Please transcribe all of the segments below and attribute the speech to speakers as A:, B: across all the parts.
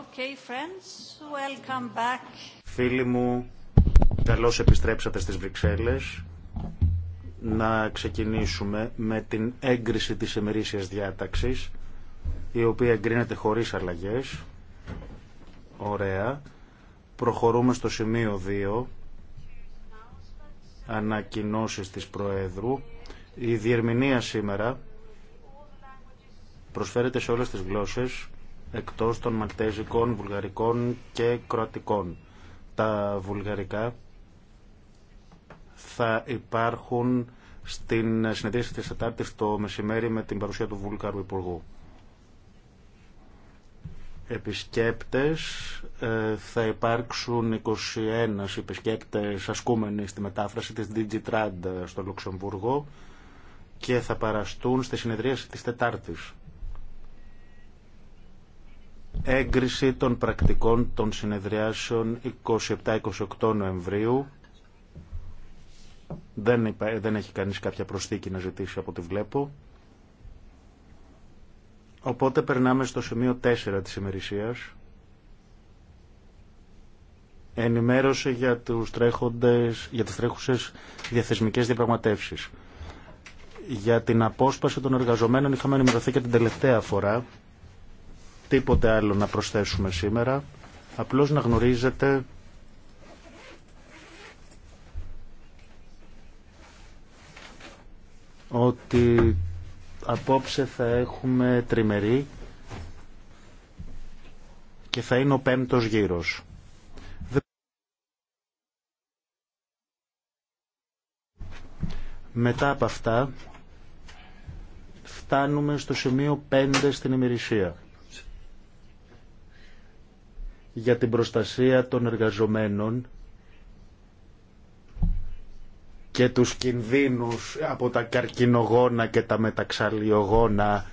A: Okay,
B: Φίλοι μου, καλώς επιστρέψατε στις Βρυξέλλες. Να ξεκινήσουμε με την έγκριση της εμερήσιας διάταξης, η οποία εγκρίνεται χωρίς αλλαγές. Ωραία. Προχωρούμε στο σημείο 2, ανακοινώσεις της Προέδρου. Η διερμηνία σήμερα προσφέρεται σε όλες τις γλώσσες εκτός των μαλτέζικων, βουλγαρικών και κροατικών. Τα βουλγαρικά θα υπάρχουν στην συνεδρίαση της Τετάρτης το μεσημέρι με την παρουσία του Βουλγαρου Υπουργού. Επισκέπτες ε, θα υπάρξουν 21 επισκέπτες ασκούμενοι στη μετάφραση της Digitrad στο Λουξεμβούργο και θα παραστούν στη συνεδρίαση της Τετάρτης έγκριση των πρακτικών των συνεδριάσεων 27-28 Νοεμβρίου. Δεν, δεν έχει κανείς κάποια προσθήκη να ζητήσει από ό,τι βλέπω. Οπότε περνάμε στο σημείο 4 της ημερησίας. Ενημέρωση για, τους τρέχοντες, για τις τρέχουσες διαθεσμικές διαπραγματεύσεις. Για την απόσπαση των εργαζομένων είχαμε ενημερωθεί και την τελευταία φορά τίποτε άλλο να προσθέσουμε σήμερα. Απλώς να γνωρίζετε ότι απόψε θα έχουμε τριμερή και θα είναι ο πέμπτος γύρος. Μετά από αυτά φτάνουμε στο σημείο 5 στην ημερησία για την προστασία των εργαζομένων και τους κινδύνους από τα καρκινογόνα και τα μεταξαλιογόνα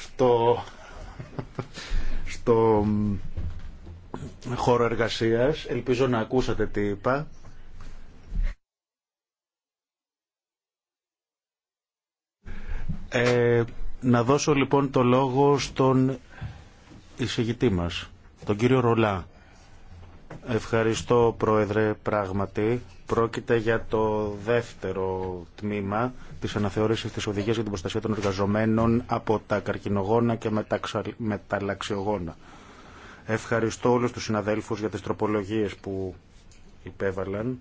B: στο, στο χώρο εργασίας. Ελπίζω να ακούσατε τι είπα. Ε, να δώσω λοιπόν το λόγο στον εισηγητή μας τον κύριο Ρολά. Ευχαριστώ Πρόεδρε πράγματι. Πρόκειται για το δεύτερο τμήμα της αναθεώρησης της οδηγίας για την προστασία των εργαζομένων από τα καρκινογόνα και μεταλλαξιογόνα. Ευχαριστώ όλους τους συναδέλφους για τις τροπολογίες που υπέβαλαν.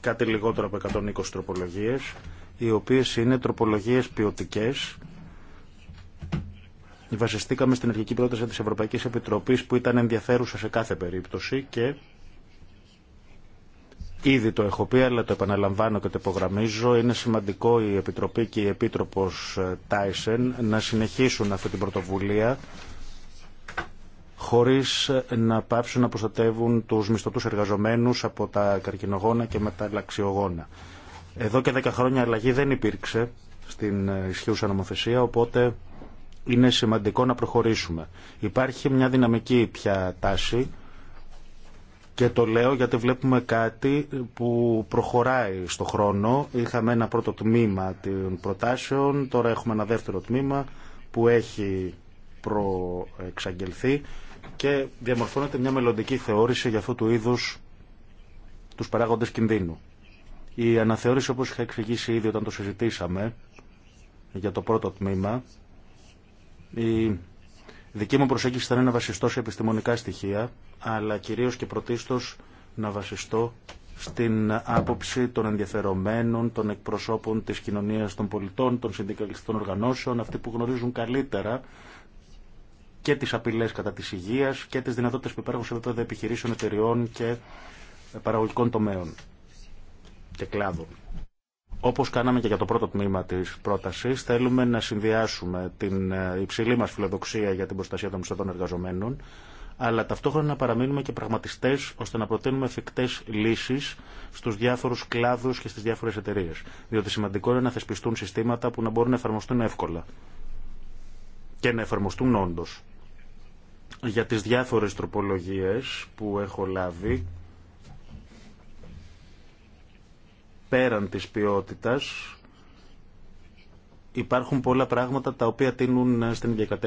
B: Κάτι λιγότερο από 120 τροπολογίες, οι οποίες είναι τροπολογίες ποιοτικές Βασιστήκαμε στην αρχική πρόταση της Ευρωπαϊκής Επιτροπής που ήταν ενδιαφέρουσα σε κάθε περίπτωση και Ήδη το έχω πει, αλλά το επαναλαμβάνω και το υπογραμμίζω. Είναι σημαντικό η Επιτροπή και η Επίτροπος Τάισεν να συνεχίσουν αυτή την πρωτοβουλία χωρίς να πάψουν να προστατεύουν τους μισθωτούς εργαζομένους από τα καρκινογόνα και μεταλλαξιογόνα. Εδώ και 10 χρόνια αλλαγή δεν υπήρξε στην ισχύουσα νομοθεσία, οπότε είναι σημαντικό να προχωρήσουμε. Υπάρχει μια δυναμική πια τάση και το λέω γιατί βλέπουμε κάτι που προχωράει στο χρόνο. Είχαμε ένα πρώτο τμήμα των προτάσεων, τώρα έχουμε ένα δεύτερο τμήμα που έχει προεξαγγελθεί και διαμορφώνεται μια μελλοντική θεώρηση για αυτού του είδους τους παράγοντες κινδύνου. Η αναθεώρηση όπως είχα εξηγήσει ήδη όταν το συζητήσαμε για το πρώτο τμήμα η δική μου προσέγγιση θα είναι να βασιστώ σε επιστημονικά στοιχεία, αλλά κυρίως και πρωτίστως να βασιστώ στην άποψη των ενδιαφερομένων, των εκπροσώπων της κοινωνίας των πολιτών, των συνδικαλιστικών οργανώσεων, αυτοί που γνωρίζουν καλύτερα και τις απειλές κατά της υγείας και τις δυνατότητες που υπάρχουν σε επίπεδο επιχειρήσεων, εταιριών και παραγωγικών τομέων και κλάδων. Όπως κάναμε και για το πρώτο τμήμα της πρότασης, θέλουμε να συνδυάσουμε την ε, υψηλή μας φιλοδοξία για την προστασία των μισθωτών εργαζομένων, αλλά ταυτόχρονα να παραμείνουμε και πραγματιστές ώστε να προτείνουμε εφικτές λύσεις στους διάφορους κλάδους και στις διάφορες εταιρείες. Διότι σημαντικό είναι να θεσπιστούν συστήματα που να μπορούν να εφαρμοστούν εύκολα και να εφαρμοστούν όντω. Για τις διάφορες τροπολογίες που έχω λάβει, πέραν της ποιότητας υπάρχουν πολλά πράγματα τα οποία τίνουν ε, στην ίδια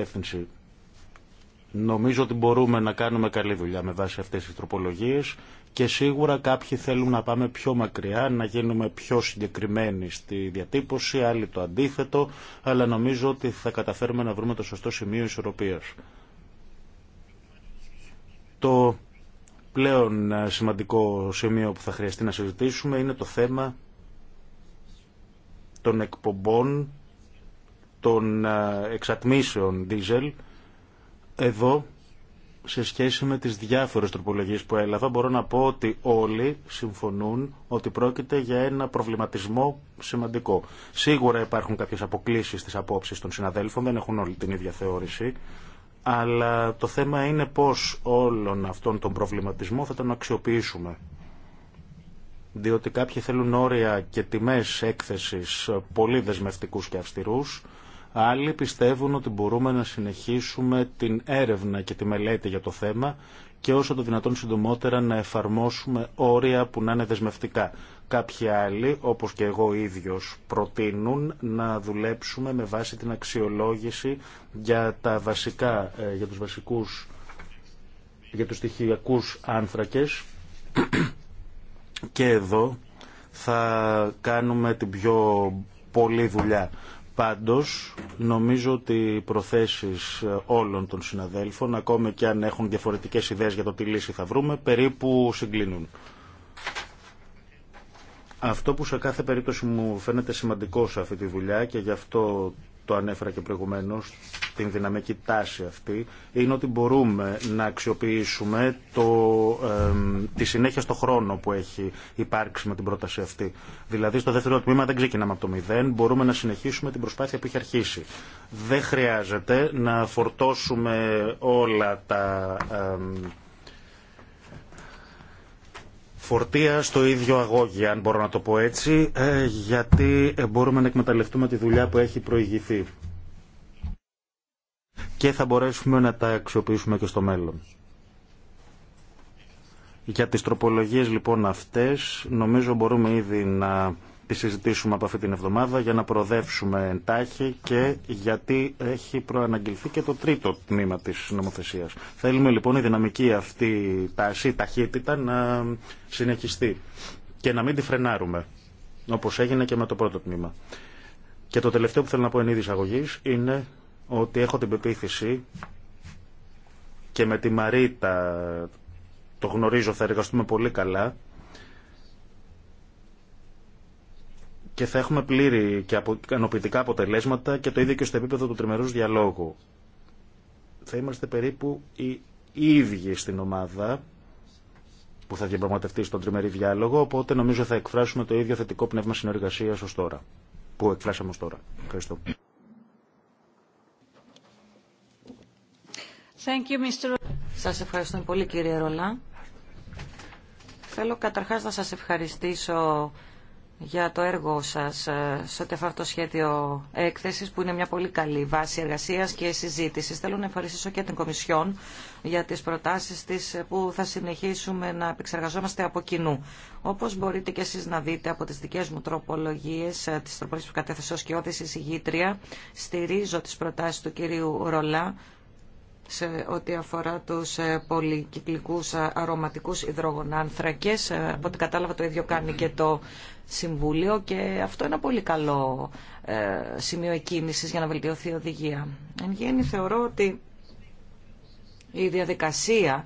B: Νομίζω ότι μπορούμε να κάνουμε καλή δουλειά με βάση αυτές τις τροπολογίες και σίγουρα κάποιοι θέλουν να πάμε πιο μακριά, να γίνουμε πιο συγκεκριμένοι στη διατύπωση, άλλοι το αντίθετο, αλλά νομίζω ότι θα καταφέρουμε να βρούμε το σωστό σημείο ισορροπίας. Το πλέον ε, σημαντικό σημείο που θα χρειαστεί να συζητήσουμε είναι το θέμα των εκπομπών των ε, εξατμίσεων δίζελ εδώ σε σχέση με τις διάφορες τροπολογίες που έλαβα μπορώ να πω ότι όλοι συμφωνούν ότι πρόκειται για ένα προβληματισμό σημαντικό. Σίγουρα υπάρχουν κάποιες αποκλήσεις στις απόψεις των συναδέλφων, δεν έχουν όλοι την ίδια θεώρηση αλλά το θέμα είναι πώς όλον αυτόν τον προβληματισμό θα τον αξιοποιήσουμε. Διότι κάποιοι θέλουν όρια και τιμές έκθεσης πολύ δεσμευτικούς και αυστηρούς, άλλοι πιστεύουν ότι μπορούμε να συνεχίσουμε την έρευνα και τη μελέτη για το θέμα και όσο το δυνατόν συντομότερα να εφαρμόσουμε όρια που να είναι δεσμευτικά. Κάποιοι άλλοι, όπως και εγώ ίδιος, προτείνουν να δουλέψουμε με βάση την αξιολόγηση για, τα βασικά, ε, για τους βασικούς για τους στοιχειακούς άνθρακες και εδώ θα κάνουμε την πιο πολλή δουλειά. Πάντως, νομίζω ότι οι προθέσεις ε, όλων των συναδέλφων, ακόμη και αν έχουν διαφορετικές ιδέες για το τι λύση θα βρούμε, περίπου συγκλίνουν. Αυτό που σε κάθε περίπτωση μου φαίνεται σημαντικό σε αυτή τη δουλειά και γι' αυτό το ανέφερα και προηγουμένω, την δυναμική τάση αυτή, είναι ότι μπορούμε να αξιοποιήσουμε το, τη συνέχεια στο χρόνο που έχει υπάρξει με την πρόταση αυτή. Δηλαδή, στο δεύτερο τμήμα δεν ξεκινάμε από το μηδέν, μπορούμε να συνεχίσουμε την προσπάθεια που έχει αρχίσει. Δεν χρειάζεται να φορτώσουμε όλα τα φορτία στο ίδιο αγώγι, αν μπορώ να το πω έτσι, ε, γιατί μπορούμε να εκμεταλλευτούμε τη δουλειά που έχει προηγηθεί. Και θα μπορέσουμε να τα αξιοποιήσουμε και στο μέλλον. Για τις τροπολογίες λοιπόν αυτές νομίζω μπορούμε ήδη να συζητήσουμε από αυτή την εβδομάδα για να προοδεύσουμε εντάχει και γιατί έχει προαναγγελθεί και το τρίτο τμήμα της νομοθεσίας. Θέλουμε λοιπόν η δυναμική αυτή τάση, ταχύτητα να συνεχιστεί και να μην τη φρενάρουμε όπως έγινε και με το πρώτο τμήμα. Και το τελευταίο που θέλω να πω εν είδη είναι ότι έχω την πεποίθηση και με τη Μαρίτα το γνωρίζω, θα εργαστούμε πολύ καλά και θα έχουμε πλήρη και ικανοποιητικά αποτελέσματα και το ίδιο και στο επίπεδο του τριμερούς διαλόγου. Θα είμαστε περίπου οι ίδιοι στην ομάδα που θα διαπραγματευτεί στον τριμερή διάλογο, οπότε νομίζω θα εκφράσουμε το ίδιο θετικό πνεύμα συνεργασίας ως τώρα, που εκφράσαμε ως τώρα. Ευχαριστώ.
A: Thank you, Mr. Σας ευχαριστώ πολύ
C: κύριε Ρολά. Θέλω καταρχάς να σας ευχαριστήσω για το έργο σας ε, σε ό,τι το σχέδιο έκθεσης που είναι μια πολύ καλή βάση εργασίας και συζήτησης. Θέλω να ευχαριστήσω και την Κομισιόν για τις προτάσεις της ε, που θα συνεχίσουμε να επεξεργαζόμαστε από κοινού. Όπως μπορείτε και εσείς να δείτε από τις δικές μου τροπολογίες, ε, τις τροπολογίες που κατέθεσα ως και συγγήτρια, στηρίζω τις προτάσεις του κυρίου Ρολά σε ό,τι αφορά τους ε, πολυκυκλικούς ε, αρωματικούς υδρογονάνθρακες. Ε, από ό,τι κατάλαβα το ίδιο κάνει και το Συμβούλιο και αυτό είναι ένα πολύ καλό σημείο εκκίνησης για να βελτιωθεί η οδηγία. Εν γέννη θεωρώ ότι η διαδικασία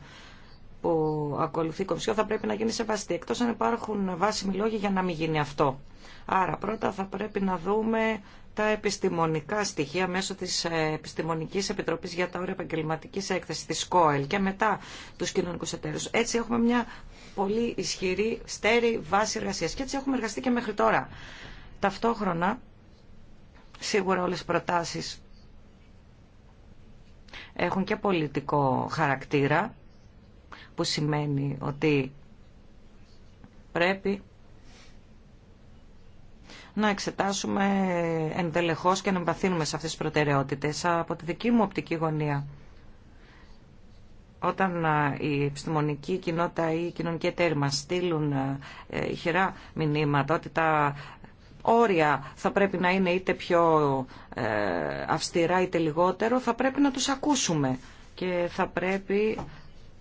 C: που ακολουθεί η Κομισιό θα πρέπει να γίνει σεβαστή, εκτός αν υπάρχουν βάσιμοι λόγοι για να μην γίνει αυτό. Άρα πρώτα θα πρέπει να δούμε τα επιστημονικά στοιχεία μέσω της ε, Επιστημονικής Επιτροπής για τα Όρια Επαγγελματικής Έκθεσης της ΚΟΕΛ και μετά τους κοινωνικούς εταίρους. Έτσι έχουμε μια πολύ ισχυρή, στέρη βάση εργασίας και έτσι έχουμε εργαστεί και μέχρι τώρα. Ταυτόχρονα, σίγουρα όλες οι προτάσεις έχουν και πολιτικό χαρακτήρα που σημαίνει ότι πρέπει να εξετάσουμε εντελεχώς και να εμπαθύνουμε σε αυτές τις προτεραιότητες. Από τη δική μου οπτική γωνία, όταν η επιστημονική κοινότητα ή οι κοινωνικοί εταίροι μας στείλουν ε, χειρά μηνύματα ότι τα όρια θα πρέπει να είναι είτε πιο ε, αυστηρά είτε λιγότερο, θα πρέπει να τους ακούσουμε και θα πρέπει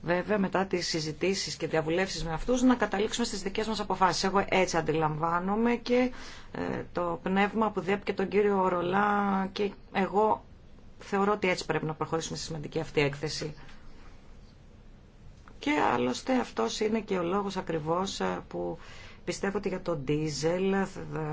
C: βέβαια μετά τις συζητήσεις και διαβουλεύσεις με αυτούς να καταλήξουμε στις δικές μας αποφάσεις. Εγώ έτσι αντιλαμβάνομαι και ε, το πνεύμα που διέπηκε τον κύριο Ρολά και εγώ θεωρώ ότι έτσι πρέπει να προχωρήσουμε στη σημαντική αυτή έκθεση. Και άλλωστε αυτός είναι και ο λόγος ακριβώς ε, που Πιστεύω ότι για το ντίζελ,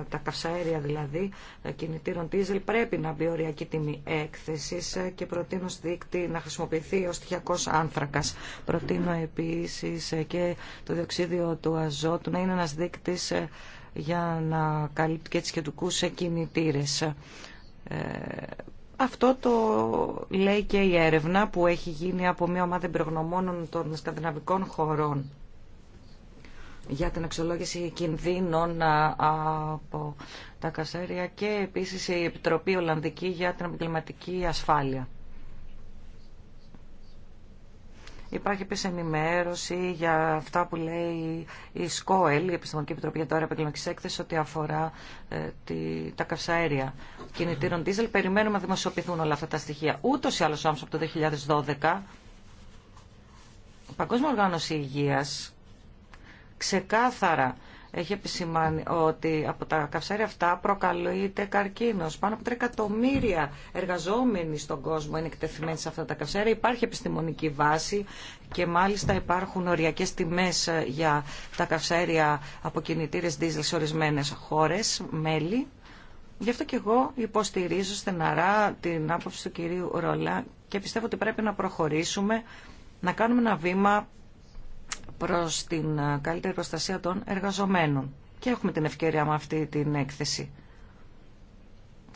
C: τα καυσαέρια δηλαδή, κινητήρων ντίζελ, πρέπει να μπει οριακή τιμή έκθεση και προτείνω στη δίκτυ να χρησιμοποιηθεί ω τυχιακό άνθρακα. Προτείνω επίση και το διοξίδιο του αζότου να είναι ένα δείκτη ε, για να καλύπτει και τις σχετικούς ε, κινητήρες. Ε, αυτό το λέει και η έρευνα που έχει γίνει από μια ομάδα εμπειρογνωμόνων των σκανδιναβικών χωρών για την αξιολόγηση κινδύνων από τα κασέρια και επίσης η Επιτροπή Ολλανδική για την Επαγγελματική Ασφάλεια. Υπάρχει επίση ενημέρωση για αυτά που λέει η ΣΚΟΕΛ, η Επιστημονική Επιτροπή για τώρα Επαγγελματική Έκθεση, ό,τι αφορά ε, τη, τα καυσαέρια κινητήρων δίζελ. Περιμένουμε να δημοσιοποιηθούν όλα αυτά τα στοιχεία. Ούτω ή άλλω, από το 2012, η Παγκόσμια Οργάνωση Υγεία ξεκάθαρα έχει επισημάνει ότι από τα καυσαέρια αυτά προκαλείται καρκίνο. Πάνω από 3 εκατομμύρια εργαζόμενοι στον κόσμο είναι εκτεθειμένοι σε αυτά τα καυσαέρια. Υπάρχει επιστημονική βάση και μάλιστα υπάρχουν οριακέ τιμέ ε, για τα καυσαέρια από κινητήρε δίζελ σε ορισμένε χώρες, μέλη. Γι' αυτό και εγώ υποστηρίζω στεναρά την άποψη του κυρίου Ρολά και πιστεύω ότι πρέπει να προχωρήσουμε, να κάνουμε ένα βήμα προς την ε, καλύτερη προστασία των εργαζομένων. Και έχουμε την ευκαιρία με αυτή την έκθεση.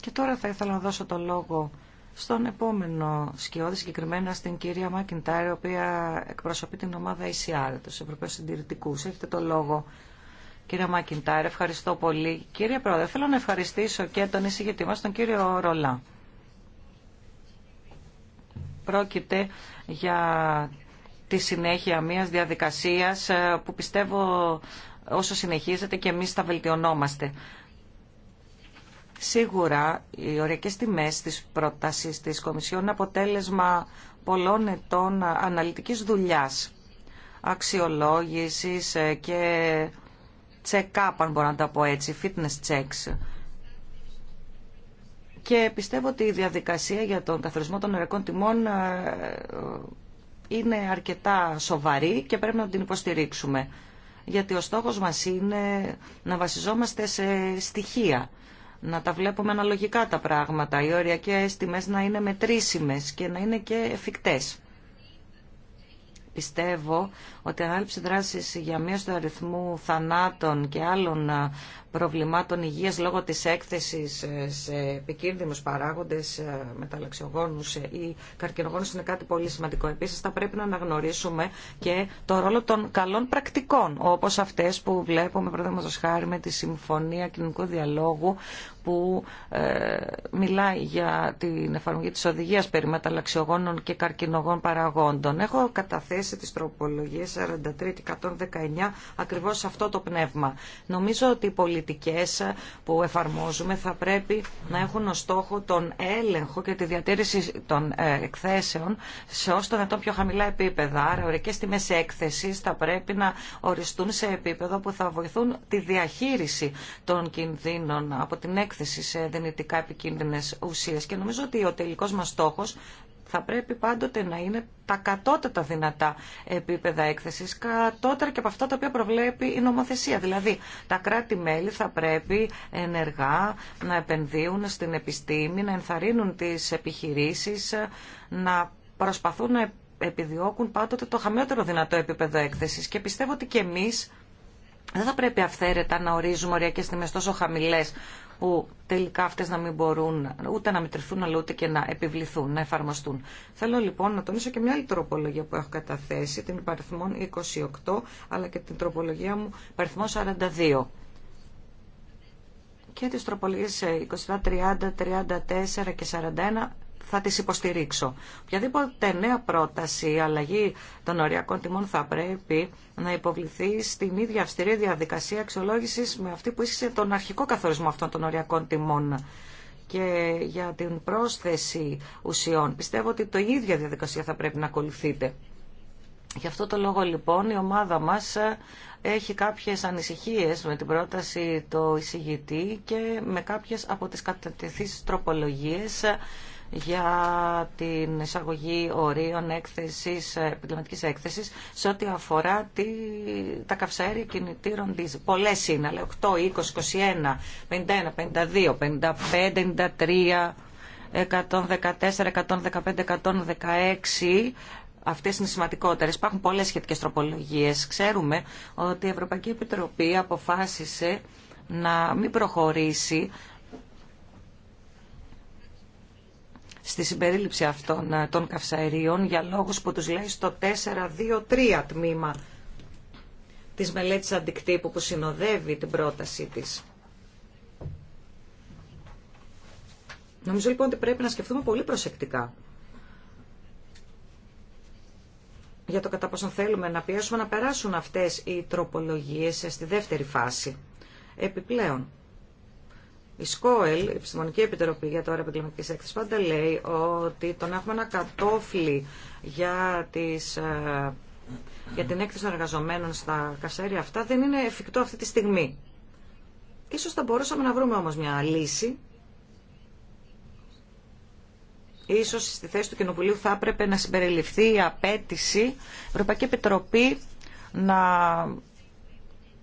C: Και τώρα θα ήθελα να δώσω το λόγο στον επόμενο σκιώδη, συγκεκριμένα στην κυρία Μακιντάρη, η οποία εκπροσωπεί την ομάδα ECR, τους Ευρωπαίους Συντηρητικού. Έχετε το λόγο. Κύριε Μακιντάρ, ευχαριστώ πολύ. Κύριε Πρόεδρε, θέλω να ευχαριστήσω και τον εισηγητή μας, τον κύριο Ρολά. Πρόκειται για τη συνέχεια μιας διαδικασίας ε, που πιστεύω όσο συνεχίζεται και εμείς θα βελτιωνόμαστε. Σίγουρα οι ωριακές τιμές της πρότασης της Κομισιόν είναι αποτέλεσμα πολλών ετών αναλυτικής δουλειάς, αξιολόγησης ε, και check-up, αν μπορώ να τα πω έτσι, fitness checks. Και πιστεύω ότι η διαδικασία για τον καθορισμό των ωριακών τιμών ε, είναι αρκετά σοβαρή και πρέπει να την υποστηρίξουμε. Γιατί ο στόχος μας είναι να βασιζόμαστε σε στοιχεία, να τα βλέπουμε αναλογικά τα πράγματα, οι οριακές τιμές να είναι μετρήσιμες και να είναι και εφικτές πιστεύω ότι η ανάληψη δράσης για μείωση του αριθμού θανάτων και άλλων προβλημάτων υγείας λόγω της έκθεσης ε, σε επικίνδυνους παράγοντες, ε, μεταλλαξιογόνους ε, ή καρκινογόνους είναι κάτι πολύ σημαντικό. Επίσης θα πρέπει να αναγνωρίσουμε και το ρόλο των καλών πρακτικών, όπως αυτές που βλέπουμε, παραδείγματος χάρη, με τη Συμφωνία Κοινωνικού Διαλόγου, που ε, μιλάει για την εφαρμογή της οδηγίας περί μεταλλαξιογόνων και καρκινογών παραγόντων. Έχω καταθέσει τις τροπολογίες 43-119 ακριβώς σε αυτό το πνεύμα. Νομίζω ότι οι πολιτικές που εφαρμόζουμε θα πρέπει να έχουν ως στόχο τον έλεγχο και τη διατήρηση των ε, εκθέσεων σε όσο το πιο χαμηλά επίπεδα. Άρα, ορικές τιμές έκθεσης θα πρέπει να οριστούν σε επίπεδο που θα βοηθούν τη διαχείριση των κινδύνων από την έκθεση έκθεση σε δυνητικά επικίνδυνε ουσίε. και νομίζω ότι ο τελικό μα στόχο θα πρέπει πάντοτε να είναι τα κατώτατα δυνατά επίπεδα έκθεση κατώτερα και από αυτά τα οποία προβλέπει η νομοθεσία. Δηλαδή, τα κράτη-μέλη θα πρέπει ενεργά να επενδύουν στην επιστήμη, να ενθαρρύνουν τι επιχειρήσει να προσπαθούν να επιδιώκουν πάντοτε το χαμηλότερο δυνατό επίπεδο έκθεση. Και πιστεύω ότι και εμεί δεν θα πρέπει αυθαίρετα να ορίζουμε οριακές τιμές τόσο χαμηλές, που τελικά αυτές να μην μπορούν ούτε να μετρηθούν αλλά ούτε και να επιβληθούν, να εφαρμοστούν. Θέλω λοιπόν να τονίσω και μια άλλη τροπολογία που έχω καταθέσει, την υπαριθμόν 28 αλλά και την τροπολογία μου παριθμό 42 και τις τροπολογίες 22, 30, 34 και 41 θα τις υποστηρίξω. Οποιαδήποτε νέα πρόταση η αλλαγή των οριακών τιμών θα πρέπει να υποβληθεί στην ίδια αυστηρή διαδικασία αξιολόγηση με αυτή που ίσχυσε τον αρχικό καθορισμό αυτών των οριακών τιμών και για την πρόσθεση ουσιών. Πιστεύω ότι το ίδια διαδικασία θα πρέπει να ακολουθείτε. Γι' αυτό το λόγο λοιπόν η ομάδα μας έχει κάποιες ανησυχίες με την πρόταση του εισηγητή και με κάποιες από τις κατατεθείς τροπολογίες για την εισαγωγή ορίων έκθεσης, επαγγελματική έκθεσης σε ό,τι αφορά τη, τα καυσαέρια κινητήρων diesel. Πολλές είναι, αλλά 8, 20, 21, 51, 52, 55, 93... 114, 115, 116 αυτές είναι σημαντικότερες. Υπάρχουν πολλές σχετικές τροπολογίες. Ξέρουμε ότι η Ευρωπαϊκή Επιτροπή αποφάσισε να μην προχωρήσει στη συμπερίληψη αυτών ε, των καυσαερίων για λόγους που τους λέει στο 4-2-3 τμήμα της μελέτης αντικτύπου που συνοδεύει την πρότασή της. Νομίζω λοιπόν ότι πρέπει να σκεφτούμε πολύ προσεκτικά για το κατά πόσο θέλουμε να πιέσουμε να περάσουν αυτές οι τροπολογίες στη δεύτερη φάση. Επιπλέον, η ΣΚΟΕΛ, η Επιστημονική Επιτροπή για το ώρα επαγγελματική έκθεση, πάντα λέει ότι το να έχουμε ένα κατόφλι για, τις, ε, για την έκθεση των εργαζομένων στα κασέρια αυτά δεν είναι εφικτό αυτή τη στιγμή. Ίσως θα μπορούσαμε να βρούμε όμως μια λύση. Ίσως στη θέση του Κοινοβουλίου θα έπρεπε να συμπεριληφθεί η απέτηση η Ευρωπαϊκή Επιτροπή να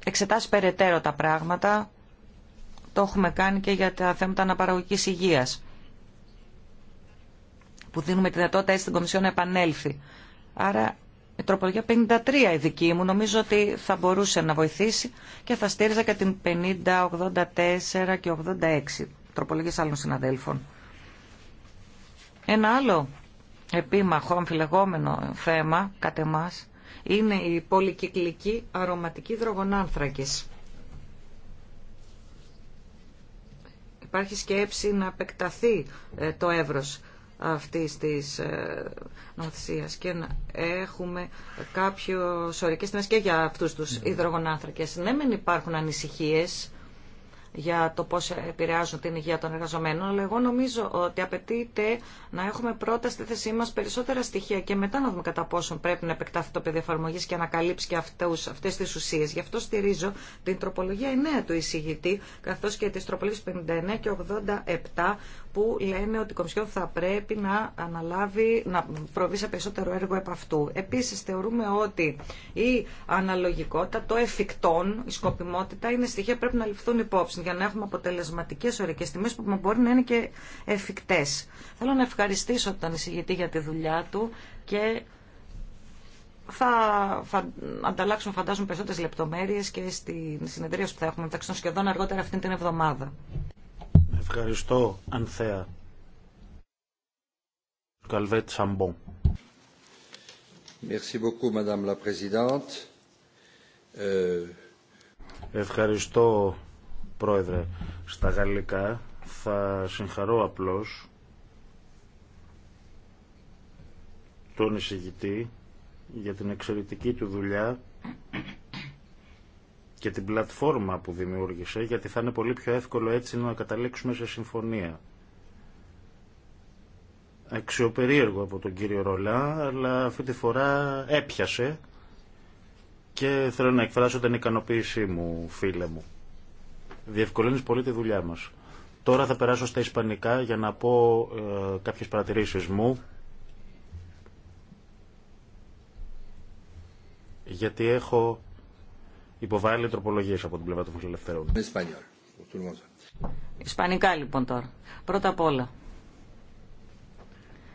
C: εξετάσει περαιτέρω τα πράγματα το έχουμε κάνει και για τα θέματα αναπαραγωγικής υγείας που δίνουμε τη δυνατότητα έτσι στην Κομισιόν να επανέλθει. Άρα η τροπολογία 53 η δική μου νομίζω ότι θα μπορούσε να βοηθήσει και θα στήριζα και την 50, 84 και 86 τροπολογίες άλλων συναδέλφων. Ένα άλλο επίμαχο, αμφιλεγόμενο θέμα κατά εμάς είναι η πολυκυκλική αρωματική υδρογονάνθρακης. υπάρχει σκέψη να επεκταθεί ε, το εύρος αυτής της ε, νομοθεσίας και να έχουμε κάποιο σωρικές στιγμές και για αυτούς τους ναι. υδρογονάνθρακες. Ναι, μεν υπάρχουν ανησυχίες για το πώς επηρεάζουν την υγεία των εργαζομένων, αλλά εγώ νομίζω ότι απαιτείται να έχουμε πρώτα στη θέσή μας περισσότερα στοιχεία και μετά να δούμε κατά πόσον πρέπει να επεκτάθει το πεδίο εφαρμογή και να καλύψει και αυτέ αυτές τις Γι' αυτό στηρίζω την τροπολογία 9 του εισηγητή, καθώς και τι τροπολογίε 59 και 87 που λένε ότι η Κομισιόν θα πρέπει να αναλάβει, να προβεί σε περισσότερο έργο επ' αυτού. Επίσης θεωρούμε ότι η αναλογικότητα, το εφικτόν, η σκοπιμότητα είναι στοιχεία που πρέπει να ληφθούν υπόψη για να έχουμε αποτελεσματικέ ορικέ τιμέ που μπορεί να είναι και εφικτέ. Θέλω να ευχαριστήσω τον εισηγητή για τη δουλειά του και θα ανταλλάξουμε φαντάζομαι περισσότερες λεπτομέρειες και στι συνεδρίαση που θα έχουμε μεταξύ των σχεδόν αργότερα αυτήν την εβδομάδα.
B: Ευχαριστώ, Ανθέα. Καλβέτ Σαμπον. Euh, Ευχαριστώ, Πρόεδρε. Στα γαλλικά θα συγχαρώ απλώς τον εισηγητή για την εξαιρετική του δουλειά και την πλατφόρμα που δημιούργησε, γιατί θα είναι πολύ πιο εύκολο έτσι να καταλήξουμε σε συμφωνία. Αξιοπερίεργο από τον κύριο Ρολά, αλλά αυτή τη φορά έπιασε και θέλω να εκφράσω την ικανοποίησή μου, φίλε μου. Διευκολύνεις πολύ τη δουλειά μας. Τώρα θα περάσω στα ισπανικά για να πω ε, κάποιες παρατηρήσεις μου. Γιατί έχω υποβάλλει τροπολογίες από την πλευρά των φιλελευθερών.
C: Ισπανικά λοιπόν τώρα. Πρώτα απ' όλα,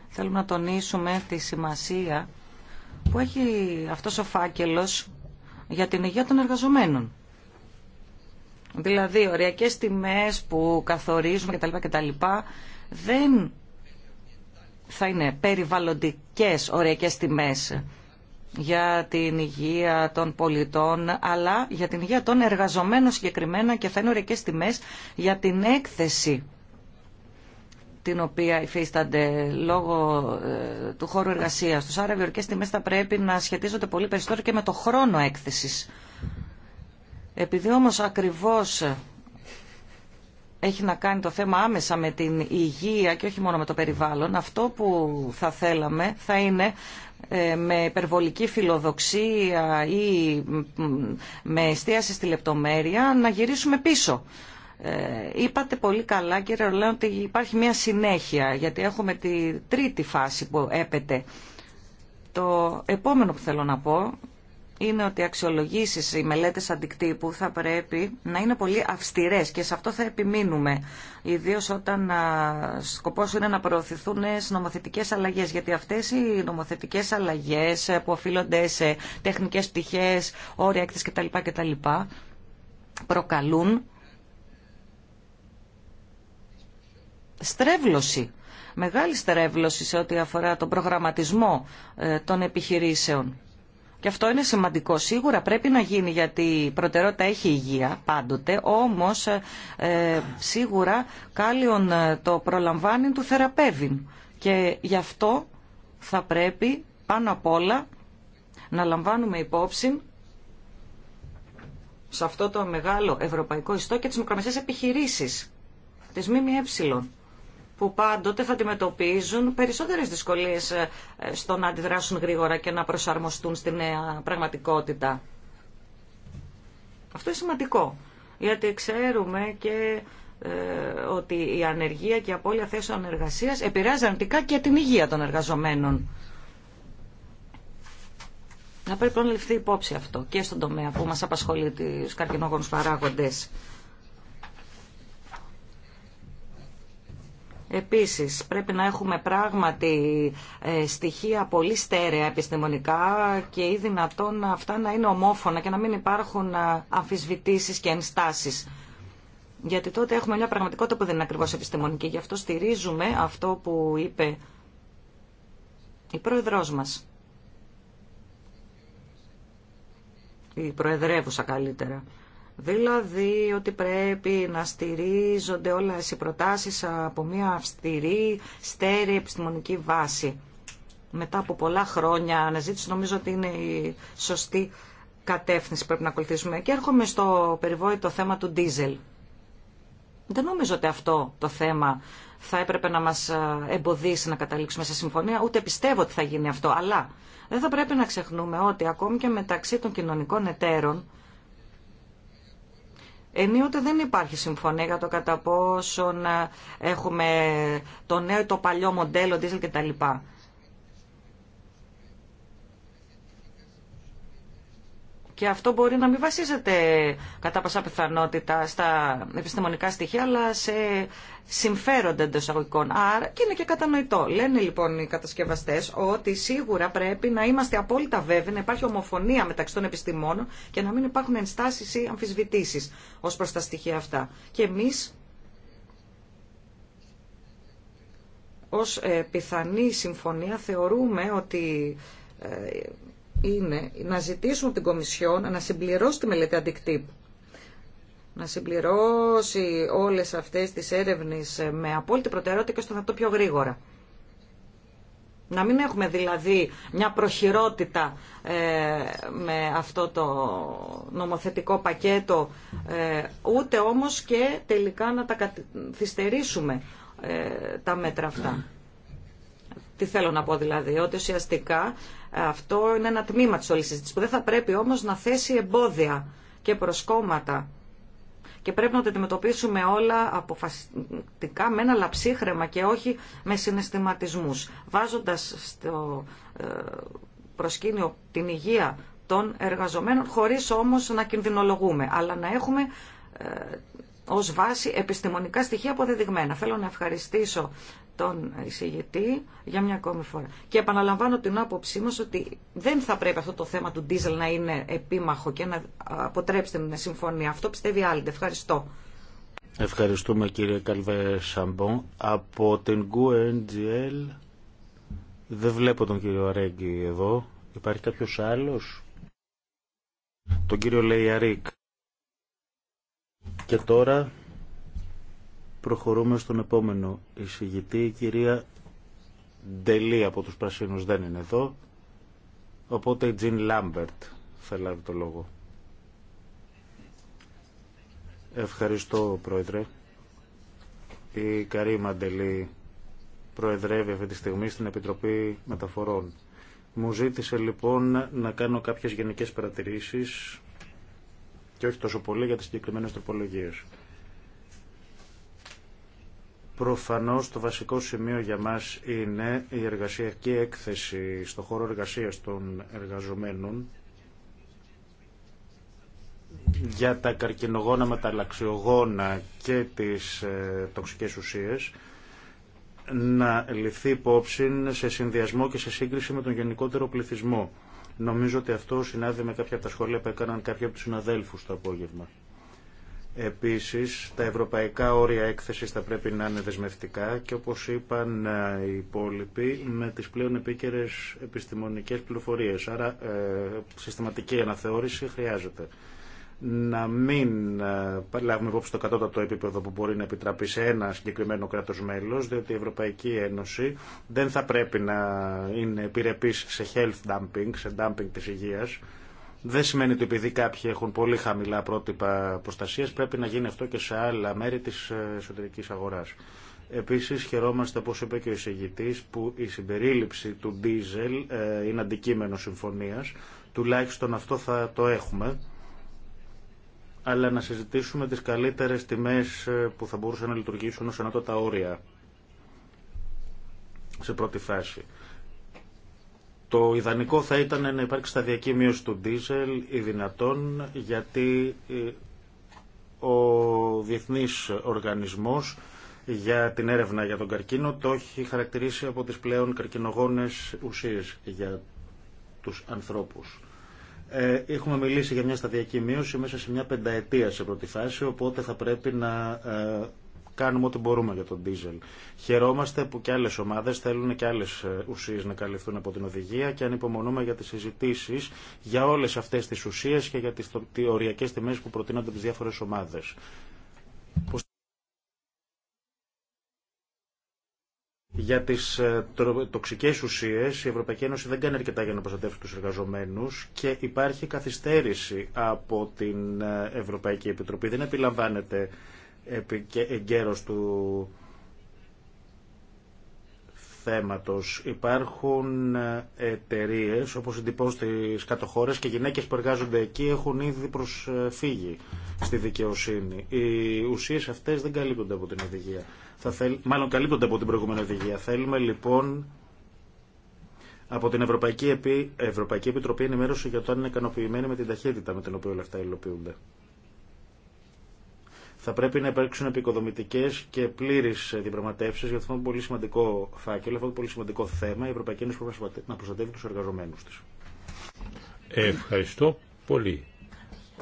C: θέλουμε να τονίσουμε τη σημασία που έχει αυτός ο φάκελος για την υγεία των εργαζομένων. Δηλαδή, οριακέ τιμέ που καθορίζουμε κτλ. κτλ δεν θα είναι περιβαλλοντικές οριακές τιμές για την υγεία των πολιτών, αλλά για την υγεία των εργαζομένων συγκεκριμένα και θα είναι τιμέ για την έκθεση την οποία υφίστανται λόγω ε, του χώρου εργασίας τους. Άρα οι τιμές θα πρέπει να σχετίζονται πολύ περισσότερο και με το χρόνο έκθεσης. Επειδή όμως ακριβώς έχει να κάνει το θέμα άμεσα με την υγεία και όχι μόνο με το περιβάλλον, αυτό που θα θέλαμε θα είναι ε, με υπερβολική φιλοδοξία ή με εστίαση στη λεπτομέρεια να γυρίσουμε πίσω. Ε, είπατε πολύ καλά κύριε Ρολέν ότι υπάρχει μια συνέχεια γιατί έχουμε τη τρίτη φάση που έπεται. Το επόμενο που θέλω να πω είναι ότι οι αξιολογήσεις, οι μελέτες αντικτύπου θα πρέπει να είναι πολύ αυστηρές και σε αυτό θα επιμείνουμε, ιδίως όταν σκοπός είναι να προωθηθούν νομοθετικές αλλαγές, γιατί αυτές οι νομοθετικές αλλαγές ε, που οφείλονται σε τεχνικές πτυχές, όρια έκθεση κτλ. κτλ προκαλούν στρέβλωση μεγάλη στρέβλωση σε ό,τι αφορά τον προγραμματισμό ε, των επιχειρήσεων. Και αυτό είναι σημαντικό. Σίγουρα πρέπει να γίνει γιατί η προτεραιότητα έχει υγεία πάντοτε, όμως ε, ε, σίγουρα κάλλιον ε, το προλαμβάνει του θεραπεύει. Και γι' αυτό θα πρέπει πάνω απ' όλα να λαμβάνουμε υπόψη σε αυτό το μεγάλο ευρωπαϊκό ιστό και τις μικρομεσαίες επιχειρήσεις, τις ΜΜΕ που πάντοτε θα αντιμετωπίζουν περισσότερες δυσκολίες ε, στο να αντιδράσουν γρήγορα και να προσαρμοστούν στη νέα πραγματικότητα. Αυτό είναι σημαντικό, γιατί ξέρουμε και ε, ότι η ανεργία και η απώλεια θέσεων εργασίας επηρεάζει αρνητικά και την υγεία των εργαζομένων. Να πρέπει να ληφθεί υπόψη αυτό και στον τομέα που μας απασχολεί τους καρκινόγονους παράγοντες. Επίσης, πρέπει να έχουμε πράγματι ε, στοιχεία πολύ στέρεα επιστημονικά και ή δυνατόν αυτά να είναι ομόφωνα και να μην υπάρχουν ε, αμφισβητήσεις και ενστάσεις. Γιατί τότε έχουμε μια πραγματικότητα που δεν είναι ακριβώς επιστημονική. Γι' αυτό στηρίζουμε αυτό που είπε η πρόεδρός μας. Η προεδρεύουσα καλύτερα. Δηλαδή ότι πρέπει να στηρίζονται όλα οι προτάσεις από μια αυστηρή, στέρεη επιστημονική βάση. Μετά από πολλά χρόνια αναζήτηση νομίζω ότι είναι η σωστή κατεύθυνση που πρέπει να ακολουθήσουμε. Και έρχομαι στο περιβόητο θέμα του ντίζελ. Δεν νομίζω ότι αυτό το θέμα θα έπρεπε να μας ε, εμποδίσει να καταλήξουμε σε συμφωνία, ούτε πιστεύω ότι θα γίνει αυτό. Αλλά δεν θα πρέπει να ξεχνούμε ότι ακόμη και μεταξύ των κοινωνικών εταίρων, Ενίοτε δεν υπάρχει συμφωνία για το κατά πόσον ε, έχουμε το νέο ή το παλιό μοντέλο, δίζελ κτλ. Και αυτό μπορεί να μην βασίζεται κατά πάσα πιθανότητα στα επιστημονικά στοιχεία, αλλά σε συμφέροντα εντό αγωγικών. Άρα και είναι και κατανοητό. Λένε λοιπόν οι κατασκευαστέ ότι σίγουρα πρέπει να είμαστε απόλυτα βέβαιοι, να υπάρχει ομοφωνία μεταξύ των επιστημόνων και να μην υπάρχουν ενστάσει ή αμφισβητήσει ω προ τα στοιχεία αυτά. Και εμεί ως ε, πιθανή συμφωνία θεωρούμε ότι ε, είναι να ζητήσουμε από την Κομισιόν να συμπληρώσει τη μελέτη αντικτύπου. Να συμπληρώσει όλες αυτές τις έρευνες με απόλυτη προτεραιότητα και στον να το πιο γρήγορα. Να μην έχουμε δηλαδή μια προχειρότητα ε, με αυτό το νομοθετικό πακέτο, ε, ούτε όμως και τελικά να τα καθυστερήσουμε ε, τα μέτρα αυτά. Τι θέλω να πω δηλαδή, ότι ουσιαστικά ε, αυτό είναι ένα τμήμα της όλης συζήτησης που δεν θα πρέπει όμως να θέσει εμπόδια και προσκόμματα και πρέπει να το αντιμετωπίσουμε όλα αποφασιστικά με ένα λαψίχρεμα και όχι με συναισθηματισμούς, βάζοντας στο ε, προσκήνιο την υγεία των εργαζομένων χωρίς όμως να κινδυνολογούμε, αλλά να έχουμε ε, ως βάση επιστημονικά στοιχεία αποδεδειγμένα. Θέλω να ευχαριστήσω τον εισηγητή για μια ακόμη φορά. Και επαναλαμβάνω την άποψή μας ότι δεν θα πρέπει αυτό το θέμα του ντίζελ να είναι επίμαχο και να αποτρέψετε την συμφωνία. Αυτό πιστεύει άλλη. Ευχαριστώ.
B: Ευχαριστούμε κύριε Καλβέ Σαμπον. Από την GUNGL δεν βλέπω τον κύριο Ρέγγι εδώ. Υπάρχει κάποιος άλλος. Τον κύριο Λέιαρίκ. Και τώρα Προχωρούμε στον επόμενο εισηγητή. Η κυρία Ντελή από τους Πρασίνους δεν είναι εδώ. Οπότε η Τζιν Λάμπερτ θα λάβει το λόγο. Ευχαριστώ, Πρόεδρε. Η Καρή Μαντελή προεδρεύει αυτή τη στιγμή στην Επιτροπή Μεταφορών. Μου ζήτησε λοιπόν να κάνω κάποιες γενικές παρατηρήσεις και όχι τόσο πολύ για τις συγκεκριμένες τροπολογίες. Προφανώς το βασικό σημείο για μας είναι η εργασιακή έκθεση στο χώρο εργασίας των εργαζομένων για τα καρκινογόνα, με τα λαξιογόνα και τις ε, τοξικές ουσίες να ληφθεί υπόψη σε συνδυασμό και σε σύγκριση με τον γενικότερο πληθυσμό. Νομίζω ότι αυτό συνάδει με κάποια από τα σχόλια που έκαναν κάποιοι από τους συναδέλφους το απόγευμα. Επίσης, τα ευρωπαϊκά όρια έκθεσης θα πρέπει να είναι δεσμευτικά και όπως είπαν ε, οι υπόλοιποι με τις πλέον επίκαιρες επιστημονικές πληροφορίες. Άρα, ε, συστηματική αναθεώρηση χρειάζεται. Να μην ε, λάβουμε υπόψη το κατώτατο επίπεδο που μπορεί να επιτραπεί σε ένα συγκεκριμένο κράτος μέλος, διότι η Ευρωπαϊκή Ένωση δεν θα πρέπει να είναι επιρρεπής σε health dumping, σε dumping της υγείας, δεν σημαίνει ότι επειδή κάποιοι έχουν πολύ χαμηλά πρότυπα προστασία πρέπει να γίνει αυτό και σε άλλα μέρη τη ε, εσωτερική αγορά. Επίση, χαιρόμαστε, όπω είπε και ο εισηγητή, που η συμπερίληψη του ντίζελ ε, είναι αντικείμενο συμφωνία. Τουλάχιστον αυτό θα το έχουμε. Αλλά να συζητήσουμε τι καλύτερε τιμέ ε, που θα μπορούσαν να λειτουργήσουν ω ανώτατα όρια σε πρώτη φάση. Το ιδανικό θα ήταν να υπάρξει σταδιακή μείωση του ντίζελ ή δυνατόν γιατί ε, ο Διεθνής Οργανισμός για την έρευνα για τον καρκίνο το έχει χαρακτηρίσει από τις πλέον καρκινογόνες ουσίες για τους ανθρώπους. Ε, έχουμε μιλήσει για μια σταδιακή μείωση μέσα σε μια πενταετία σε πρώτη φάση, οπότε θα πρέπει να ε, κάνουμε ό,τι μπορούμε για τον δίζελ. Χαιρόμαστε που και άλλε ομάδε θέλουν και άλλε ουσίε να καλυφθούν από την οδηγία και ανυπομονούμε για τις συζητήσει για όλες αυτές τις ουσίε και για τις οριακέ τιμές που προτείνονται από τι διάφορε ομάδε. Για τι ε, τοξικέ ουσίε, η Ευρωπαϊκή Ένωση δεν κάνει αρκετά για να προστατεύσει του εργαζομένου και υπάρχει καθυστέρηση από την ε, Ευρωπαϊκή Επιτροπή. Δεν επιλαμβάνεται εγκαίρος του θέματος. Υπάρχουν ε, εταιρείε, όπως εντυπώ στις κατοχώρες και γυναίκες που εργάζονται εκεί έχουν ήδη προσφύγει στη δικαιοσύνη. Οι ουσίες αυτές δεν καλύπτονται από την οδηγία. Θα θέλ... Μάλλον καλύπτονται από την προηγούμενη οδηγία. Θέλουμε λοιπόν από την Ευρωπαϊκή, Επι... Ευρωπαϊκή Επιτροπή ενημέρωση για το αν είναι ικανοποιημένοι με την ταχύτητα με την οποία όλα αυτά υλοποιούνται. Θα πρέπει να υπάρξουν επικοδομητικέ και πλήρε διαπραγματεύσει για αυτό το πολύ σημαντικό φάκελο, αυτό το πολύ σημαντικό θέμα. Η Ευρωπαϊκή Ένωση πρέπει να προστατεύει του εργαζομένου τη.
D: Ευχαριστώ πολύ.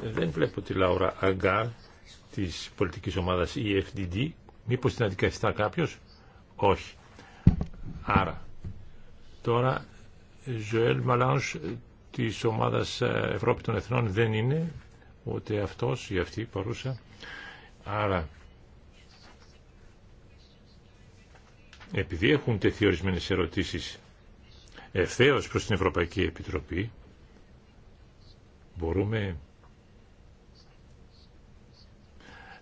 D: Δεν βλέπω τη Λάουρα Αγκάρ τη πολιτική ομάδα EFDD. Μήπω την αντικαθιστά κάποιο. Όχι. Άρα, τώρα Ζωέλ Μαλάνς της ομάδας ε, Ευρώπη των Εθνών δεν είναι ούτε αυτός ή αυτή παρούσα. Άρα, επειδή έχουν τεθεί ορισμένες ερωτήσεις ευθέως προς την Ευρωπαϊκή Επιτροπή, μπορούμε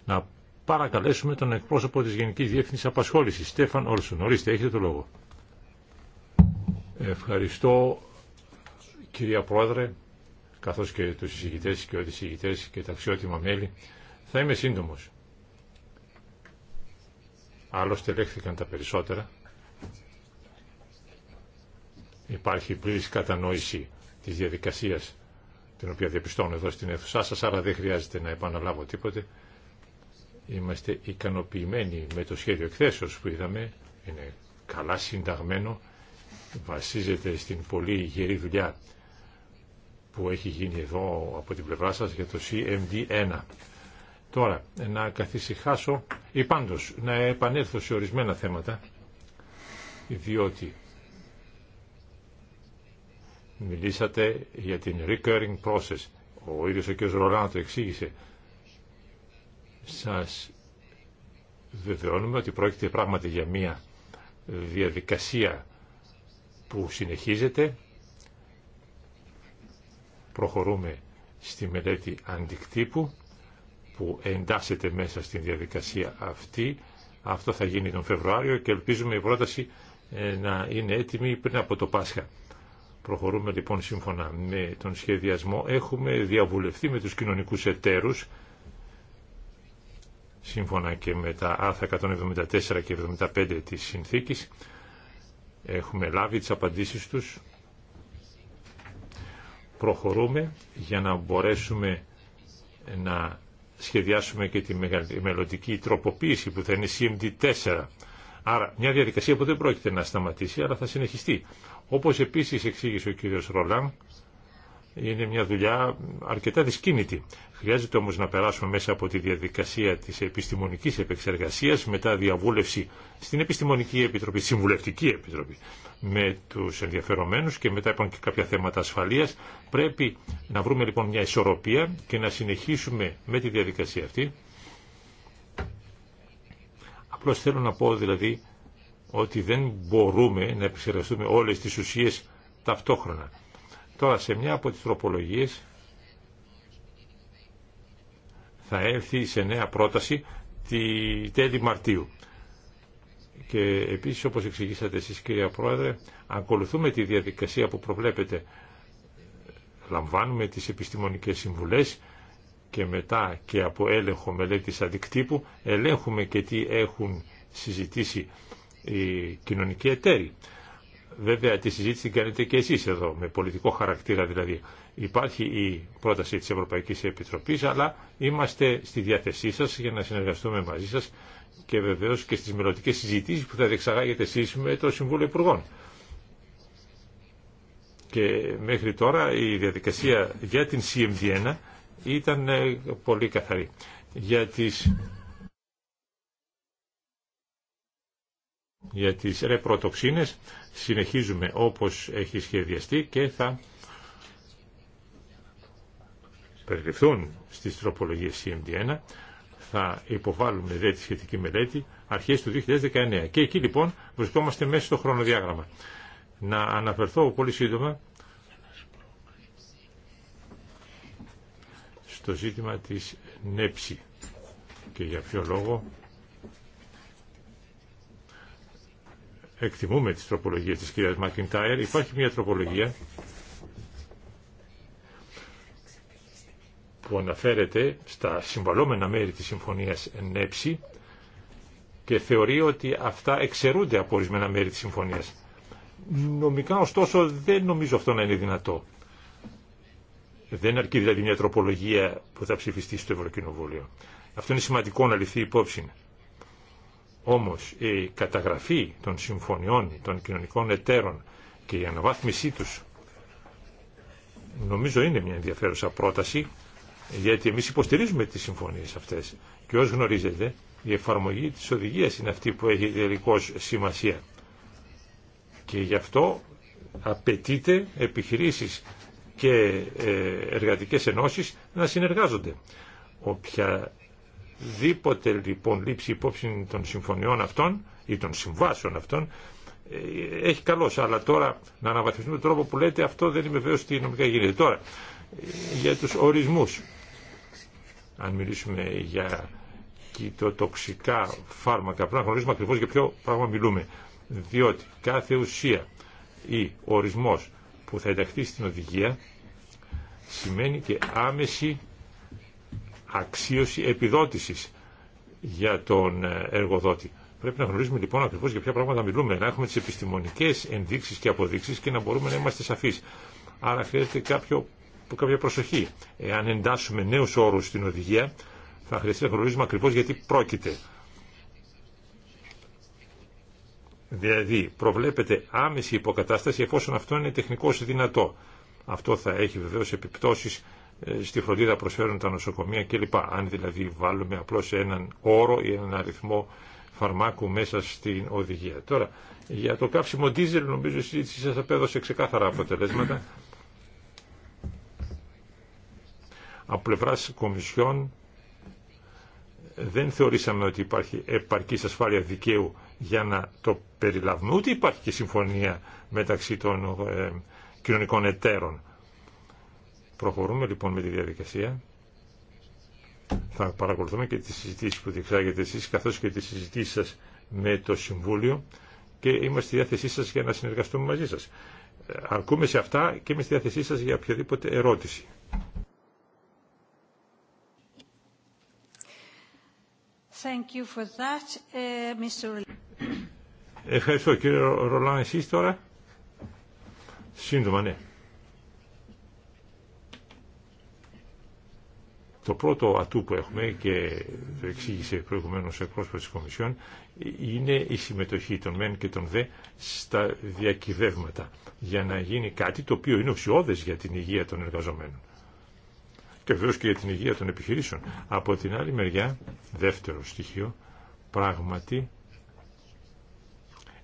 D: να παρακαλέσουμε τον εκπρόσωπο της Γενικής Διεύθυνσης Απασχόλησης, Στέφαν Όλσον. Ορίστε, έχετε το λόγο. Ευχαριστώ, κυρία Πρόεδρε, καθώς και τους συζητητές και εισηγητές και τα αξιότιμα μέλη. Θα είμαι σύντομος. Άλλωστε λέχθηκαν τα περισσότερα. Υπάρχει πλήρης κατανόηση της διαδικασίας την οποία διαπιστώνω εδώ στην αίθουσά σας, άρα δεν χρειάζεται να επαναλάβω τίποτε. Είμαστε ικανοποιημένοι με το σχέδιο εκθέσεως που είδαμε, είναι καλά συνταγμένο, βασίζεται στην πολύ γερή δουλειά που έχει γίνει εδώ από την πλευρά σας για το CMD1. Τώρα, να καθησυχάσω ή πάντως να επανέλθω σε ορισμένα θέματα, διότι μιλήσατε για την recurring process. Ο ίδιος ο κ. Ρολάν το εξήγησε. Σας βεβαιώνουμε ότι πρόκειται πράγματι για μια διαδικασία που συνεχίζεται. Προχωρούμε στη μελέτη αντικτύπου που εντάσσεται μέσα στην διαδικασία αυτή. Αυτό θα γίνει τον Φεβρουάριο και ελπίζουμε η πρόταση ε, να είναι έτοιμη πριν από το Πάσχα. Προχωρούμε λοιπόν σύμφωνα με τον σχεδιασμό. Έχουμε διαβουλευτεί με τους κοινωνικούς εταίρους σύμφωνα και με τα άρθρα 174 και 75 της συνθήκης. Έχουμε λάβει τις απαντήσεις τους. Προχωρούμε για να μπορέσουμε να σχεδιάσουμε και τη μελλοντική τροποποίηση που θα είναι CMD4. Άρα μια διαδικασία που δεν πρόκειται να σταματήσει αλλά θα συνεχιστεί. Όπως επίσης εξήγησε ο κύριος Ρολάν, είναι μια δουλειά αρκετά δυσκίνητη. Χρειάζεται όμως να περάσουμε μέσα από τη διαδικασία της επιστημονικής επεξεργασίας, μετά διαβούλευση στην Επιστημονική Επιτροπή, Συμβουλευτική Επιτροπή, με τους ενδιαφερομένους και μετά υπάρχουν και κάποια θέματα ασφαλείας. Πρέπει να βρούμε λοιπόν μια ισορροπία και να συνεχίσουμε με τη διαδικασία αυτή. Απλώς θέλω να πω δηλαδή ότι δεν μπορούμε να επεξεργαστούμε όλες τις ουσίες ταυτόχρονα Τώρα σε μια από τις τροπολογίες θα έρθει σε νέα πρόταση τη τέλη Μαρτίου. Και επίσης όπως εξηγήσατε εσείς κυρία Πρόεδρε, ακολουθούμε τη διαδικασία που προβλέπετε. Λαμβάνουμε τις επιστημονικές συμβουλές και μετά και από έλεγχο μελέτης αντικτύπου ελέγχουμε και τι έχουν συζητήσει οι κοινωνικοί εταίροι. Βέβαια τη συζήτηση την κάνετε και εσείς εδώ, με πολιτικό χαρακτήρα δηλαδή. Υπάρχει η πρόταση της Ευρωπαϊκής Επιτροπής, αλλά είμαστε στη διάθεσή σας για να συνεργαστούμε μαζί σας και βεβαίως και στις μελλοντικές συζητήσεις που θα διεξαγάγετε εσείς με το Συμβούλιο Υπουργών. Και μέχρι τώρα η διαδικασία για την CMD1 ήταν ε, πολύ καθαρή. Για τις για τις ρεπροτοξίνες συνεχίζουμε όπως έχει σχεδιαστεί και θα περιληφθούν στις τροπολογίες CMD1 θα υποβάλουμε δε τη σχετική μελέτη αρχές του 2019 και εκεί λοιπόν βρισκόμαστε μέσα στο χρονοδιάγραμμα να αναφερθώ πολύ σύντομα στο ζήτημα της νέψη και για ποιο λόγο εκτιμούμε τις τροπολογίες της κυρίας Μακιντάιρ. Υπάρχει μια τροπολογία που αναφέρεται στα συμβαλόμενα μέρη της Συμφωνίας έψη και θεωρεί ότι αυτά εξαιρούνται από ορισμένα μέρη της Συμφωνίας. Νομικά ωστόσο δεν νομίζω αυτό να είναι δυνατό. Δεν αρκεί δηλαδή μια τροπολογία που θα ψηφιστεί στο Ευρωκοινοβούλιο. Αυτό είναι σημαντικό να ληφθεί υπόψη. Όμως η καταγραφή των συμφωνιών των κοινωνικών εταίρων και η αναβάθμισή τους νομίζω είναι μια ενδιαφέρουσα πρόταση γιατί εμείς υποστηρίζουμε τις συμφωνίες αυτές και ως γνωρίζετε η εφαρμογή της οδηγίας είναι αυτή που έχει τελικώ σημασία και γι' αυτό απαιτείται επιχειρήσεις και ε, εργατικές ενώσεις να συνεργάζονται. Όποια Δίποτε λοιπόν λήψη υπόψη των συμφωνιών αυτών ή των συμβάσεων αυτών ε, έχει καλο Αλλά τώρα να αναβαθμιστούμε τον τρόπο που λέτε αυτό δεν είμαι βέβαιο τι νομικά γίνεται. Τώρα ε, για του ορισμού. Αν μιλήσουμε για κοιτοτοξικά φάρμακα, πρέπει να γνωρίζουμε ακριβώ για ποιο πράγμα μιλούμε. Διότι κάθε ουσία ή ορισμό που θα ενταχθεί στην οδηγία σημαίνει και άμεση αξίωση επιδότησης για τον ε, εργοδότη. Πρέπει να γνωρίζουμε λοιπόν ακριβώ για ποια πράγματα μιλούμε, να έχουμε τι επιστημονικέ ενδείξει και αποδείξει και να μπορούμε να είμαστε σαφεί. Άρα χρειάζεται κάποιο, κάποια προσοχή. Εάν εντάσσουμε νέου όρου στην οδηγία, θα χρειαστεί να γνωρίζουμε ακριβώ γιατί πρόκειται. Δηλαδή, προβλέπεται άμεση υποκατάσταση εφόσον αυτό είναι τεχνικώ δυνατό. Αυτό θα έχει βεβαίω επιπτώσει ε, στη φροντίδα προσφέρουν τα νοσοκομεία κλπ. Αν δηλαδή βάλουμε απλώς έναν όρο ή έναν αριθμό φαρμάκου μέσα στην οδηγία. Τώρα, για το καύσιμο ντίζελ νομίζω η συζήτηση σας απέδωσε ξεκάθαρα αποτελέσματα. Από πλευρά κομισιών δεν θεωρήσαμε ότι υπάρχει επαρκή ασφάλεια δικαίου για να το περιλάβουμε. Ούτε υπάρχει και συμφωνία μεταξύ των ε, κοινωνικών εταίρων. Προχωρούμε λοιπόν με τη διαδικασία. Θα παρακολουθούμε και τις συζητήσεις που διεξάγετε εσείς, καθώς και τις συζητήσεις σας με το Συμβούλιο και είμαστε στη διάθεσή σας για να συνεργαστούμε μαζί σας. Ε, αρκούμε σε αυτά και είμαστε στη διάθεσή σας για οποιαδήποτε ερώτηση.
A: Thank you for that, ε, Mr.
D: Ευχαριστώ κύριε Ρολάν, εσείς τώρα. Σύντομα, ναι. Το πρώτο ατού που έχουμε και το εξήγησε προηγουμένως ο εκπρόσωπος της Κομισιόν είναι η συμμετοχή των ΜΕΝ και των ΔΕ στα διακυβεύματα για να γίνει κάτι το οποίο είναι ουσιώδες για την υγεία των εργαζομένων και βεβαίως και για την υγεία των επιχειρήσεων. Από την άλλη μεριά, δεύτερο στοιχείο, πράγματι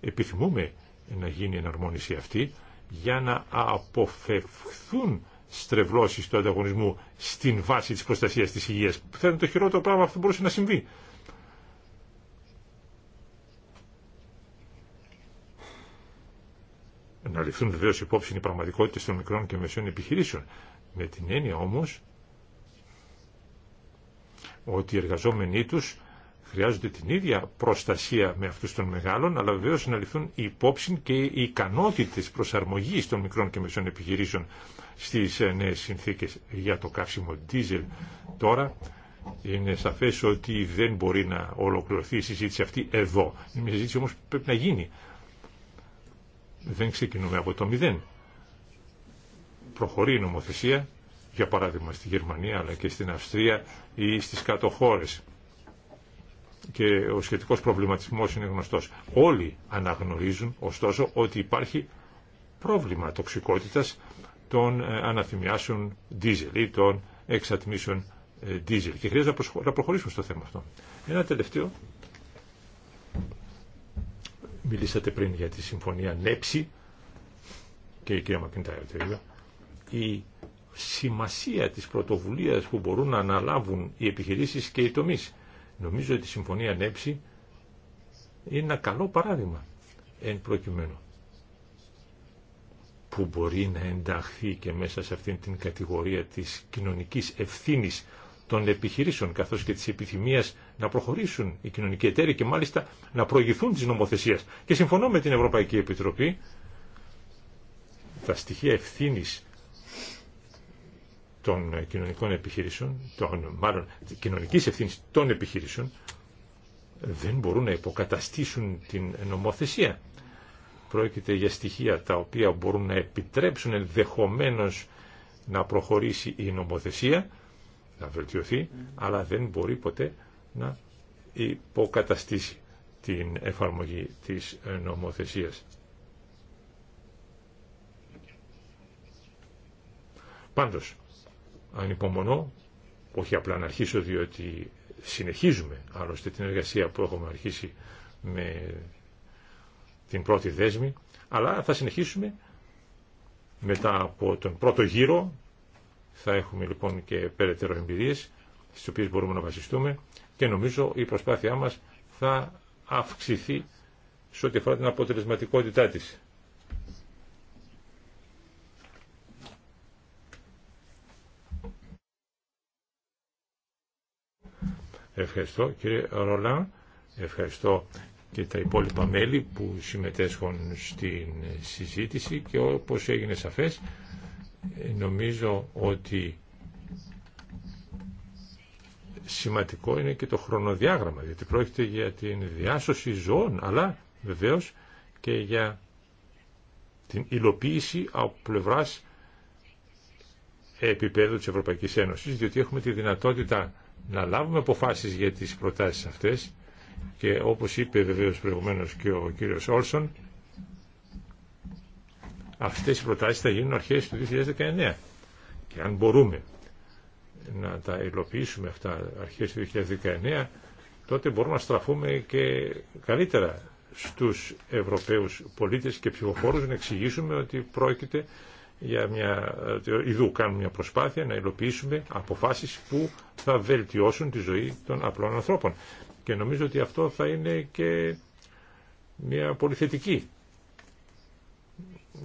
D: επιθυμούμε να γίνει η εναρμόνιση αυτή για να αποφευχθούν στρεβλώσει του ανταγωνισμού στην βάση τη προστασία τη Υγεία. Θα είναι το χειρότερο πράγμα αυτό που μπορούσε να συμβεί. Να ληφθούν βεβαίω υπόψη οι πραγματικότητε των μικρών και μεσαίων επιχειρήσεων. Με την έννοια όμω ότι οι εργαζόμενοι του χρειάζονται την ίδια προστασία με αυτού των μεγάλων, αλλά βεβαίω να ληφθούν υπόψη και οι ικανότητε προσαρμογή των μικρών και μεσαίων επιχειρήσεων στις ε, νέες συνθήκες για το καύσιμο diesel. Τώρα είναι σαφές ότι δεν μπορεί να ολοκληρωθεί η συζήτηση αυτή εδώ. Η μια συζήτηση όμως πρέπει να γίνει. Δεν ξεκινούμε από το μηδέν. Προχωρεί η νομοθεσία, για παράδειγμα στη Γερμανία αλλά και στην Αυστρία ή στις κάτω χώρες. Και ο σχετικός προβληματισμός είναι γνωστός. Όλοι αναγνωρίζουν ωστόσο ότι υπάρχει πρόβλημα τοξικότητας των ε, αναθυμιάσεων diesel ή των εξατμίσεων ε, diesel. Και χρειάζεται να προχωρήσουμε στο θέμα αυτό. Ένα τελευταίο. Μιλήσατε πριν για τη συμφωνία Νέψη και η κυρία Μακεντάιρ το Η σημασία της πρωτοβουλίας που μπορούν να αναλάβουν οι επιχειρήσεις και οι τομείς. Νομίζω ότι η συμφωνία Νέψη είναι ένα καλό παράδειγμα εν προκειμένου που μπορεί να ενταχθεί και μέσα σε αυτήν την κατηγορία της κοινωνικής ευθύνης των επιχειρήσεων καθώς και της επιθυμίας να προχωρήσουν οι κοινωνικοί εταίροι και μάλιστα να προηγηθούν της νομοθεσίας. Και συμφωνώ με την Ευρωπαϊκή Επιτροπή τα στοιχεία ευθύνης των κοινωνικών επιχειρήσεων, των, μάλλον κοινωνικής ευθύνης των επιχειρήσεων δεν μπορούν να υποκαταστήσουν την νομοθεσία. Πρόκειται για στοιχεία τα οποία μπορούν να επιτρέψουν ενδεχομένω να προχωρήσει η νομοθεσία, να βελτιωθεί, mm. αλλά δεν μπορεί ποτέ να υποκαταστήσει την εφαρμογή της ε, νομοθεσίας. Πάντως, ανυπομονώ, όχι απλά να αρχίσω διότι συνεχίζουμε άλλωστε την εργασία που έχουμε αρχίσει με την πρώτη δέσμη, αλλά θα συνεχίσουμε μετά από τον πρώτο γύρο. Θα έχουμε λοιπόν και περαιτέρω εμπειρίες στις οποίες μπορούμε να βασιστούμε και νομίζω η προσπάθειά μας θα αυξηθεί σε ό,τι αφορά την αποτελεσματικότητά της. Ευχαριστώ κύριε Ρολάν, ευχαριστώ και τα υπόλοιπα μέλη που συμμετέσχουν στην συζήτηση και όπως έγινε σαφές νομίζω ότι σημαντικό είναι και το χρονοδιάγραμμα γιατί πρόκειται για την διάσωση ζώων αλλά βεβαίως και για την υλοποίηση από πλευράς επίπεδου της Ευρωπαϊκής Ένωσης διότι έχουμε τη δυνατότητα να λάβουμε αποφάσεις για τις προτάσεις αυτές και όπως είπε βεβαίως προηγουμένως και ο κύριος Όλσον αυτές οι προτάσεις θα γίνουν αρχές του 2019 και αν μπορούμε να τα υλοποιήσουμε αυτά αρχές του 2019 τότε μπορούμε να στραφούμε και καλύτερα στους Ευρωπαίους πολίτες και ψηφοφόρους να εξηγήσουμε ότι πρόκειται για μια, ειδού κάνουμε μια προσπάθεια να υλοποιήσουμε αποφάσεις που θα βελτιώσουν τη ζωή των απλών ανθρώπων. Και νομίζω ότι αυτό θα είναι και μια πολυθετική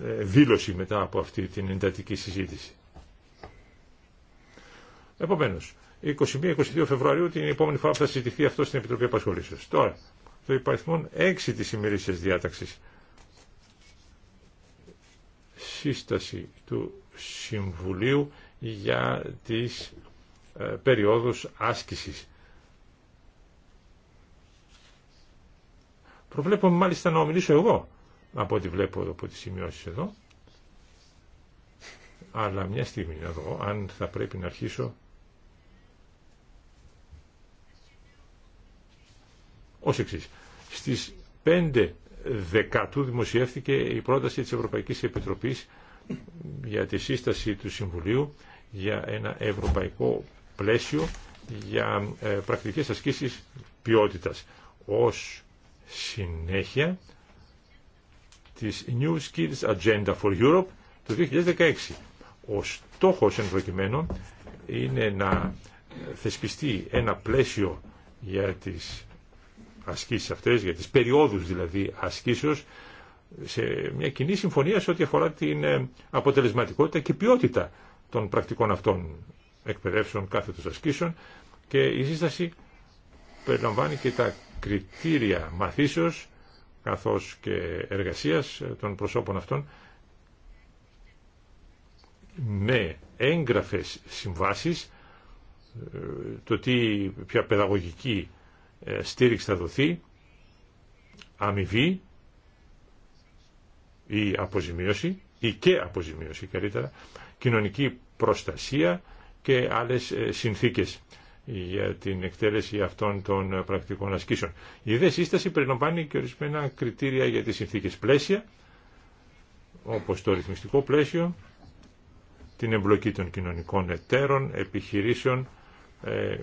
D: ε, δήλωση μετά από αυτή την εντατική συζήτηση. Επομένως, 21-22 Φεβρουαρίου την επόμενη φορά που θα συζητηθεί αυτό στην Επιτροπή Απασχολήσεως. Τώρα, το υπαριθμό 6 της ημερήσιας διάταξης. Σύσταση του Συμβουλίου για τις ε, περιόδους άσκησης. Προβλέπω μάλιστα να ομιλήσω εγώ, από ό,τι βλέπω από τις σημειώσεις εδώ. Αλλά μια στιγμή να δω αν θα πρέπει να αρχίσω. Ως εξής. Στις 5 Δεκατού δημοσιεύθηκε η πρόταση της Ευρωπαϊκής Επιτροπής για τη σύσταση του Συμβουλίου για ένα ευρωπαϊκό πλαίσιο για ε, πρακτικές ασκήσεις ποιότητας. Ως συνέχεια της New Skills Agenda for Europe το 2016. Ο στόχος εν προκειμένου είναι να θεσπιστεί ένα πλαίσιο για τις ασκήσεις αυτές, για τις περιόδους δηλαδή ασκήσεως, σε μια κοινή συμφωνία σε ό,τι αφορά την ε, αποτελεσματικότητα και ποιότητα των πρακτικών αυτών εκπαιδεύσεων κάθε τους ασκήσεων και η σύσταση περιλαμβάνει και τα κριτήρια μαθήσεως καθώς και εργασίας των προσώπων αυτών με έγγραφες συμβάσεις το τι, ποια παιδαγωγική ε, στήριξη θα δοθεί αμοιβή ή αποζημίωση ή και αποζημίωση καλύτερα κοινωνική προστασία και άλλες ε, συνθήκες για την εκτέλεση αυτών των πρακτικών ασκήσεων. Η δε σύσταση περιλαμβάνει και ορισμένα κριτήρια για τις συνθήκες πλαίσια, όπως το ρυθμιστικό πλαίσιο, την εμπλοκή των κοινωνικών εταίρων, επιχειρήσεων, ε,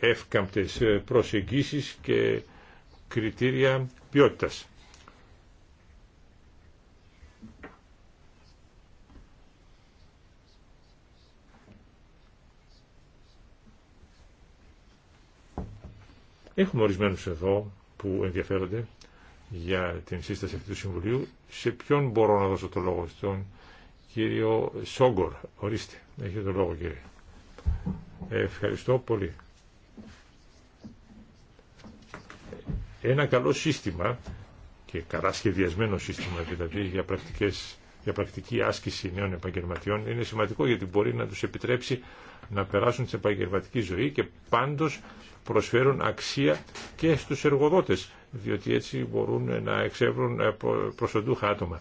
D: εύκαμπτες προσεγγίσεις και κριτήρια ποιότητας. Έχουμε ορισμένους εδώ που ενδιαφέρονται για την σύσταση αυτού του Συμβουλίου. Σε ποιον μπορώ να δώσω το λόγο, στον κύριο Σόγκορ. Ορίστε, έχετε το λόγο κύριε. Ευχαριστώ πολύ. Ένα καλό σύστημα και καλά σχεδιασμένο σύστημα δηλαδή για πρακτικές για πρακτική άσκηση νέων επαγγελματιών είναι σημαντικό γιατί μπορεί να τους επιτρέψει να περάσουν την επαγγελματική ζωή και πάντως προσφέρουν αξία και στους εργοδότες διότι έτσι μπορούν να εξεύρουν ε, προσοντούχα άτομα.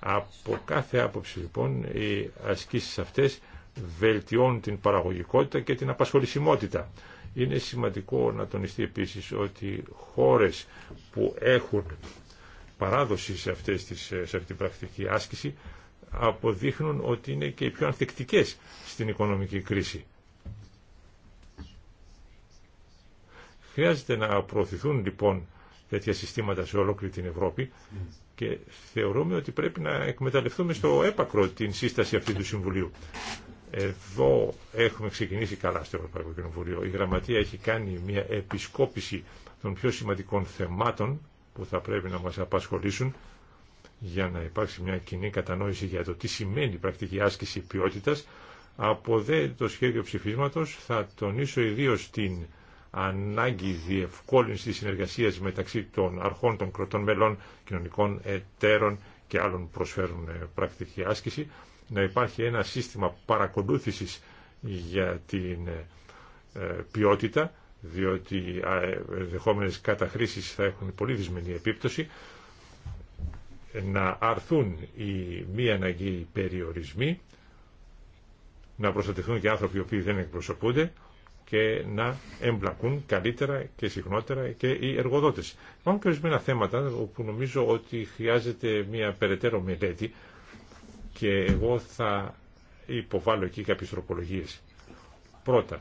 D: Από κάθε άποψη λοιπόν οι ασκήσεις αυτές βελτιώνουν την παραγωγικότητα και την απασχολησιμότητα. Είναι σημαντικό να τονιστεί επίσης ότι χώρες που έχουν παράδοση σε, αυτές τις, ε, σε αυτή την πρακτική άσκηση αποδείχνουν ότι είναι και οι πιο ανθεκτικές στην οικονομική κρίση. Χρειάζεται να προωθηθούν λοιπόν τέτοια συστήματα σε ολόκληρη την Ευρώπη και θεωρούμε ότι πρέπει να εκμεταλλευτούμε στο έπακρο την σύσταση αυτή του Συμβουλίου. Εδώ έχουμε ξεκινήσει καλά στο Ευρωπαϊκό Κοινοβουλίο. Η Γραμματεία έχει κάνει μια επισκόπηση των πιο σημαντικών θεμάτων που θα πρέπει να μας απασχολήσουν για να υπάρξει μια κοινή κατανόηση για το τι σημαίνει πρακτική άσκηση ποιότητας. Από δε το σχέδιο ψηφίσματος θα τονίσω ιδίω την ανάγκη διευκόλυνση συνεργασίας μεταξύ των αρχών των κροτών μελών, κοινωνικών εταίρων και άλλων προσφέρουν ε, πρακτική άσκηση, να υπάρχει ένα σύστημα παρακολούθησης για την ε, ε, ποιότητα διότι ενδεχόμενε καταχρήσεις θα έχουν πολύ δυσμενή επίπτωση, να αρθούν οι μη αναγκαίοι περιορισμοί, να προστατευτούν και άνθρωποι οι οποίοι δεν εκπροσωπούνται και να εμπλακούν καλύτερα και συχνότερα και οι εργοδότες. Υπάρχουν και ορισμένα θέματα όπου νομίζω ότι χρειάζεται μια περαιτέρω μελέτη και εγώ θα υποβάλω εκεί κάποιες τροπολογίες. Πρώτα,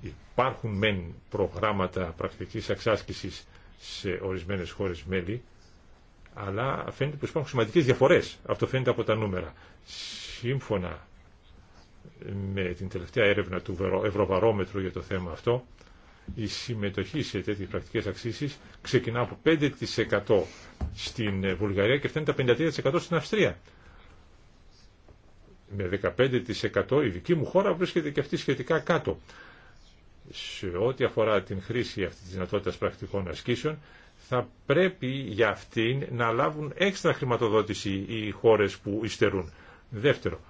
D: Υπάρχουν μεν προγράμματα πρακτικής εξάσκησης σε ορισμένες χώρες μέλη, αλλά φαίνεται πως υπάρχουν σημαντικές διαφορές. Αυτό φαίνεται από τα νούμερα. Σύμφωνα με την τελευταία έρευνα του Ευρωβαρόμετρου για το θέμα αυτό, η συμμετοχή σε τέτοιες πρακτικές αξίσεις ξεκινά από 5% στην Βουλγαρία και φτάνει τα 53% στην Αυστρία. Με 15% η δική μου χώρα βρίσκεται και αυτή σχετικά κάτω σε ό,τι αφορά την χρήση αυτής της δυνατότητας πρακτικών ασκήσεων θα πρέπει για αυτήν να λάβουν έξτρα χρηματοδότηση οι χώρες που υστερούν. Δεύτερο,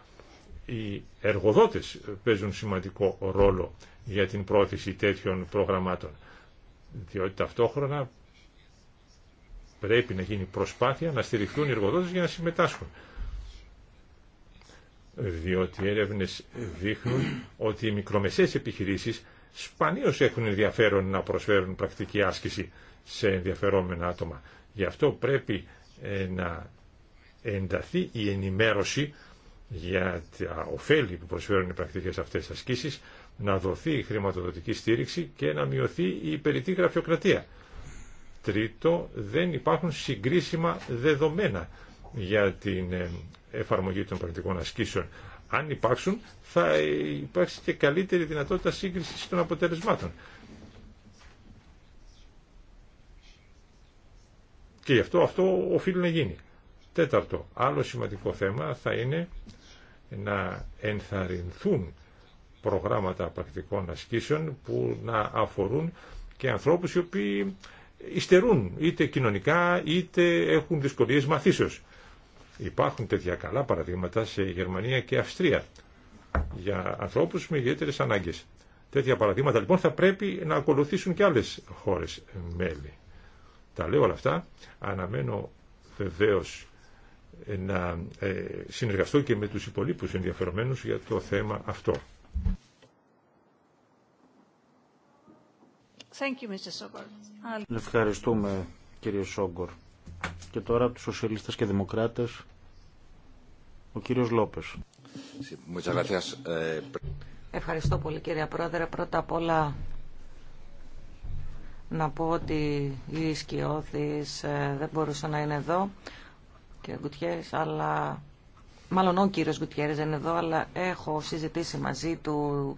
D: οι εργοδότες παίζουν σημαντικό ρόλο για την πρόθεση τέτοιων προγραμμάτων, διότι ταυτόχρονα πρέπει να γίνει προσπάθεια να στηριχθούν οι εργοδότες για να συμμετάσχουν. Διότι έρευνες δείχνουν ότι οι μικρομεσαίες επιχειρήσεις σπανίως έχουν ενδιαφέρον να προσφέρουν πρακτική άσκηση σε ενδιαφερόμενα άτομα. Γι' αυτό πρέπει ε, να ενταθεί η ενημέρωση για τα ωφέλη που προσφέρουν οι πρακτικές αυτές ασκήσεις, να δοθεί η χρηματοδοτική στήριξη και να μειωθεί η υπερητή γραφειοκρατία. Τρίτο, δεν υπάρχουν συγκρίσιμα δεδομένα για την ε, εφαρμογή των πρακτικών ασκήσεων αν υπάρξουν, θα υπάρξει και καλύτερη δυνατότητα σύγκρισης των αποτελεσμάτων. Και γι' αυτό αυτό οφείλει να γίνει. Τέταρτο, άλλο σημαντικό θέμα θα είναι να ενθαρρυνθούν προγράμματα πρακτικών ασκήσεων που να αφορούν και ανθρώπους οι οποίοι υστερούν είτε κοινωνικά είτε έχουν δυσκολίες μαθήσεως. Υπάρχουν τέτοια καλά παραδείγματα σε Γερμανία και Αυστρία για ανθρώπους με ιδιαίτερες ανάγκες. Τέτοια παραδείγματα λοιπόν θα πρέπει να ακολουθήσουν και άλλες χώρες μέλη. Τα λέω όλα αυτά. Αναμένω βεβαίως να ε, συνεργαστώ και με τους υπολείπους ενδιαφερομένους για το θέμα αυτό.
B: Ευχαριστούμε κύριε Σόγκορ. Και τώρα από τους σοσιαλιστές και δημοκράτες, ο κύριος Λόπες. Ε,
C: Ευχαριστώ πολύ κύριε Πρόεδρε. Πρώτα απ' όλα να πω ότι η ε, δεν μπορούσε να είναι εδώ και Γκουτιέρης, αλλά μάλλον ο κύριος Γκουτιέρης δεν είναι εδώ, αλλά έχω συζητήσει μαζί του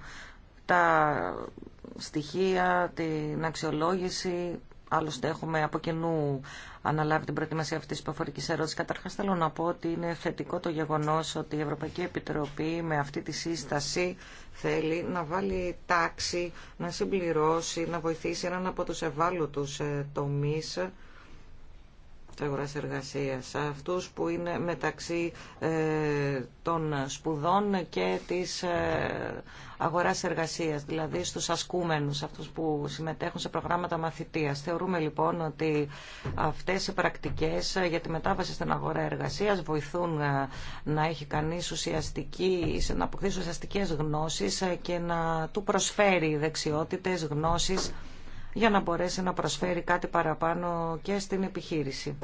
C: τα στοιχεία, την αξιολόγηση Άλλωστε έχουμε από κοινού αναλάβει την προετοιμασία αυτής τη υποφορική ερώτηση. Καταρχάς θέλω να πω ότι είναι θετικό το γεγονός ότι η Ευρωπαϊκή Επιτροπή με αυτή τη σύσταση θέλει να βάλει τάξη, να συμπληρώσει, να βοηθήσει έναν από τους ευάλωτου ε, τομεί τη αγορά εργασία. αυτού που είναι μεταξύ ε, των σπουδών και της ε, Αγορά εργασία, δηλαδή στου ασκούμενου αυτού που συμμετέχουν σε προγράμματα μαθητείας. Θεωρούμε λοιπόν ότι αυτές οι πρακτικέ για τη μετάβαση στην αγορά εργασία βοηθούν ε, να έχει κανεί ουσιαστική, να αποκτήσει ουσιαστικέ γνώσει ε, και να του προσφέρει δεξιότητες, γνώσει, για να μπορέσει να προσφέρει κάτι παραπάνω και στην επιχείρηση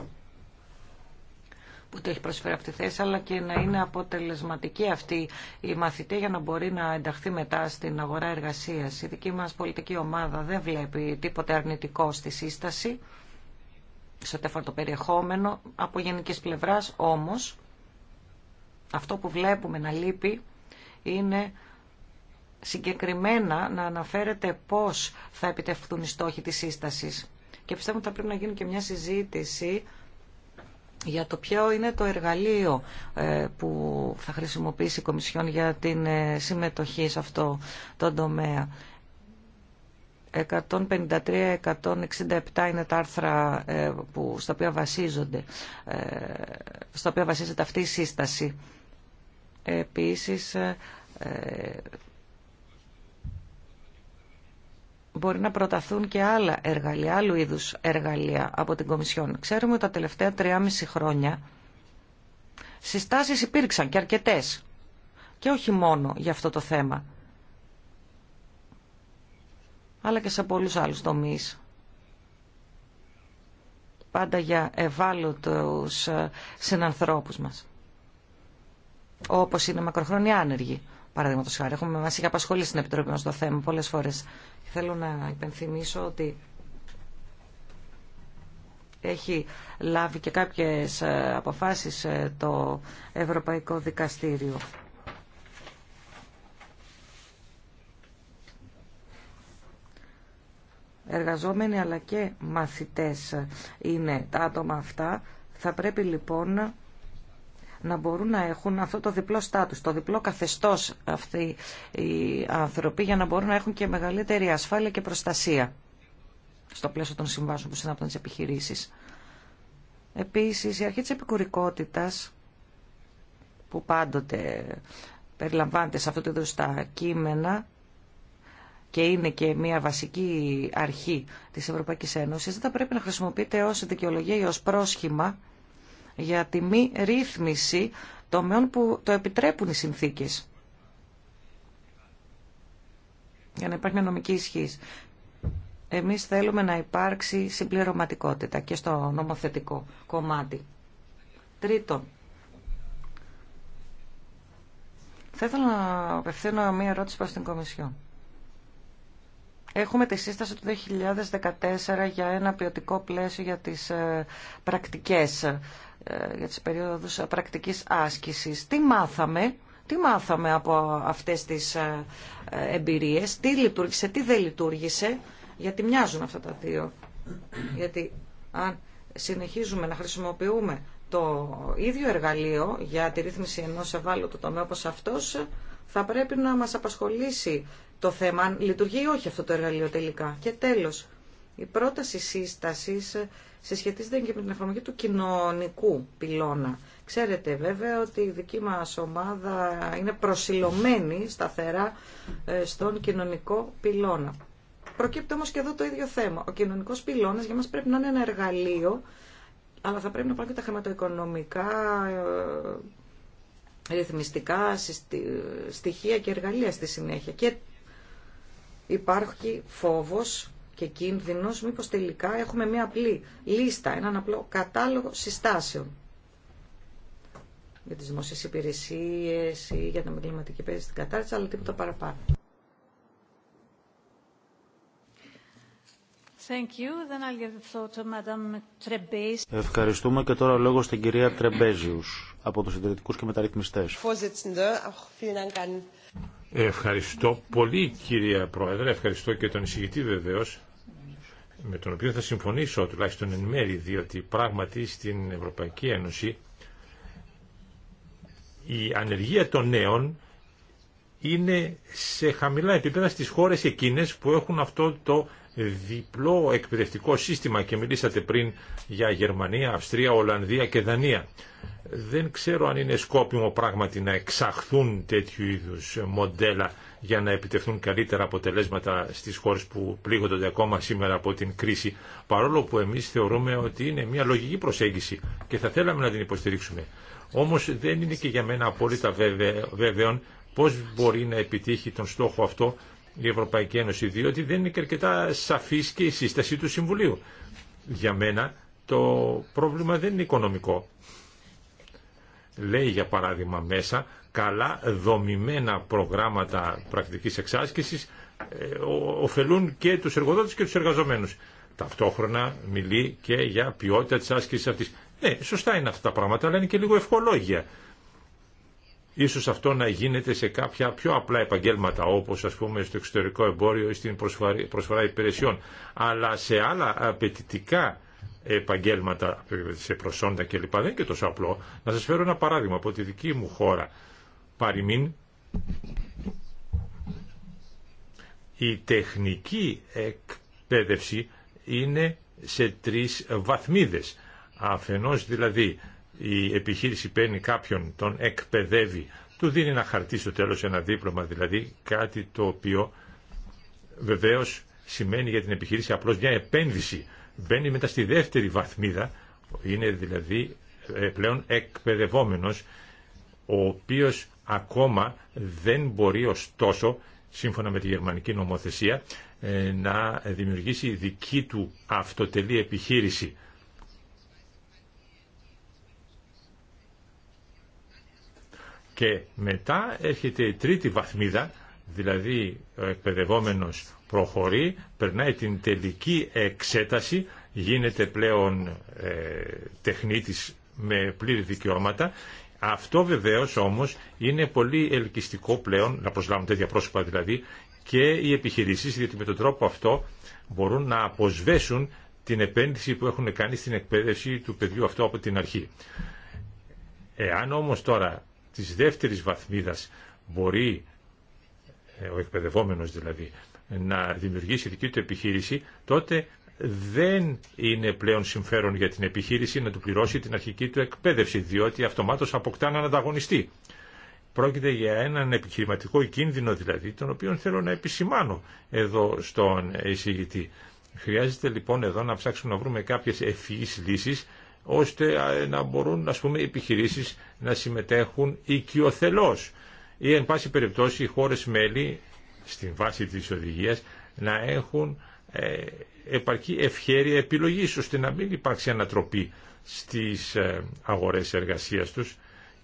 C: που το έχει προσφέρει αυτή τη θέση, αλλά και να είναι αποτελεσματική αυτή η μαθητή για να μπορεί να ενταχθεί μετά στην αγορά εργασία. Η δική μα πολιτική ομάδα δεν βλέπει τίποτε αρνητικό στη σύσταση, σε ό,τι το περιεχόμενο. Από γενική πλευρά όμω, αυτό που βλέπουμε να λείπει είναι συγκεκριμένα να αναφέρεται πώς θα επιτευχθούν οι στόχοι της σύστασης. Και πιστεύω ότι θα πρέπει να γίνει και μια συζήτηση για το ποιο είναι το εργαλείο ε, που θα χρησιμοποιήσει η Κομισιόν για την ε, συμμετοχή σε αυτό το τομέα. 153-167 είναι τα άρθρα ε, που, στα, οποία βασίζονται, στα οποία βασίζεται αυτή η σύσταση. Επίσης, μπορεί να προταθούν και άλλα εργαλεία, άλλου είδου εργαλεία από την Κομισιόν. Ξέρουμε ότι τα τελευταία 3,5 χρόνια συστάσεις υπήρξαν και αρκετές και όχι μόνο για αυτό το θέμα αλλά και σε πολλούς άλλους τομείς πάντα για ευάλωτους ε, συνανθρώπους μας όπως είναι μακροχρόνια άνεργοι Παραδείγματο χάρη, έχουμε μα είχε απασχολήσει στην Επιτροπή μα το θέμα πολλέ φορέ. Θέλω να υπενθυμίσω ότι έχει λάβει και κάποιες ε, αποφάσεις ε, το Ευρωπαϊκό Δικαστήριο. Εργαζόμενοι αλλά και μαθητές είναι τα άτομα αυτά. Θα πρέπει λοιπόν να μπορούν να έχουν αυτό το διπλό στάτους, το διπλό καθεστώς αυτοί οι άνθρωποι για να μπορούν να έχουν και μεγαλύτερη ασφάλεια και προστασία στο πλαίσιο των συμβάσεων που συνάπτουν τις επιχειρήσεις. Επίσης, η αρχή της επικουρικότητας που πάντοτε περιλαμβάνεται σε αυτό το είδος τα κείμενα και είναι και μια βασική αρχή της Ευρωπαϊκής Ένωσης, δεν θα πρέπει να χρησιμοποιείται ως δικαιολογία ή ως πρόσχημα για τη μη ρύθμιση τομέων που το επιτρέπουν οι συνθήκες. Για να υπάρχει μια νομική ισχύ. Εμείς θέλουμε να υπάρξει συμπληρωματικότητα και στο νομοθετικό κομμάτι. Τρίτον, θα ήθελα να απευθύνω μια ερώτηση προς την Κομισιόν. Έχουμε τη σύσταση του 2014 για ένα ποιοτικό πλαίσιο για τις ε, πρακτικές ε, για τις περίοδους ε, πρακτικής άσκησης. Τι μάθαμε, τι μάθαμε από αυτές τις ε, εμπειρίες, τι λειτουργήσε, τι δεν λειτουργήσε, γιατί μοιάζουν αυτά τα δύο. Γιατί αν συνεχίζουμε να χρησιμοποιούμε το ίδιο εργαλείο για τη ρύθμιση ενός ευάλωτου τομέα όπως αυτός, θα πρέπει να μας απασχολήσει το θέμα αν λειτουργεί ή όχι αυτό το εργαλείο τελικά. Και τέλος, η πρόταση σύσταση συσχετίζεται και με την εφαρμογή του κοινωνικού πυλώνα. Ξέρετε βέβαια ότι η δική μας ομάδα είναι προσιλωμένη σταθερά ε, στον κοινωνικό πυλώνα. Προκύπτει όμως και εδώ το ίδιο θέμα. Ο κοινωνικός πυλώνας για μας πρέπει να είναι ένα εργαλείο, αλλά θα πρέπει να υπάρχουν και τα χρηματοοικονομικά, ε, ρυθμιστικά στοιχεία και εργαλεία στη συνέχεια. Και υπάρχει φόβος και κίνδυνος μήπως τελικά έχουμε μια απλή λίστα, έναν απλό κατάλογο συστάσεων για τις δημοσίες υπηρεσίες ή για την επαγγελματική παιδεία στην κατάρτιση, αλλά τίποτα παραπάνω.
B: Ευχαριστούμε και τώρα λόγο στην κυρία Τρεμπέζιους από τους συντηρητικούς και μεταρρυθμιστές.
D: Ευχαριστώ πολύ κυρία Πρόεδρε, ευχαριστώ και τον εισηγητή βεβαίως με τον οποίο θα συμφωνήσω τουλάχιστον εν μέρη, διότι πράγματι στην Ευρωπαϊκή Ένωση η ανεργία των νέων είναι σε χαμηλά επίπεδα στις χώρες εκείνες που έχουν αυτό το διπλό εκπαιδευτικό σύστημα και μιλήσατε πριν για Γερμανία, Αυστρία, Ολλανδία και Δανία. Δεν ξέρω αν είναι σκόπιμο πράγματι να εξαχθούν τέτοιου είδους μοντέλα για να επιτευχθούν καλύτερα αποτελέσματα στις χώρες που πλήγονται ακόμα σήμερα από την κρίση, παρόλο που εμείς θεωρούμε ότι είναι μια λογική προσέγγιση και θα θέλαμε να την υποστηρίξουμε. Όμως δεν είναι και για μένα απόλυτα βέβαιο πώς μπορεί να επιτύχει τον στόχο αυτό η Ευρωπαϊκή Ένωση, διότι δεν είναι και αρκετά σαφής και η σύσταση του Συμβουλίου. Για μένα το πρόβλημα δεν είναι οικονομικό. Λέει για παράδειγμα μέσα καλά δομημένα προγράμματα πρακτικής εξάσκησης ε, ωφελούν και τους εργοδότες και τους εργαζομένους. Ταυτόχρονα μιλεί και για ποιότητα της άσκησης αυτής. Ναι, σωστά είναι αυτά τα πράγματα, αλλά είναι και λίγο ευχολόγια. Ίσως αυτό να γίνεται σε κάποια πιο απλά επαγγέλματα, όπως ας πούμε στο εξωτερικό εμπόριο ή στην προσφορά υπηρεσιών. Αλλά σε άλλα απαιτητικά επαγγέλματα, σε προσόντα κλπ. Δεν είναι και τόσο απλό. Να σας φέρω ένα παράδειγμα από τη δική μου χώρα παροιμήν η τεχνική εκπαίδευση είναι σε τρεις βαθμίδες. Αφενός δηλαδή η επιχείρηση παίρνει κάποιον, τον εκπαιδεύει, του δίνει ένα χαρτί στο τέλος, ένα δίπλωμα δηλαδή, κάτι το οποίο βεβαίως σημαίνει για την επιχείρηση απλώς μια επένδυση. Μπαίνει μετά στη δεύτερη βαθμίδα, είναι δηλαδή ε, πλέον εκπαιδευόμενος, ο οποίος ακόμα δεν μπορεί ωστόσο, σύμφωνα με τη γερμανική νομοθεσία, ε, να δημιουργήσει δική του αυτοτελή επιχείρηση. Και μετά έρχεται η τρίτη βαθμίδα, δηλαδή ο εκπαιδευόμενος προχωρεί, περνάει την τελική εξέταση, γίνεται πλέον ε, τεχνίτης με πλήρη δικαιώματα αυτό βεβαίω όμω είναι πολύ ελκυστικό πλέον, να προσλάβουν τέτοια πρόσωπα δηλαδή, και οι επιχειρήσεις, διότι με τον τρόπο αυτό μπορούν να αποσβέσουν την επένδυση που έχουν κάνει στην εκπαίδευση του παιδιού αυτό από την αρχή. Εάν όμως τώρα τη δεύτερη βαθμίδα μπορεί ε, ο εκπαιδευόμενο δηλαδή να δημιουργήσει δική του επιχείρηση, τότε δεν είναι πλέον συμφέρον για την επιχείρηση να του πληρώσει την αρχική του εκπαίδευση, διότι αυτομάτως αποκτά έναν ανταγωνιστή. Πρόκειται για έναν επιχειρηματικό κίνδυνο δηλαδή, τον οποίο θέλω να επισημάνω εδώ στον εισηγητή. Χρειάζεται λοιπόν εδώ να ψάξουμε να βρούμε κάποιες ευφυείς λύσεις, ώστε να μπορούν ας πούμε, οι επιχειρήσεις να συμμετέχουν οικειοθελώς ή εν πάση περιπτώσει οι χώρες μέλη στην βάση της οδηγίας να έχουν ε, επαρκή ευχέρεια επιλογής ώστε να μην υπάρξει ανατροπή στις ε, αγορές εργασίας τους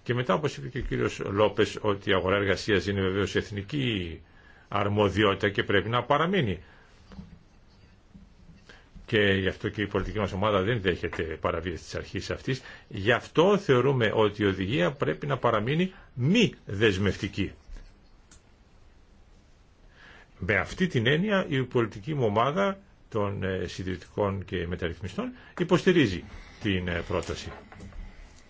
D: και μετά όπως είπε και ο κύριος Λόπες ότι η αγορά εργασίας είναι βεβαίως εθνική αρμοδιότητα και πρέπει να παραμείνει και γι' αυτό και η πολιτική μας ομάδα δεν δέχεται παραβίαση της αρχής αυτής γι' αυτό θεωρούμε ότι η οδηγία πρέπει να παραμείνει μη δεσμευτική με αυτή την έννοια η πολιτική μου ομάδα των ε, συντηρητικών και μεταρρυθμιστών υποστηρίζει την ε, πρόταση.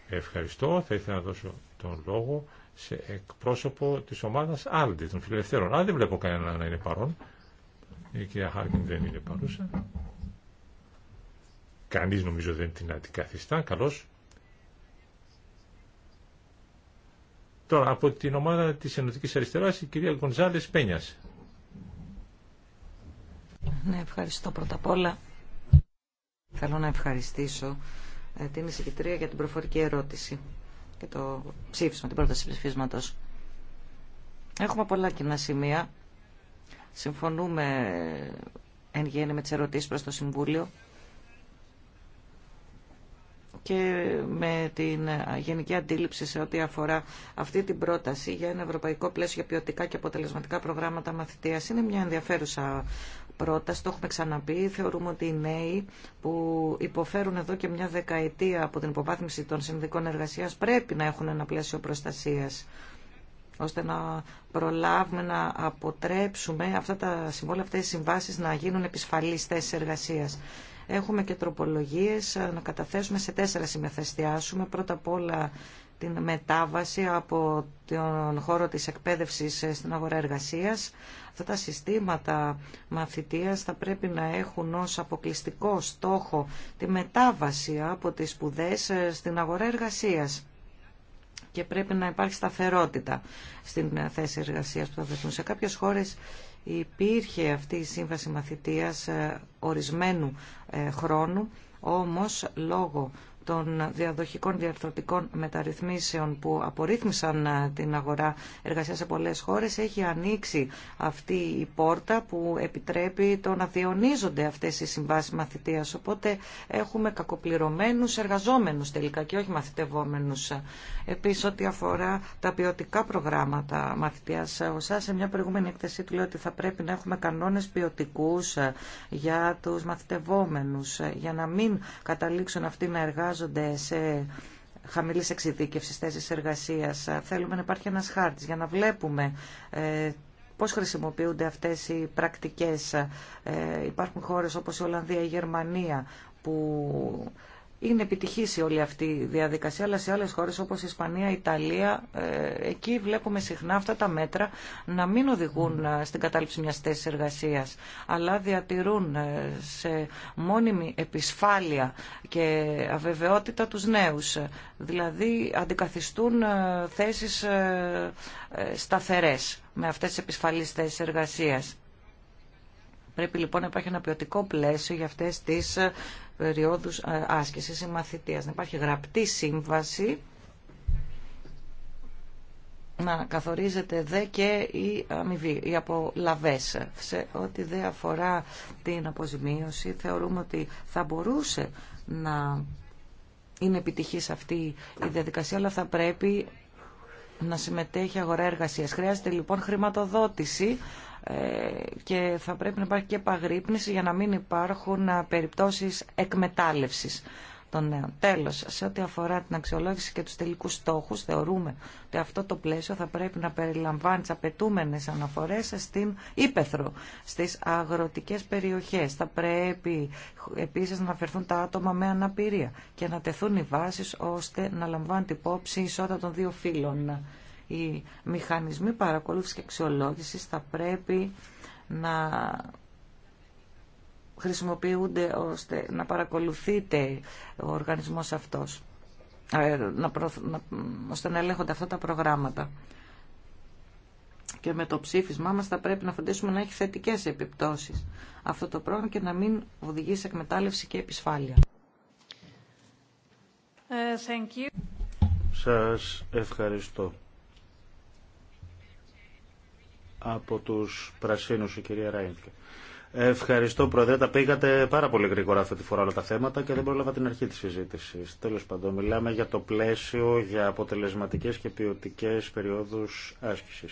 D: Ευχαριστώ. Θα ήθελα να δώσω τον λόγο σε εκπρόσωπο της ομάδας Άλντε, των φιλελευθέρων. Αν δεν βλέπω κανένα να είναι παρόν. Η κυρία Χάρκιν δεν είναι παρούσα. Κανείς νομίζω δεν την αντικαθιστά. Καλώς. Τώρα, από την ομάδα της Ενωτικής Αριστεράς, η κυρία Γκονζάλες Πένιας.
C: Ναι, ευχαριστώ πρώτα απ' όλα. Θέλω να ευχαριστήσω ε, την εισηγητρία για την προφορική ερώτηση και το ψήφισμα, την πρόταση ψηφίσματο. Έχουμε πολλά κοινά σημεία. Συμφωνούμε ε, εν γέννη με τι ερωτήσει προς το Συμβούλιο και με την γενική αντίληψη σε ό,τι αφορά αυτή την πρόταση για ένα ευρωπαϊκό πλαίσιο για ποιοτικά και αποτελεσματικά προγράμματα μαθητείας. Είναι μια ενδιαφέρουσα πρόταση, το έχουμε ξαναπεί. Θεωρούμε ότι οι νέοι που υποφέρουν εδώ και μια δεκαετία από την υποβάθμιση των συνδικών εργασίας πρέπει να έχουν ένα πλαίσιο προστασίας ώστε να προλάβουμε να αποτρέψουμε αυτά τα συμβόλαια, αυτές οι συμβάσεις να γίνουν επισφαλείς θέσεις εργασίας. Έχουμε και τροπολογίες ε, να καταθέσουμε σε τέσσερα σημεία Πρώτα απ' όλα την μετάβαση από τον χώρο της εκπαίδευσης ε, στην αγορά εργασίας. Αυτά τα συστήματα μαθητείας θα πρέπει να έχουν ως αποκλειστικό στόχο τη μετάβαση από τις σπουδέ ε, στην αγορά εργασίας και πρέπει να υπάρχει σταθερότητα στην θέση εργασία που θα δεθούν. Σε κάποιες χώρες Υπήρχε αυτή η σύμβαση μαθητείας ε, ορισμένου ε, χρόνου, όμως λόγω των διαδοχικών διαρθρωτικών μεταρρυθμίσεων που απορρίθμισαν ε, την αγορά εργασίας σε πολλές χώρες έχει ανοίξει αυτή η πόρτα που επιτρέπει το να διονίζονται αυτές οι συμβάσεις μαθητείας. Οπότε έχουμε κακοπληρωμένους εργαζόμενους τελικά και όχι μαθητευόμενους. Επίσης ό,τι αφορά τα ποιοτικά προγράμματα μαθητείας. Ο σε μια προηγούμενη έκθεση του λέει ότι θα πρέπει να έχουμε κανόνες ποιοτικού ε, για τους μαθητευόμενους ε, για να μην καταλήξουν αυτοί να εργάζονται εργάζονται σε χαμηλής εξειδίκευσης θέσεις εργασίας. Θέλουμε να υπάρχει ένας χάρτης για να βλέπουμε ε, πώς χρησιμοποιούνται αυτές οι πρακτικές. Ε, υπάρχουν χώρες όπως η Ολλανδία, η Γερμανία που είναι επιτυχής όλη αυτή η διαδικασία, αλλά σε άλλες χώρες όπως η Ισπανία, η Ιταλία, ε, εκεί βλέπουμε συχνά αυτά τα μέτρα να μην οδηγούν ε, στην κατάληψη μιας θέση εργασία, αλλά διατηρούν ε, σε μόνιμη επισφάλεια και αβεβαιότητα τους νέου, Δηλαδή αντικαθιστούν θέσεις σταθερέ με αυτές τι επισφαλεί θέσει εργασία. Πρέπει λοιπόν να υπάρχει ένα ποιοτικό πλαίσιο για αυτές τις περιόδους ε, άσκησης ή μαθητείας. Να υπάρχει γραπτή σύμβαση, να καθορίζεται δε και η αμοιβή, οι απολαβές. Σε ό,τι δε αφορά την αποζημίωση, θεωρούμε ότι θα μπορούσε να είναι επιτυχής αυτή η διαδικασία, αλλά θα πρέπει να συμμετέχει αγορά εργασίας. Χρειάζεται λοιπόν χρηματοδότηση ε, και θα πρέπει να υπάρχει και επαγρύπνηση για να μην υπάρχουν ε, περιπτώσεις εκμετάλλευσης των νέων. Τέλος, σε ό,τι αφορά την αξιολόγηση και τους τελικούς στόχους, θεωρούμε ότι αυτό το πλαίσιο θα πρέπει να περιλαμβάνει τι απαιτούμενε αναφορές στην Ήπεθρο, στις αγροτικές περιοχές. Θα πρέπει επίσης να αναφερθούν τα άτομα με αναπηρία και να τεθούν οι βάσεις ώστε να λαμβάνει υπόψη η ισότητα των δύο φύλων. Οι μηχανισμοί παρακολούθησης και αξιολόγησης θα πρέπει να χρησιμοποιούνται ώστε να παρακολουθείται ο οργανισμός αυτός, ε, να να, ώστε να ελέγχονται αυτά τα προγράμματα. Και με το ψήφισμά μας θα πρέπει να φροντίσουμε να έχει θετικές επιπτώσεις αυτό το πρόγραμμα και να μην οδηγεί σε εκμετάλλευση και επισφάλεια.
A: Ε, thank
B: Σας ευχαριστώ από τους Πρασίνους, η κυρία Ράιντκε. Ευχαριστώ, Πρόεδρε. Τα πήγατε πάρα πολύ γρήγορα αυτή τη φορά όλα τα θέματα και δεν πρόλαβα την αρχή τη συζήτηση. Τέλο πάντων, μιλάμε για το πλαίσιο για αποτελεσματικέ και ποιοτικέ περιόδου άσκηση.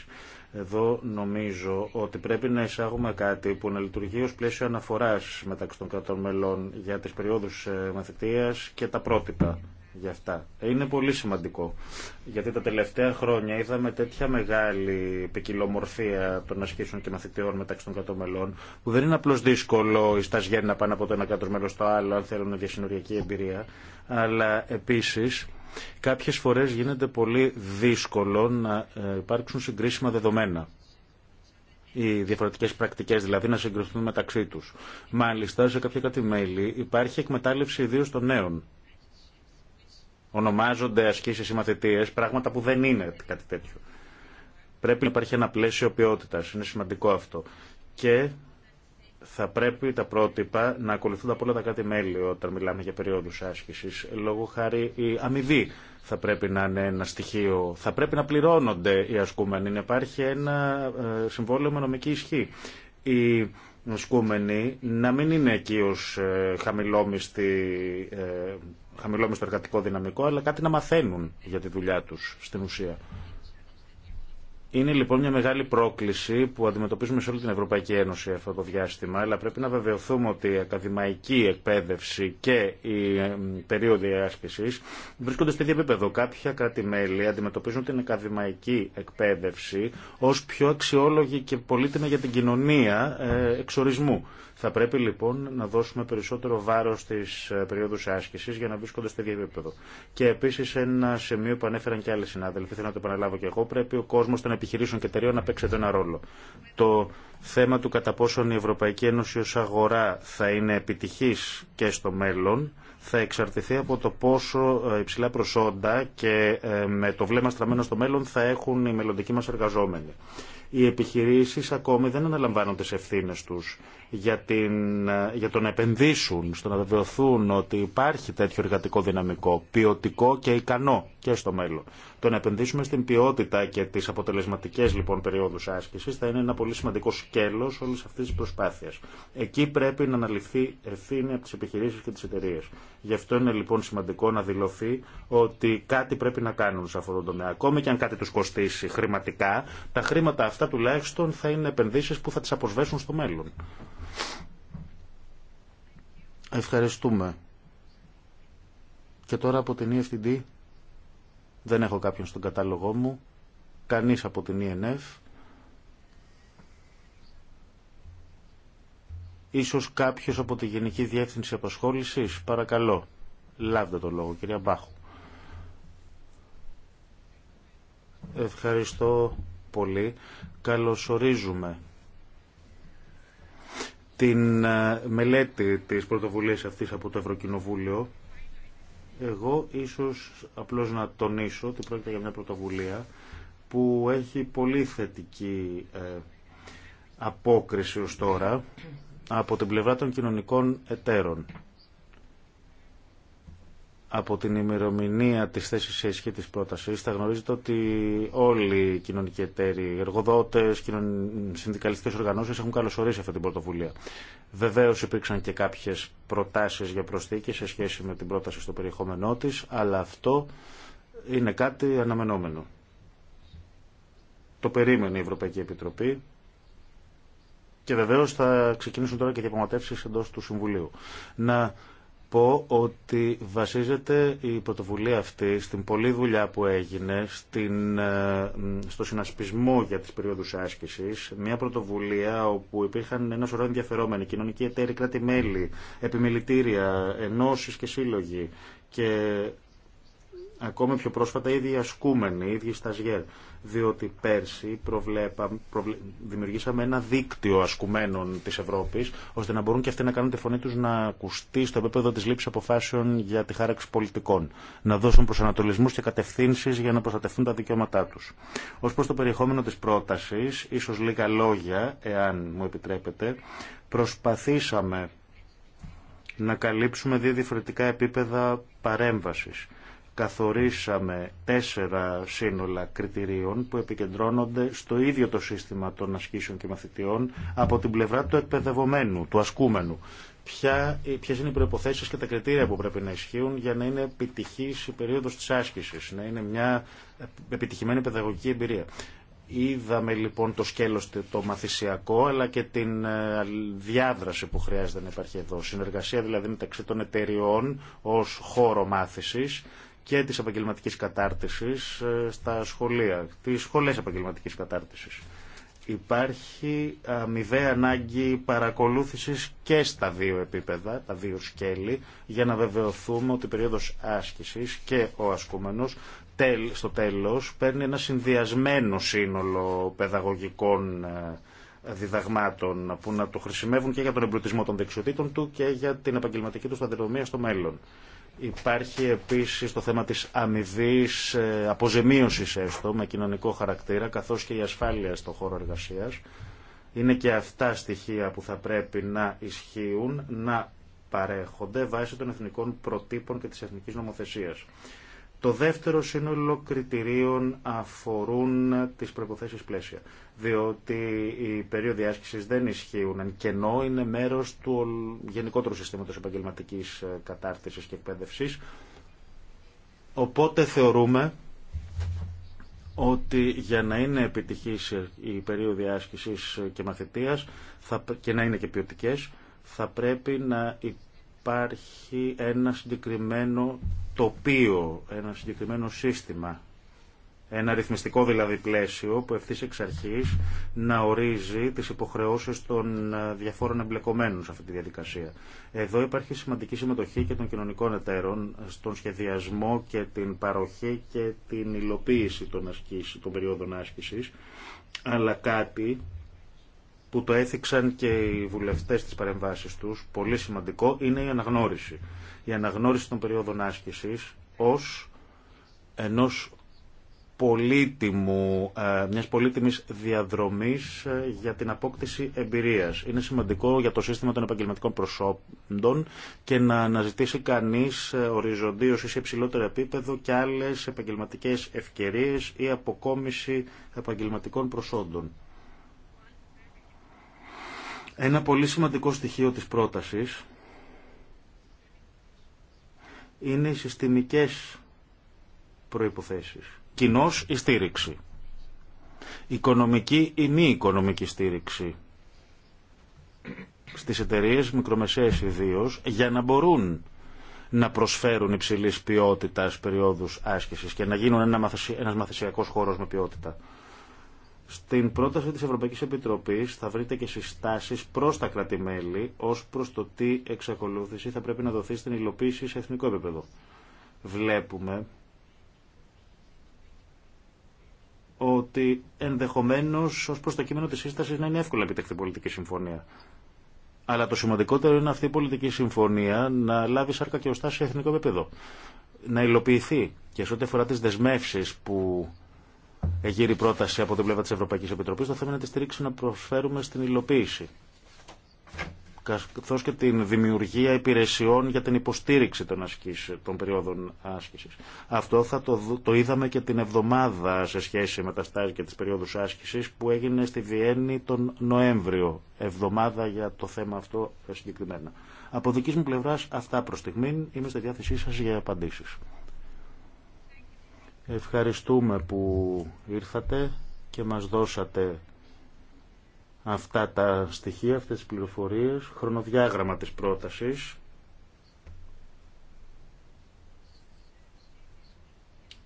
B: Εδώ νομίζω ότι πρέπει να εισάγουμε κάτι που να λειτουργεί ω πλαίσιο αναφορά μεταξύ των κρατών μελών για τι περιόδου ε, μαθητεία και τα πρότυπα για αυτά. Είναι πολύ σημαντικό. Γιατί τα τελευταία χρόνια είδαμε τέτοια μεγάλη ποικιλομορφία των ασκήσεων και μαθητών μεταξύ των μελών, που δεν είναι απλώ δύσκολο οι σταζιέροι να πάνε από το ένα κάτω μέλο στο άλλο, αν θέλουν διασυνοριακή εμπειρία, αλλά επίση κάποιε φορέ γίνεται πολύ δύσκολο να ε, υπάρξουν συγκρίσιμα δεδομένα οι διαφορετικέ πρακτικέ, δηλαδή να συγκριθούν μεταξύ του. Μάλιστα, σε κάποια κάτι μέλη υπάρχει εκμετάλλευση ιδίω των νέων ονομάζονται ασκήσεις ή μαθητείες, πράγματα που δεν είναι κάτι τέτοιο. Πρέπει να υπάρχει ένα πλαίσιο ποιότητα. είναι σημαντικό αυτό. Και θα πρέπει τα πρότυπα να ακολουθούν από όλα τα κάτι μέλη όταν μιλάμε για περίοδους άσκησης. Λόγω χάρη η αμοιβή θα πρέπει να είναι ένα στοιχείο. Θα πρέπει να πληρώνονται οι ασκούμενοι, να υπάρχει ένα ε, συμβόλαιο με νομική ισχύ. Οι ασκούμενοι να μην είναι εκεί ως ε, χαμηλόμιστοι ε, στο εργατικό δυναμικό, αλλά κάτι να μαθαίνουν για τη δουλειά τους στην ουσία. Είναι λοιπόν μια μεγάλη πρόκληση που αντιμετωπίζουμε σε όλη την Ευρωπαϊκή Ένωση αυτό το διάστημα, αλλά πρέπει να βεβαιωθούμε ότι η ακαδημαϊκή εκπαίδευση και η περίοδοι άσκηση βρίσκονται στο ίδιο επίπεδο. Κάποια κράτη-μέλη αντιμετωπίζουν την ακαδημαϊκή εκπαίδευση ω πιο αξιόλογη και πολύτιμη για την κοινωνία ε, εξορισμού. Θα πρέπει λοιπόν να δώσουμε περισσότερο βάρο στι ε, περιόδου άσκηση για να βρίσκονται στο ίδιο επίπεδο. Και επίση ένα σημείο που ανέφεραν και άλλοι συνάδελφοι, θέλω να το επαναλάβω και εγώ, πρέπει ο κόσμο των επιχειρήσεων και εταιρείων να παίξει ένα ρόλο. Το θέμα του κατά πόσον η Ευρωπαϊκή Ένωση ω αγορά θα είναι επιτυχή και στο μέλλον θα εξαρτηθεί από το πόσο ε, υψηλά προσόντα και ε, με το βλέμμα στραμμένο στο μέλλον θα έχουν οι μελλοντικοί μα εργαζόμενοι οι επιχειρήσεις ακόμη δεν αναλαμβάνουν τις ευθύνες τους για, την, για το να επενδύσουν, στο να βεβαιωθούν ότι υπάρχει τέτοιο εργατικό δυναμικό, ποιοτικό και ικανό και στο μέλλον. Το να επενδύσουμε στην ποιότητα και τι αποτελεσματικέ λοιπόν περιόδου άσκηση θα είναι ένα πολύ σημαντικό σκέλο όλη αυτή τη προσπάθεια. Εκεί πρέπει να αναλυθεί ευθύνη από τι επιχειρήσει και τι εταιρείε. Γι' αυτό είναι λοιπόν σημαντικό να δηλωθεί ότι κάτι πρέπει να κάνουν σε αυτόν τον τομέα. Ακόμη και αν κάτι του κοστίσει χρηματικά, τα χρήματα αυτά τουλάχιστον θα είναι επενδύσει που θα τι αποσβέσουν στο μέλλον. Ευχαριστούμε. Και τώρα από την EFTD δεν έχω κάποιον στον κατάλογό μου. Κανείς από την ΕΝΕΦ. E Ίσως κάποιος από τη Γενική Διεύθυνση Απασχόλησης. Παρακαλώ. Λάβετε το λόγο, κυρία Μπάχου. Ευχαριστώ πολύ. Καλωσορίζουμε την ε, μελέτη της πρωτοβουλίας αυτής από το Ευρωκοινοβούλιο εγώ ίσως απλώς να τονίσω ότι πρόκειται για μια πρωτοβουλία που έχει πολύ θετική ε, απόκριση ως τώρα από την πλευρά των κοινωνικών εταίρων. Από την ημερομηνία της θέσης σε ισχύ της πρότασης θα γνωρίζετε ότι όλοι οι κοινωνικοί εταίροι, εργοδότες, συνδικαλιστικές οργανώσεις έχουν καλωσορίσει αυτή την πρωτοβουλία. Βεβαίως υπήρξαν και κάποιες προτάσεις για προσθήκη σε σχέση με την πρόταση στο περιεχόμενό της, αλλά αυτό είναι κάτι αναμενόμενο. Το περίμενε η Ευρωπαϊκή Επιτροπή και βεβαίως θα ξεκινήσουν τώρα και διαπραγματεύσει εντός του Συμβουλίου. Να πω ότι βασίζεται η πρωτοβουλία αυτή στην πολλή δουλειά που έγινε, στην, ε, στο συνασπισμό για τις περίοδους άσκησης, μια πρωτοβουλία όπου υπήρχαν ένα σωρό ενδιαφερόμενοι, κοινωνικοί εταίροι, κράτη-μέλη, επιμελητήρια, ενώσεις και σύλλογοι και Ακόμη πιο πρόσφατα ήδη οι ασκούμενοι, οι ίδιοι σταζιέρ. Διότι πέρσι προβλέπα, δημιουργήσαμε ένα δίκτυο ασκουμένων τη Ευρώπη, ώστε να μπορούν και αυτοί να κάνουν τη φωνή του να ακουστεί στο επίπεδο τη λήψη αποφάσεων για τη χάραξη πολιτικών. Να δώσουν προσανατολισμού και κατευθύνσει για να προστατευτούν τα δικαιώματά του. Ω προ το περιεχόμενο τη πρόταση, ίσω λίγα λόγια, εάν μου επιτρέπετε, προσπαθήσαμε να καλύψουμε δύο διαφορετικά επίπεδα παρέμβασης καθορίσαμε τέσσερα σύνολα κριτηρίων που επικεντρώνονται στο ίδιο το σύστημα των ασκήσεων και μαθητιών από την πλευρά του εκπαιδευομένου, του ασκούμενου. Ποια, ποιες είναι οι προϋποθέσεις και τα κριτήρια που πρέπει να ισχύουν για να είναι επιτυχής η περίοδος της άσκησης, να είναι μια επιτυχημένη παιδαγωγική εμπειρία. Είδαμε λοιπόν το σκέλος το μαθησιακό αλλά και την ε, διάδραση που χρειάζεται να υπάρχει εδώ. Συνεργασία δηλαδή μεταξύ των εταιριών ως χώρο μάθησης και της επαγγελματικής κατάρτισης ε, στα σχολεία, τις σχολές επαγγελματικής κατάρτισης. Υπάρχει αμοιβαία ανάγκη παρακολούθησης και στα δύο επίπεδα, τα δύο σκέλη, για να βεβαιωθούμε ότι η περίοδος άσκησης και ο ασκούμενος στο τέλος παίρνει ένα συνδυασμένο σύνολο παιδαγωγικών ε, διδαγμάτων που να το χρησιμεύουν και για τον εμπλουτισμό των δεξιοτήτων του και για την επαγγελματική του σταδιοδρομία στο μέλλον. Υπάρχει επίσης το θέμα της αμοιβή ε, αποζημίωσης έστω με κοινωνικό χαρακτήρα καθώς και η ασφάλεια στον χώρο εργασίας. Είναι και αυτά στοιχεία που θα πρέπει να ισχύουν, να παρέχονται βάσει των εθνικών προτύπων και της εθνικής νομοθεσίας. Το δεύτερο σύνολο κριτηρίων αφορούν τις προϋποθέσεις πλαίσια, διότι οι περίοδοι άσκησης δεν ισχύουν, εν κενό είναι μέρος του γενικότερου συστήματος επαγγελματικής ε, κατάρτισης και εκπαίδευσης. Οπότε θεωρούμε ότι για να είναι επιτυχής η περίοδοι άσκησης και μαθητείας και να είναι και ποιοτικέ, θα πρέπει να υπάρχει ένα συγκεκριμένο το τοπίο, ένα συγκεκριμένο σύστημα, ένα ρυθμιστικό δηλαδή πλαίσιο που ευθύ εξ αρχή να ορίζει τι υποχρεώσει των ε, διαφόρων εμπλεκομένων σε αυτή τη διαδικασία. Εδώ υπάρχει σημαντική συμμετοχή και των κοινωνικών εταίρων στον σχεδιασμό και την παροχή και την υλοποίηση των, ασκήσεων των περίοδων άσκηση, αλλά κάτι που το έθιξαν και οι βουλευτές της παρεμβάσης τους, πολύ σημαντικό, είναι η αναγνώριση η αναγνώριση των περίοδων άσκησης ως ενός πολύτιμου, ε, μιας πολύτιμης διαδρομής ε, για την απόκτηση εμπειρίας. Είναι σημαντικό για το σύστημα των επαγγελματικών προσώπων και να αναζητήσει κανείς ε, οριζοντίως ή σε υψηλότερο επίπεδο και άλλες επαγγελματικές ευκαιρίες ή αποκόμιση επαγγελματικών προσόντων. Ένα πολύ σημαντικό στοιχείο της πρότασης είναι οι συστημικές προϋποθέσεις. Κοινώς η στήριξη. Οικονομική ή μη οικονομική στήριξη στις εταιρείες μικρομεσαίες ιδίω για να μπορούν να προσφέρουν υψηλής ποιότητας περιόδους άσκησης και να γίνουν ένα μαθησιακός χώρος με ποιότητα. Στην πρόταση της Ευρωπαϊκής Επιτροπής θα βρείτε και συστάσεις προς τα κρατημέλη ως προς το τι εξακολούθηση θα πρέπει να δοθεί στην υλοποίηση σε εθνικό επίπεδο. Βλέπουμε ότι ενδεχομένως ως προς το κείμενο της σύστασης να είναι εύκολα επιτευχθεί πολιτική συμφωνία. Αλλά το σημαντικότερο είναι αυτή η πολιτική συμφωνία να λάβει σάρκα και οστά σε εθνικό επίπεδο. Να υλοποιηθεί και σε ό,τι αφορά τις δεσμεύσεις που γύρει πρόταση από την πλευρά τη Ευρωπαϊκή Επιτροπή το θέμα είναι να τη στηρίξη να προσφέρουμε στην υλοποίηση καθώ και την δημιουργία υπηρεσιών για την υποστήριξη των, ασκήσεων, των περιόδων άσκηση. Αυτό θα το, το είδαμε και την εβδομάδα σε σχέση με τα στάζια και τι περιόδου άσκηση που έγινε στη Βιέννη τον Νοέμβριο. Εβδομάδα για το θέμα αυτό συγκεκριμένα. Από δική μου πλευρά, αυτά προ στιγμή. Είμαι στη διάθεσή σα για απαντήσει. Ευχαριστούμε που ήρθατε και μας δώσατε αυτά τα στοιχεία, αυτές τις πληροφορίες, χρονοδιάγραμμα της πρότασης.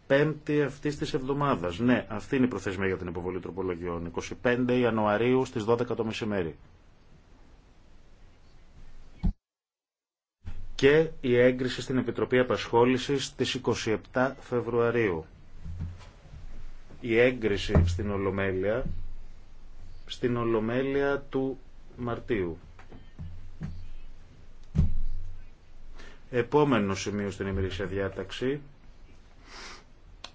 B: 5η ναι, αυτή τη Πέμπτη προθεσμία για την υποβολή τροπολογιών. 25 Ιανουαρίου στι 12 το μεσημέρι. και η έγκριση στην Επιτροπή Απασχόλησης της 27 Φεβρουαρίου. Η έγκριση στην Ολομέλεια, στην Ολομέλεια του Μαρτίου. Επόμενο σημείο στην ημερήσια διάταξη,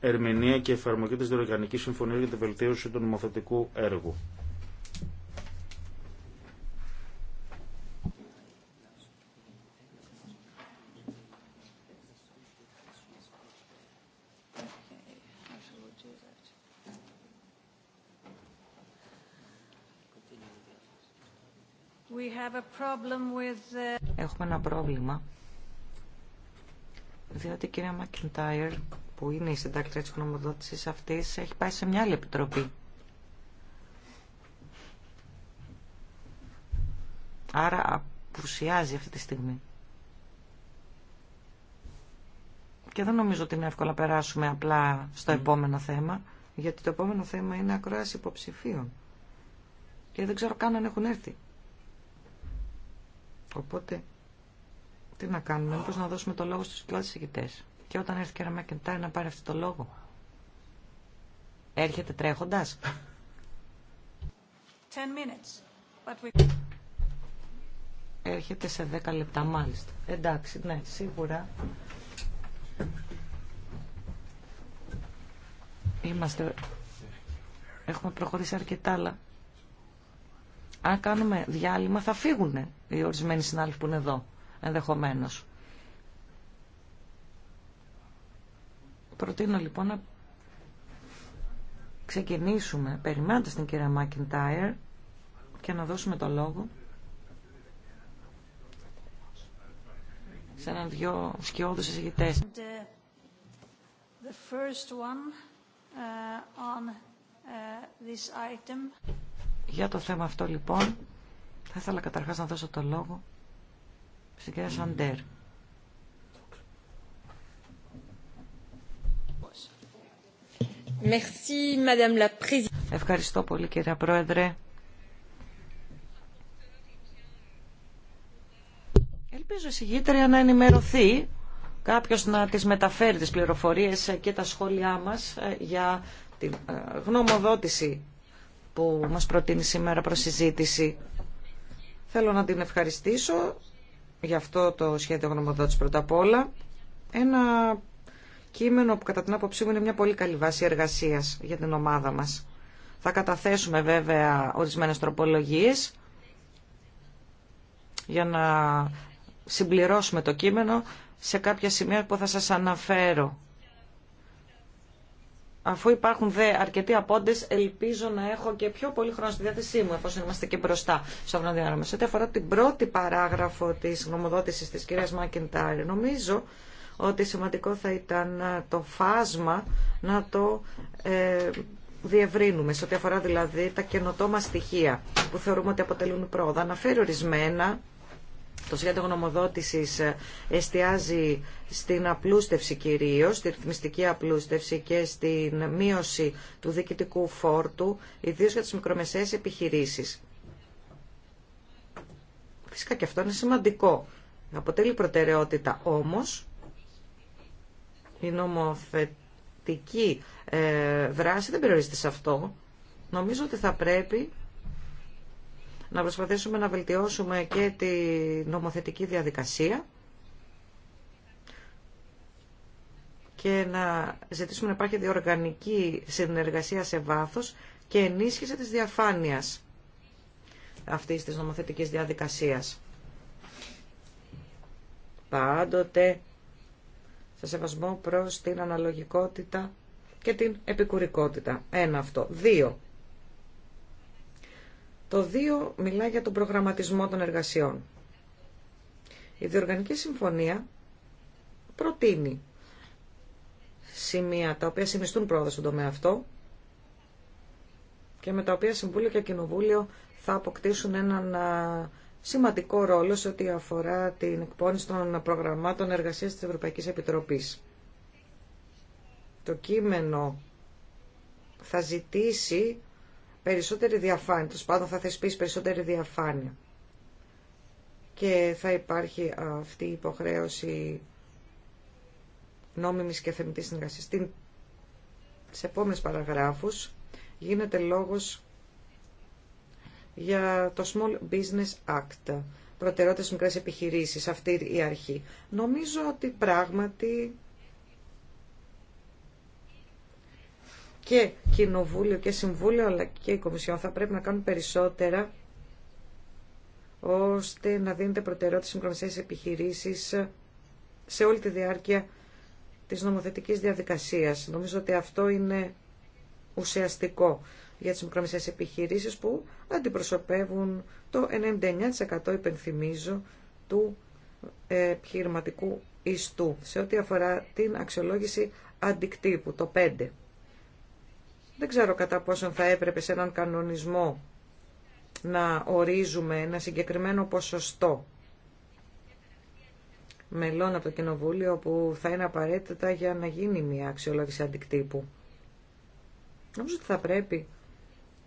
B: ερμηνεία και εφαρμογή της Διοργανικής Συμφωνίας για τη βελτίωση του νομοθετικού έργου.
C: Έχουμε ένα πρόβλημα. Διότι η κυρία Μακιντάιρ, που είναι η συντάκτρια της γνωμοδότησης αυτής, έχει πάει σε μια άλλη επιτροπή. Άρα απουσιάζει αυτή τη στιγμή. Και δεν νομίζω ότι είναι εύκολο να περάσουμε απλά στο επόμενο θέμα, γιατί το επόμενο θέμα είναι ακρόαση υποψηφίων. Και δεν ξέρω καν αν έχουν έρθει. Οπότε, τι να κάνουμε, μήπως να δώσουμε το λόγο στους κλάδες συγκητές. Και όταν έρθει η κυρία Μακεντάρη να πάρει αυτό το λόγο, έρχεται τρέχοντας. Έρχεται σε 10 λεπτά μάλιστα. Εντάξει, ναι, σίγουρα. Είμαστε... Έχουμε προχωρήσει αρκετά, αλλά αν κάνουμε διάλειμμα θα φύγουν οι ορισμένοι συνάδελφοι που είναι εδώ, ενδεχομένως. Προτείνω λοιπόν να ξεκινήσουμε περιμένοντας την κυρία Μάκιντάιρ και να δώσουμε το λόγο σε έναν δυο σκιώδους εισηγητές.
A: uh, on, uh, this item.
C: Για το θέμα αυτό λοιπόν θα ήθελα καταρχάς να δώσω το λόγο στην κυρία Σαντέρ. Ευχαριστώ πολύ κυρία Πρόεδρε. Ελπίζω η συγγήτρια να ενημερωθεί κάποιος να τις μεταφέρει τις πληροφορίες και τα σχόλιά μας ε, για την ε, γνωμοδότηση που μας προτείνει σήμερα προς Θέλω να την ευχαριστήσω για αυτό το σχέδιο γνωμοδότης πρώτα απ' όλα. Ένα κείμενο που κατά την άποψή μου είναι μια πολύ καλή βάση εργασίας για την ομάδα μας. Θα καταθέσουμε βέβαια ορισμένες τροπολογίες για να συμπληρώσουμε το κείμενο σε κάποια σημεία που θα σας αναφέρω Αφού υπάρχουν δε αρκετοί απόντε, ελπίζω να έχω και πιο πολύ χρόνο στη διάθεσή μου, εφόσον είμαστε και μπροστά στο χρονοδιάγραμμα. Σε ό,τι αφορά την πρώτη παράγραφο τη γνωμοδότηση τη κυρία Μάκεντάρη, νομίζω ότι σημαντικό θα ήταν το φάσμα να το ε, διευρύνουμε, σε ό,τι αφορά δηλαδή τα καινοτόμα στοιχεία που θεωρούμε ότι αποτελούν πρόοδο. Αναφέρει ορισμένα το σχέδιο γνωμοδότησης ε, εστιάζει στην απλούστευση κυρίως, στη ρυθμιστική απλούστευση και στην μείωση του διοικητικού φόρτου, ιδίως για τις μικρομεσαίες επιχειρήσεις. Φυσικά και αυτό είναι σημαντικό. Αποτελεί προτεραιότητα όμως η νομοθετική ε, δράση δεν περιορίζεται σε αυτό. Νομίζω ότι θα πρέπει να προσπαθήσουμε να βελτιώσουμε και τη νομοθετική διαδικασία και να ζητήσουμε να υπάρχει διοργανική συνεργασία σε βάθος και ενίσχυση της διαφάνειας αυτής της νομοθετικής διαδικασίας. Πάντοτε σε σεβασμό προς την αναλογικότητα και την επικουρικότητα. Ένα αυτό. Δύο. Το 2 μιλά για τον προγραμματισμό των εργασιών. Η Διοργανική Συμφωνία προτείνει σημεία τα οποία συνιστούν πρόοδο στον τομέα αυτό και με τα οποία Συμβούλιο και Κοινοβούλιο θα αποκτήσουν έναν σημαντικό ρόλο σε ό,τι αφορά την εκπόνηση των προγραμμάτων εργασίας της Ευρωπαϊκής Επιτροπής. Το κείμενο θα ζητήσει περισσότερη διαφάνεια, Το πάντων θα θεσπίσει περισσότερη διαφάνεια και θα υπάρχει αυτή η υποχρέωση νόμιμης και θεμητής συνεργασίας. Στην, στις επόμενες παραγράφους γίνεται λόγος για το Small Business Act, προτεραιότητες μικρές επιχειρήσεις, αυτή η αρχή. Νομίζω ότι πράγματι και Κοινοβούλιο και Συμβούλιο αλλά και η Κομισιόν θα πρέπει να κάνουν περισσότερα ώστε να δίνεται προτεραιότητα στις μικρομεσαίες επιχειρήσεις σε όλη τη διάρκεια της νομοθετικής διαδικασίας. Νομίζω ότι αυτό είναι ουσιαστικό για τις μικρομεσαίες επιχειρήσεις που αντιπροσωπεύουν το 99% υπενθυμίζω του ε, επιχειρηματικού ιστού σε ό,τι αφορά την αξιολόγηση αντικτύπου, το 5. Δεν ξέρω κατά πόσον θα έπρεπε σε έναν κανονισμό να ορίζουμε ένα συγκεκριμένο ποσοστό μελών από το Κοινοβούλιο που θα είναι απαραίτητα για να γίνει μια αξιολόγηση αντικτύπου. Νομίζω ότι θα πρέπει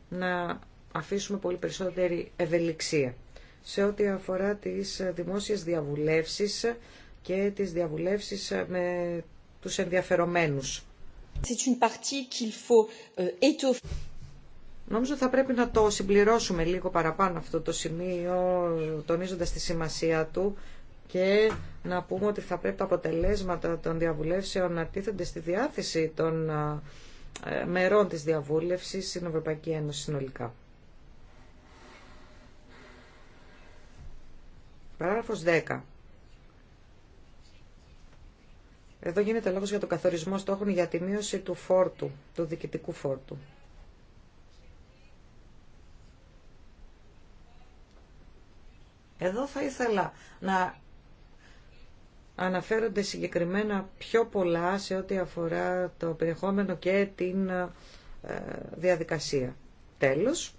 C: να αφήσουμε πολύ περισσότερη ευελιξία σε ό,τι αφορά τις δημόσιες διαβουλεύσεις και τις διαβουλεύσεις με τους ενδιαφερομένους. Euh, Νομίζω θα πρέπει να το συμπληρώσουμε λίγο παραπάνω αυτό το σημείο, τονίζοντας τη σημασία του και να πούμε ότι θα πρέπει τα αποτελέσματα των διαβουλεύσεων να τίθενται στη διάθεση των ε, μερών της διαβούλευσης στην Ευρωπαϊκή Ένωση συνολικά. Παράγραφος 10. Εδώ γίνεται λόγος για τον καθορισμό στόχων για τη μείωση του φόρτου, του διοικητικού φόρτου. Εδώ θα ήθελα να αναφέρονται συγκεκριμένα πιο πολλά σε ό,τι αφορά το περιεχόμενο και την ε, διαδικασία. Τέλος,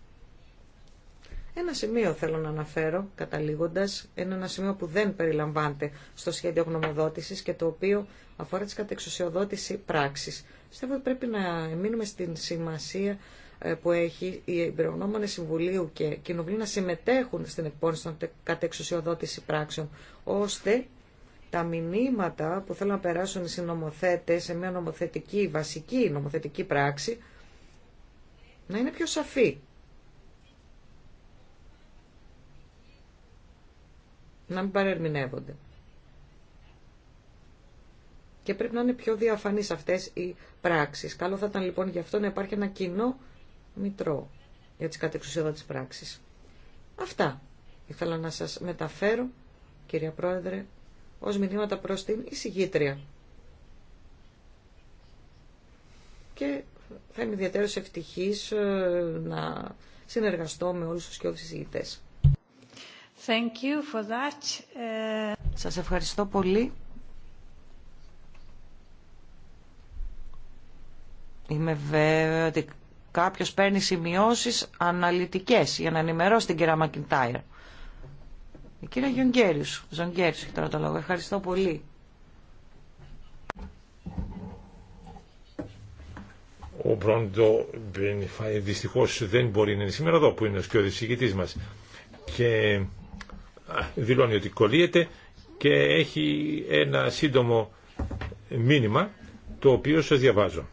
C: ένα σημείο θέλω να αναφέρω, καταλήγοντας, είναι ένα σημείο που δεν περιλαμβάνεται στο σχέδιο γνωμοδότησης και το οποίο αφορά τις κατεξουσιοδότηση πράξης. Πιστεύω ότι πρέπει να μείνουμε στην σημασία ε, που έχει οι εμπειρογνώμονες Συμβουλίου και Κοινοβουλίου να συμμετέχουν στην εκπόνηση των κατεξουσιοδότηση πράξεων, ώστε τα μηνύματα που θέλουν να περάσουν οι συνομοθέτες σε μια νομοθετική, βασική νομοθετική πράξη, να είναι πιο σαφή να μην παρερμηνεύονται. Και πρέπει να είναι πιο διαφανείς αυτές οι πράξεις. Καλό θα ήταν λοιπόν γι' αυτό να υπάρχει ένα κοινό μητρό για τις της πράξεις. Αυτά ήθελα να σας μεταφέρω, κυρία Πρόεδρε, ως μηνύματα προς την εισηγήτρια. Και θα είμαι ιδιαίτερως ευτυχής ε, να συνεργαστώ με όλους τους και όλους
A: Thank ε,
C: Σας ευχαριστώ πολύ. Είμαι βέβαια ότι κάποιος παίρνει σημειώσεις αναλυτικές για να ενημερώσει την κυρία Μακιντάιρ. Η κυρία Γιονγκέριους, Ζονγκέριους έχει τώρα το λόγο. Ευχαριστώ πολύ.
D: Ο Μπρόντο Μπενιφάι ε, δυστυχώς δεν μπορεί να είναι σήμερα εδώ που είναι ο σκιώδης ηγητής μας. Και δηλώνει ότι κολλείεται και έχει ένα σύντομο μήνυμα το οποίο σας διαβάζω.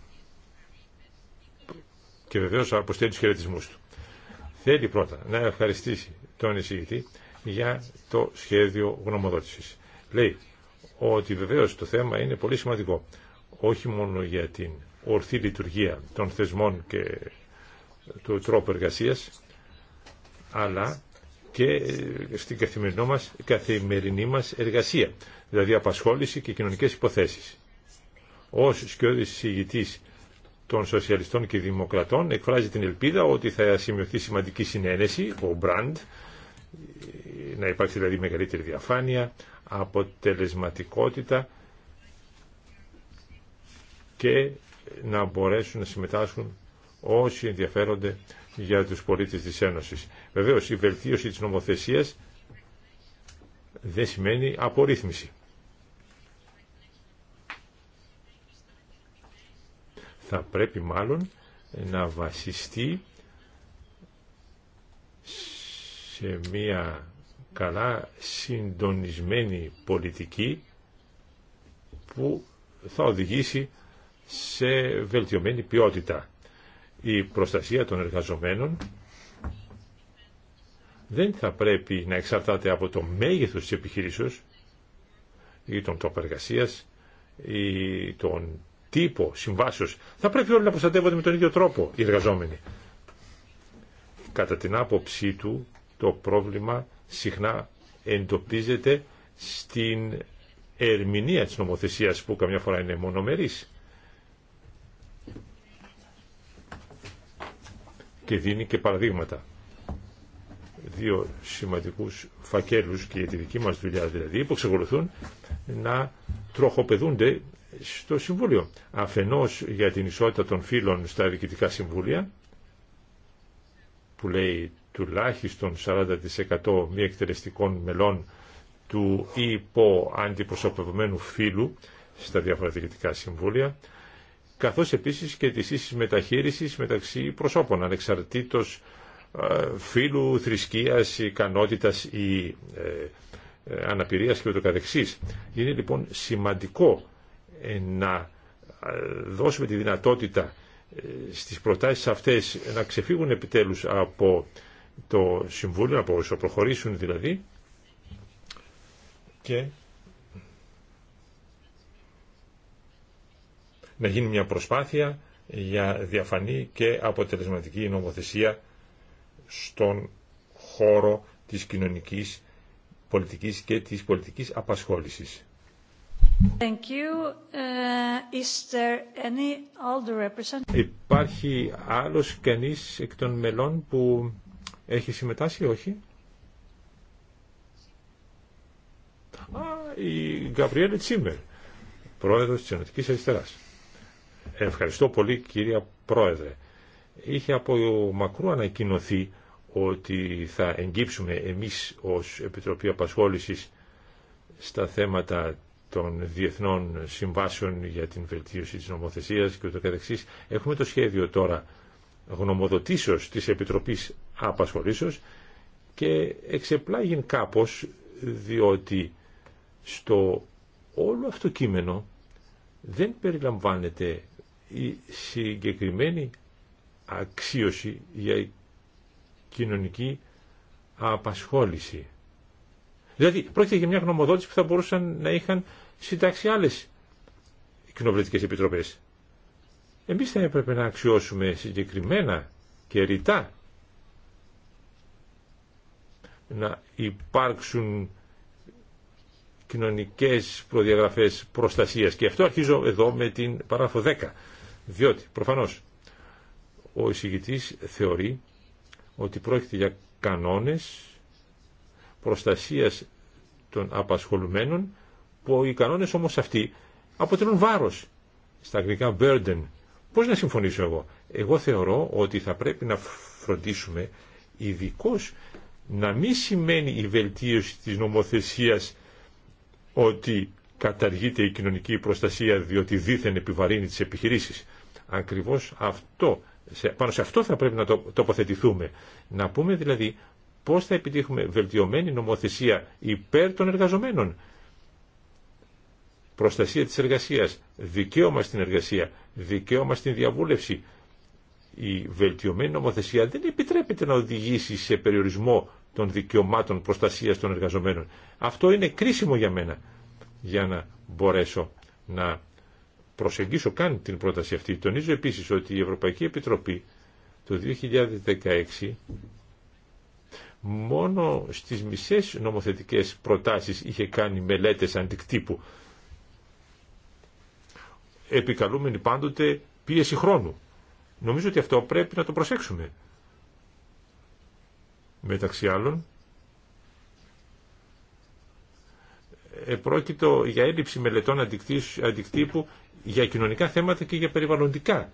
D: Και βεβαίως αποστέλει τους χαιρετισμούς του. Θέλει πρώτα να ευχαριστήσει τον εισηγητή για το σχέδιο γνωμοδότησης. Λέει ότι βεβαίως το θέμα είναι πολύ σημαντικό. Όχι μόνο για την ορθή λειτουργία των θεσμών και του τρόπου εργασίας, αλλά και στην καθημερινό καθημερινή μας εργασία, δηλαδή απασχόληση και κοινωνικές υποθέσεις. Ως σκιώδης συγητής των Σοσιαλιστών και Δημοκρατών εκφράζει την ελπίδα ότι θα σημειωθεί σημαντική συνένεση, ο Μπραντ, να υπάρξει δηλαδή μεγαλύτερη διαφάνεια, αποτελεσματικότητα και να μπορέσουν να συμμετάσχουν όσοι ενδιαφέρονται για τους πολίτες της Ένωσης. Βεβαίως η βελτίωση της νομοθεσίας δεν σημαίνει απορρίθμιση. Θα πρέπει μάλλον να βασιστεί σε μια καλά συντονισμένη πολιτική που θα οδηγήσει σε βελτιωμένη ποιότητα η προστασία των εργαζομένων δεν θα πρέπει να εξαρτάται από το μέγεθος της επιχείρησης ή τον τόπο εργασία ή τον τύπο συμβάσεως. Θα πρέπει όλοι να προστατεύονται με τον ίδιο τρόπο οι εργαζόμενοι. Κατά την άποψή του το πρόβλημα συχνά εντοπίζεται στην ερμηνεία της νομοθεσίας που καμιά φορά είναι μονομερής. και δίνει και παραδείγματα. Δύο σημαντικούς φακέλους και για τη δική μας δουλειά δηλαδή που εξακολουθούν να τροχοπεδούνται στο Συμβούλιο. Αφενός για την ισότητα των φίλων στα διοικητικά συμβούλια που λέει τουλάχιστον 40% μη εκτελεστικών μελών του υπό αντιπροσωπευμένου φίλου στα διάφορα συμβούλια καθώς επίσης και τις ίσεις μεταχείρισης μεταξύ προσώπων, ανεξαρτήτως ε, φίλου, θρησκείας, ικανότητας ή ε, ε, αναπηρίας και ούτω καθεξής. Είναι λοιπόν σημαντικό να δώσουμε τη δυνατότητα στις προτάσεις αυτές να ξεφύγουν επιτέλους από το Συμβούλιο, από όσο προχωρήσουν δηλαδή και να γίνει μια προσπάθεια για διαφανή και αποτελεσματική νομοθεσία στον χώρο της κοινωνικής πολιτικής και της πολιτικής απασχόλησης.
A: Thank uh,
D: Υπάρχει άλλος κανείς εκ των μελών που έχει συμμετάσχει, όχι. Α, η Γκαβριέλε Τσίμερ, πρόεδρος της Ενωτικής Αριστεράς. Ευχαριστώ πολύ κυρία Πρόεδρε. Είχε από μακρού ανακοινωθεί ότι θα εγκύψουμε εμείς ως Επιτροπή Απασχόλησης στα θέματα των διεθνών συμβάσεων για την βελτίωση της νομοθεσίας και ούτω καθεξής. Έχουμε το σχέδιο τώρα γνωμοδοτήσεως της Επιτροπής Απασχολήσεως και εξεπλάγει κάπως διότι στο όλο αυτό κείμενο δεν περιλαμβάνεται η συγκεκριμένη αξίωση για κοινωνική απασχόληση. Δηλαδή πρόκειται για μια γνωμοδότηση που θα μπορούσαν να είχαν συντάξει άλλε κοινοβουλευτικέ επιτροπές. Εμεί θα έπρεπε να αξιώσουμε συγκεκριμένα και ρητά να υπάρξουν κοινωνικές προδιαγραφές προστασίας. Και αυτό αρχίζω εδώ με την παράγραφο 10. Διότι, προφανώ ο εισηγητή θεωρεί ότι πρόκειται για κανόνες προστασίας των απασχολουμένων, που οι κανόνες όμω αυτοί αποτελούν βάρος, στα αγγλικά burden. Πώς να συμφωνήσω εγώ. Εγώ θεωρώ ότι θα πρέπει να φροντίσουμε ειδικώ να μην σημαίνει η βελτίωση της νομοθεσίας ότι καταργείται η κοινωνική προστασία διότι δήθεν επιβαρύνει τις επιχειρήσεις. Ακριβώς αυτό, πάνω σε αυτό θα πρέπει να το τοποθετηθούμε. Να πούμε δηλαδή πώς θα επιτύχουμε βελτιωμένη νομοθεσία υπέρ των εργαζομένων. Προστασία της εργασίας, δικαίωμα στην εργασία, δικαίωμα στην διαβούλευση. Η βελτιωμένη νομοθεσία δεν επιτρέπεται να οδηγήσει σε περιορισμό των δικαιωμάτων προστασίας των εργαζομένων. Αυτό είναι κρίσιμο για μένα για να μπορέσω να προσεγγίσω καν την πρόταση αυτή. Τονίζω επίσης ότι η Ευρωπαϊκή Επιτροπή το 2016 μόνο στις μισές νομοθετικές προτάσεις είχε κάνει μελέτες αντικτύπου επικαλούμενη πάντοτε πίεση χρόνου. Νομίζω ότι αυτό πρέπει να το προσέξουμε. Μεταξύ άλλων, επρόκειτο για έλλειψη μελετών αντικτύπου για κοινωνικά θέματα και για περιβαλλοντικά.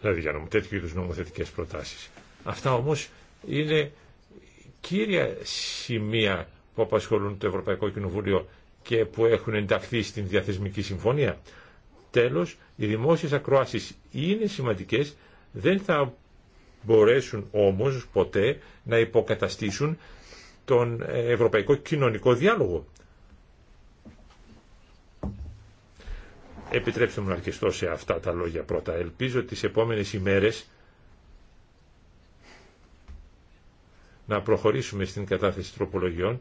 D: Δηλαδή για τέτοιου είδους νομοθετικές προτάσεις. Αυτά όμως είναι κύρια σημεία που απασχολούν το Ευρωπαϊκό Κοινοβούλιο και που έχουν ενταχθεί στην διαθεσμική συμφωνία. Τέλος, οι δημόσιες ακροάσεις είναι σημαντικές, δεν θα μπορέσουν όμως ποτέ να υποκαταστήσουν τον ε, Ευρωπαϊκό Κοινωνικό Διάλογο. Επιτρέψτε μου να αρκεστώ σε αυτά τα λόγια πρώτα. Ελπίζω τις επόμενες ημέρες να προχωρήσουμε στην κατάθεση τροπολογιών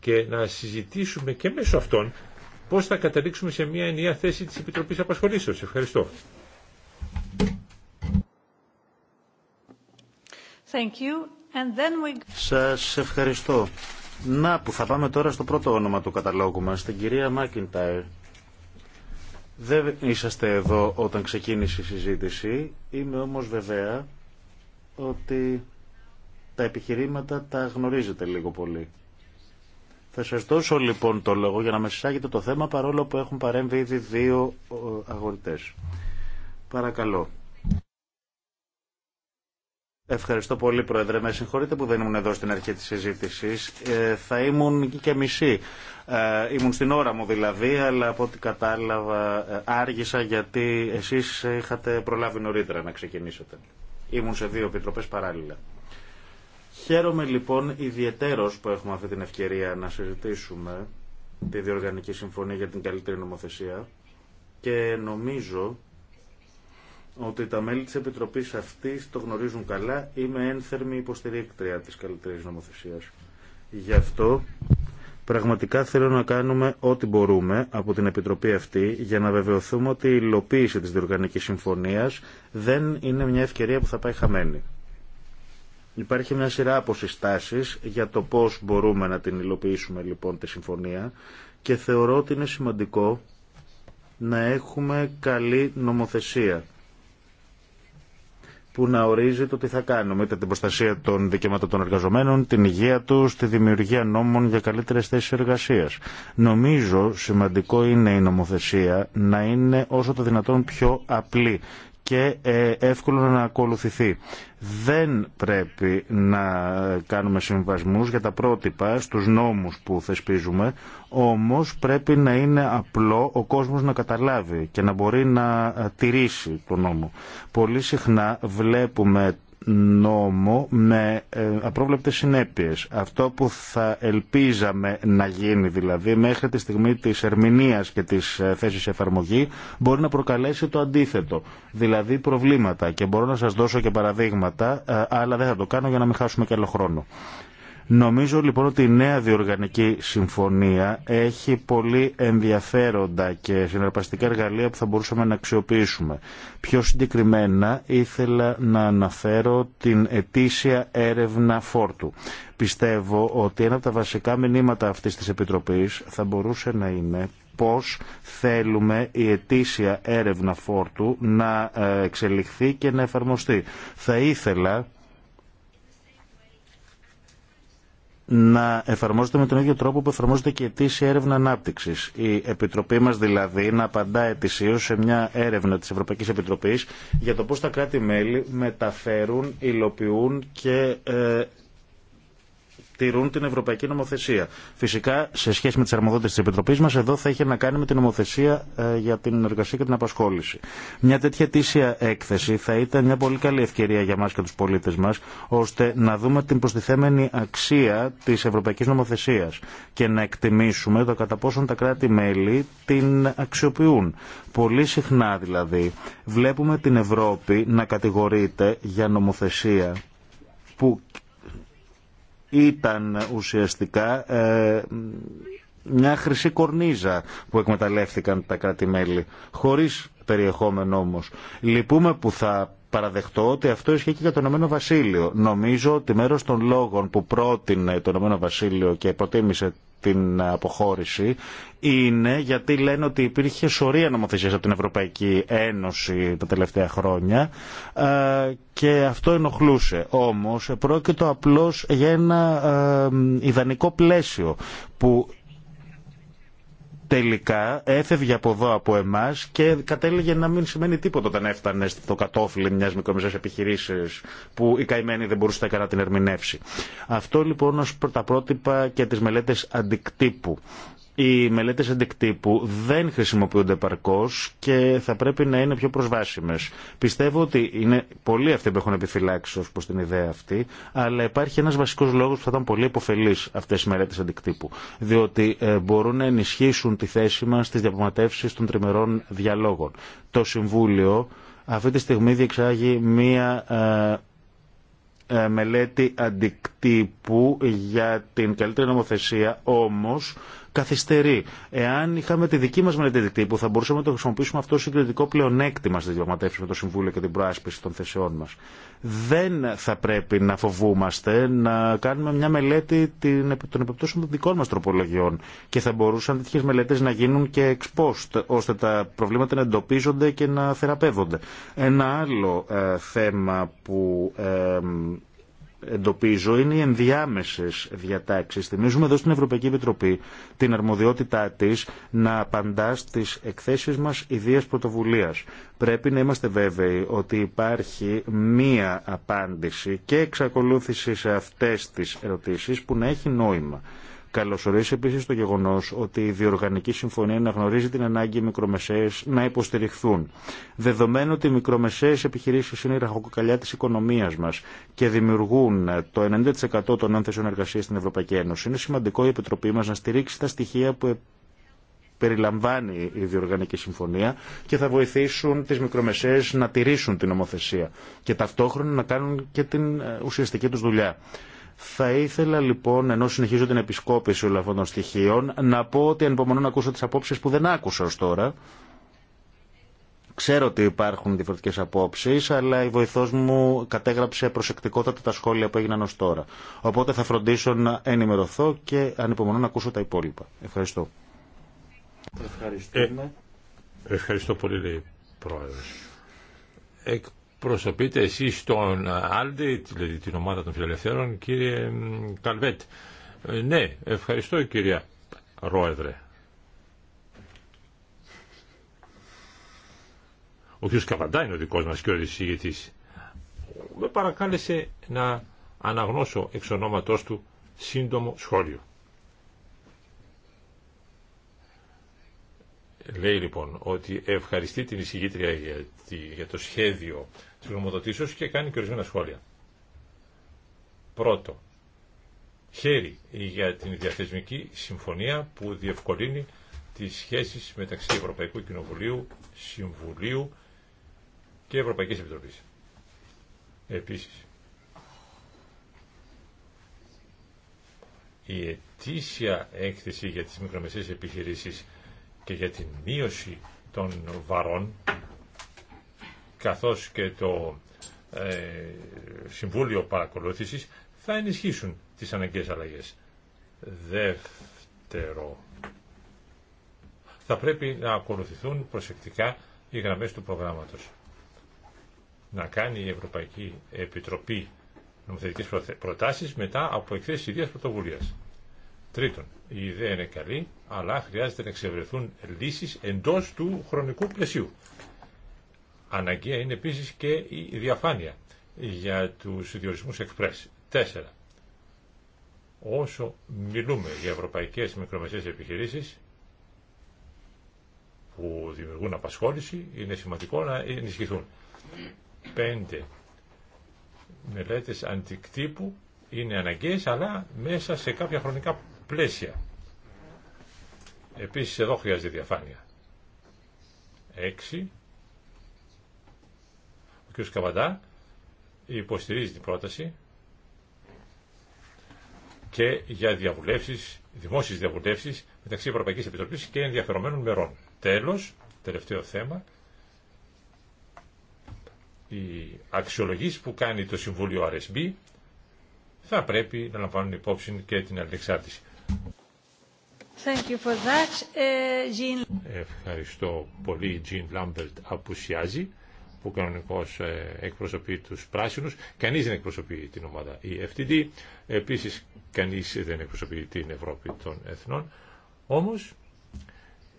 D: και να συζητήσουμε και μέσω αυτών πώς θα καταλήξουμε σε μια ενιαία θέση της Επιτροπής Απασχολήσεως. Ευχαριστώ.
A: Thank you. And then we...
B: Σας ευχαριστώ. Να που θα πάμε τώρα στο πρώτο όνομα του καταλόγου μας, την κυρία Μάκιντάιρ. Δεν είσαστε εδώ όταν ξεκίνησε η συζήτηση. Είμαι όμως βεβαία ότι τα επιχειρήματα τα γνωρίζετε λίγο πολύ. Θα σας δώσω λοιπόν το λόγο για να με συσάγετε το θέμα παρόλο που έχουν παρέμβει ήδη δύο ε, αγορητές. Παρακαλώ. Ευχαριστώ πολύ, Πρόεδρε. Με συγχωρείτε που δεν ήμουν εδώ στην αρχή της συζήτηση. Ε, θα ήμουν εκεί και μισή. Ε, ήμουν στην ώρα μου δηλαδή, αλλά από ό,τι κατάλαβα ε, άργησα γιατί εσείς είχατε προλάβει νωρίτερα να ξεκινήσετε. Ήμουν σε δύο επίτροπε παράλληλα. Χαίρομαι λοιπόν ιδιαίτερο που έχουμε αυτή την ευκαιρία να συζητήσουμε τη Διοργανική Συμφωνία για την Καλύτερη Νομοθεσία και νομίζω ότι τα μέλη της Επιτροπής αυτής το γνωρίζουν καλά. Είμαι ένθερμη υποστηρίκτρια της καλύτερης νομοθεσίας. Γι' αυτό πραγματικά θέλω να κάνουμε ό,τι μπορούμε από την Επιτροπή αυτή για να βεβαιωθούμε ότι η υλοποίηση της διοργανικής συμφωνίας δεν είναι μια ευκαιρία που θα πάει χαμένη. Υπάρχει μια σειρά από συστάσεις για το πώς μπορούμε να την υλοποιήσουμε λοιπόν τη συμφωνία και θεωρώ ότι είναι σημαντικό να έχουμε καλή νομοθεσία που να ορίζει το τι θα κάνουμε, είτε την προστασία των δικαιωμάτων των εργαζομένων, την υγεία του, τη δημιουργία νόμων για καλύτερε θέσει εργασία. Νομίζω σημαντικό είναι η νομοθεσία να είναι όσο το δυνατόν πιο απλή και ε, εύκολο να ακολουθηθεί. Δεν πρέπει να κάνουμε συμβασμούς για τα πρότυπα στους νόμους που θεσπίζουμε, όμως πρέπει να είναι απλό ο κόσμος να καταλάβει και να μπορεί να τηρήσει τον νόμο. Πολύ συχνά βλέπουμε νόμο με ε, απρόβλεπτες συνέπειες. Αυτό που θα ελπίζαμε να γίνει δηλαδή μέχρι τη στιγμή της ερμηνείας και της ε, θέσης εφαρμογή μπορεί να προκαλέσει το αντίθετο, δηλαδή προβλήματα και μπορώ να σας δώσω και παραδείγματα ε, αλλά δεν θα το κάνω για να μην χάσουμε και άλλο χρόνο. Νομίζω λοιπόν ότι η νέα διοργανική συμφωνία έχει πολύ ενδιαφέροντα και συναρπαστικά εργαλεία που θα μπορούσαμε να αξιοποιήσουμε. Πιο συγκεκριμένα ήθελα να αναφέρω την ετήσια έρευνα φόρτου. Πιστεύω ότι ένα από τα βασικά μηνύματα αυτής της Επιτροπής θα μπορούσε να είναι πώς θέλουμε η ετήσια έρευνα φόρτου να ε, εξελιχθεί και να εφαρμοστεί. Θα ήθελα να εφαρμόζεται με τον ίδιο τρόπο που εφαρμόζεται και η ετήσια έρευνα ανάπτυξη. Η Επιτροπή μα δηλαδή να απαντά ετησίω σε μια έρευνα τη Ευρωπαϊκή Επιτροπή για το πώ τα κράτη-μέλη μεταφέρουν, υλοποιούν και ε, τηρούν την ευρωπαϊκή νομοθεσία. Φυσικά, σε σχέση με τι αρμοδότητε τη Επιτροπή μα, εδώ θα είχε να κάνει με την νομοθεσία ε, για την εργασία και την απασχόληση. Μια τέτοια τήσια έκθεση θα ήταν μια πολύ καλή ευκαιρία για μα και του πολίτε μα, ώστε να δούμε την προστιθέμενη αξία τη ευρωπαϊκή νομοθεσία και να εκτιμήσουμε το κατά πόσον τα κράτη-μέλη την αξιοποιούν. Πολύ συχνά δηλαδή βλέπουμε την Ευρώπη να κατηγορείται για νομοθεσία που ήταν ουσιαστικά ε, μια χρυσή κορνίζα που εκμεταλλεύτηκαν τα κράτη-μέλη, χωρίς περιεχόμενο όμως. Λυπούμε που θα παραδεχτώ ότι αυτό ισχύει και για το Ηνωμένο Βασίλειο. Νομίζω ότι μέρο των λόγων που πρότεινε το Ηνωμένο Βασίλειο και προτίμησε την αποχώρηση είναι γιατί λένε ότι υπήρχε σωρία νομοθεσία από την Ευρωπαϊκή Ένωση τα τελευταία χρόνια ε, και αυτό ενοχλούσε. Όμως πρόκειται απλώς για ένα ε, ιδανικό πλαίσιο που τελικά έφευγε από εδώ από εμά και κατέληγε να μην σημαίνει τίποτα όταν έφτανε στο κατόφλι μια μικρομεσαία επιχειρήση που η καημένη δεν μπορούσε να την ερμηνεύσει. Αυτό λοιπόν ω τα πρότυπα και τι μελέτε αντικτύπου οι μελέτε αντικτύπου δεν χρησιμοποιούνται παρκώς και θα πρέπει να είναι πιο προσβάσιμε. Πιστεύω ότι είναι πολλοί αυτοί που έχουν επιφυλάξει ω προ την ιδέα αυτή, αλλά υπάρχει ένα βασικό λόγο που θα ήταν πολύ υποφελής αυτέ οι μελέτε αντικτύπου, διότι ε, μπορούν να ενισχύσουν τη θέση μα στι διαπραγματεύσει των τριμερών διαλόγων. Το Συμβούλιο αυτή τη στιγμή διεξάγει μία ε, ε, μελέτη αντικτύπου για την καλύτερη νομοθεσία, όμως καθυστερεί. Εάν είχαμε τη δική μα μελέτη που θα μπορούσαμε να το χρησιμοποιήσουμε αυτό συγκριτικό πλεονέκτημα στι διαπραγματεύσει με το Συμβούλιο και την προάσπιση των θεσεών μα. Δεν θα πρέπει να φοβούμαστε να κάνουμε μια μελέτη των επιπτώσεων των δικών μα τροπολογιών. Και θα μπορούσαν τέτοιε μελέτε να γίνουν και εξ ώστε τα προβλήματα να εντοπίζονται και να θεραπεύονται. Ένα άλλο ε, θέμα που ε, εντοπίζω είναι οι ενδιάμεσε διατάξει. Θυμίζουμε εδώ στην Ευρωπαϊκή Επιτροπή την αρμοδιότητά τη να απαντά στι εκθέσει μα ιδίας πρωτοβουλία. Πρέπει να είμαστε βέβαιοι ότι υπάρχει μία απάντηση και εξακολούθηση σε αυτέ τι ερωτήσει που να έχει νόημα. Καλωσορίζει επίση το γεγονό ότι η διοργανική συμφωνία αναγνωρίζει την ανάγκη οι μικρομεσαίε να υποστηριχθούν. Δεδομένου ότι οι μικρομεσαίε επιχειρήσει είναι η ραχοκοκαλιά τη οικονομία μα και δημιουργούν το 90% των ένθεσεων εργασία στην Ευρωπαϊκή Ένωση, είναι σημαντικό η Επιτροπή μα να στηρίξει τα στοιχεία που περιλαμβάνει η διοργανική συμφωνία και θα βοηθήσουν τις μικρομεσαίες να τηρήσουν την νομοθεσία και ταυτόχρονα να κάνουν και την ε, ουσιαστική του δουλειά. Θα ήθελα λοιπόν, ενώ συνεχίζω την επισκόπηση όλων αυτών των στοιχείων, να πω ότι ανυπομονώ να ακούσω τις απόψει που δεν άκουσα ω τώρα. Ξέρω ότι υπάρχουν διαφορετικέ απόψει, αλλά η βοηθό μου κατέγραψε προσεκτικότατα τα σχόλια που έγιναν ω τώρα. Οπότε θα φροντίσω να ενημερωθώ και ανυπομονώ να ακούσω τα υπόλοιπα. Ευχαριστώ.
D: Ε, ευχαριστώ πολύ, Εκ προσωπείτε εσείς τον Άλντε, δηλαδή την ομάδα των φιλελευθέρων, κύριε Καλβέτ. Ε, ναι, ευχαριστώ κυρία Ρόεδρε. Ο κ. Καβαντά είναι ο δικός μας και ο Με παρακάλεσε να αναγνώσω εξ ονόματός του σύντομο σχόλιο. Λέει λοιπόν ότι ευχαριστεί την εισηγήτρια για το σχέδιο Τη γνωμοδοτήσεω και κάνει και ορισμένα σχόλια. Πρώτο, χέρι για την διαθεσμική συμφωνία που διευκολύνει τι σχέσει μεταξύ Ευρωπαϊκού Κοινοβουλίου, Συμβουλίου και Ευρωπαϊκής Επιτροπής. Επίσης, η ετήσια έκθεση για τις μικρομεσαίες επιχειρήσεις και για την μείωση των βαρών καθώς και το ε, Συμβούλιο Παρακολούθησης θα ενισχύσουν τις αναγκαίες αλλαγές. Δεύτερο, θα πρέπει να ακολουθηθούν προσεκτικά οι γραμμές του προγράμματος. Να κάνει η Ευρωπαϊκή Επιτροπή νομοθετικές προτάσεις μετά από εκθέσεις ιδίας πρωτοβουλίας. Τρίτον, η ιδέα είναι καλή, αλλά χρειάζεται να εξευρεθούν λύσεις εντός του χρονικού πλαισίου. Αναγκαία είναι επίσης και η διαφάνεια για τους διορισμούς εκπρές. Τέσσερα. Όσο μιλούμε για ευρωπαϊκές μικρομεσαίες επιχειρήσεις που δημιουργούν απασχόληση, είναι σημαντικό να ενισχυθούν. Πέντε. Μελέτες αντικτύπου είναι αναγκαίες, αλλά μέσα σε κάποια χρονικά πλαίσια. Επίσης εδώ χρειάζεται διαφάνεια. Έξι κ. Καβαντά υποστηρίζει την πρόταση και για διαβουλεύσεις, δημόσιες διαβουλεύσεις μεταξύ Ευρωπαϊκής Επιτροπής και ενδιαφερομένων μερών. Τέλος, τελευταίο θέμα, οι αξιολογήσεις που κάνει το Συμβούλιο RSB θα πρέπει να λαμβάνουν υπόψη και την αλληλεξάρτηση.
A: Thank you for that. Ε, Jean...
D: Ευχαριστώ πολύ. Jean Lambert απουσιάζει που κανονικώς ε, εκπροσωπεί του πράσινους. Κανείς δεν εκπροσωπεί την ομάδα η e EFTD. Επίσης, κανείς δεν εκπροσωπεί την Ευρώπη των Εθνών. Όμω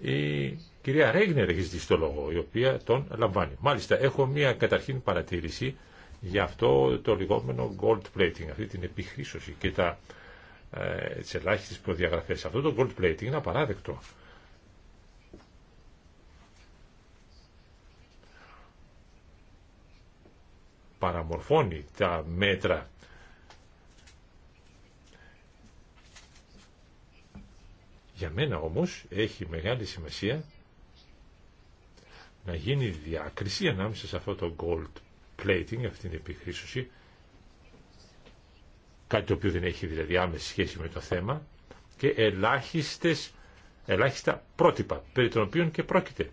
D: η κυρία Ρέγνερ έχει ζητήσει το λόγο, η οποία τον λαμβάνει. Μάλιστα, έχω μία καταρχήν παρατήρηση για αυτό το λεγόμενο gold plating, αυτή την επιχρήσωση και τα, ε, τις προδιαγραφές. Αυτό το gold plating είναι απαράδεκτο. παραμορφώνει τα μέτρα Για μένα όμως έχει μεγάλη σημασία να γίνει διάκριση ανάμεσα σε αυτό το gold plating, αυτή την επιχρήσωση, κάτι το οποίο δεν έχει δηλαδή άμεση σχέση με το θέμα, και ελάχιστες, ελάχιστα πρότυπα, περί των οποίων και πρόκειται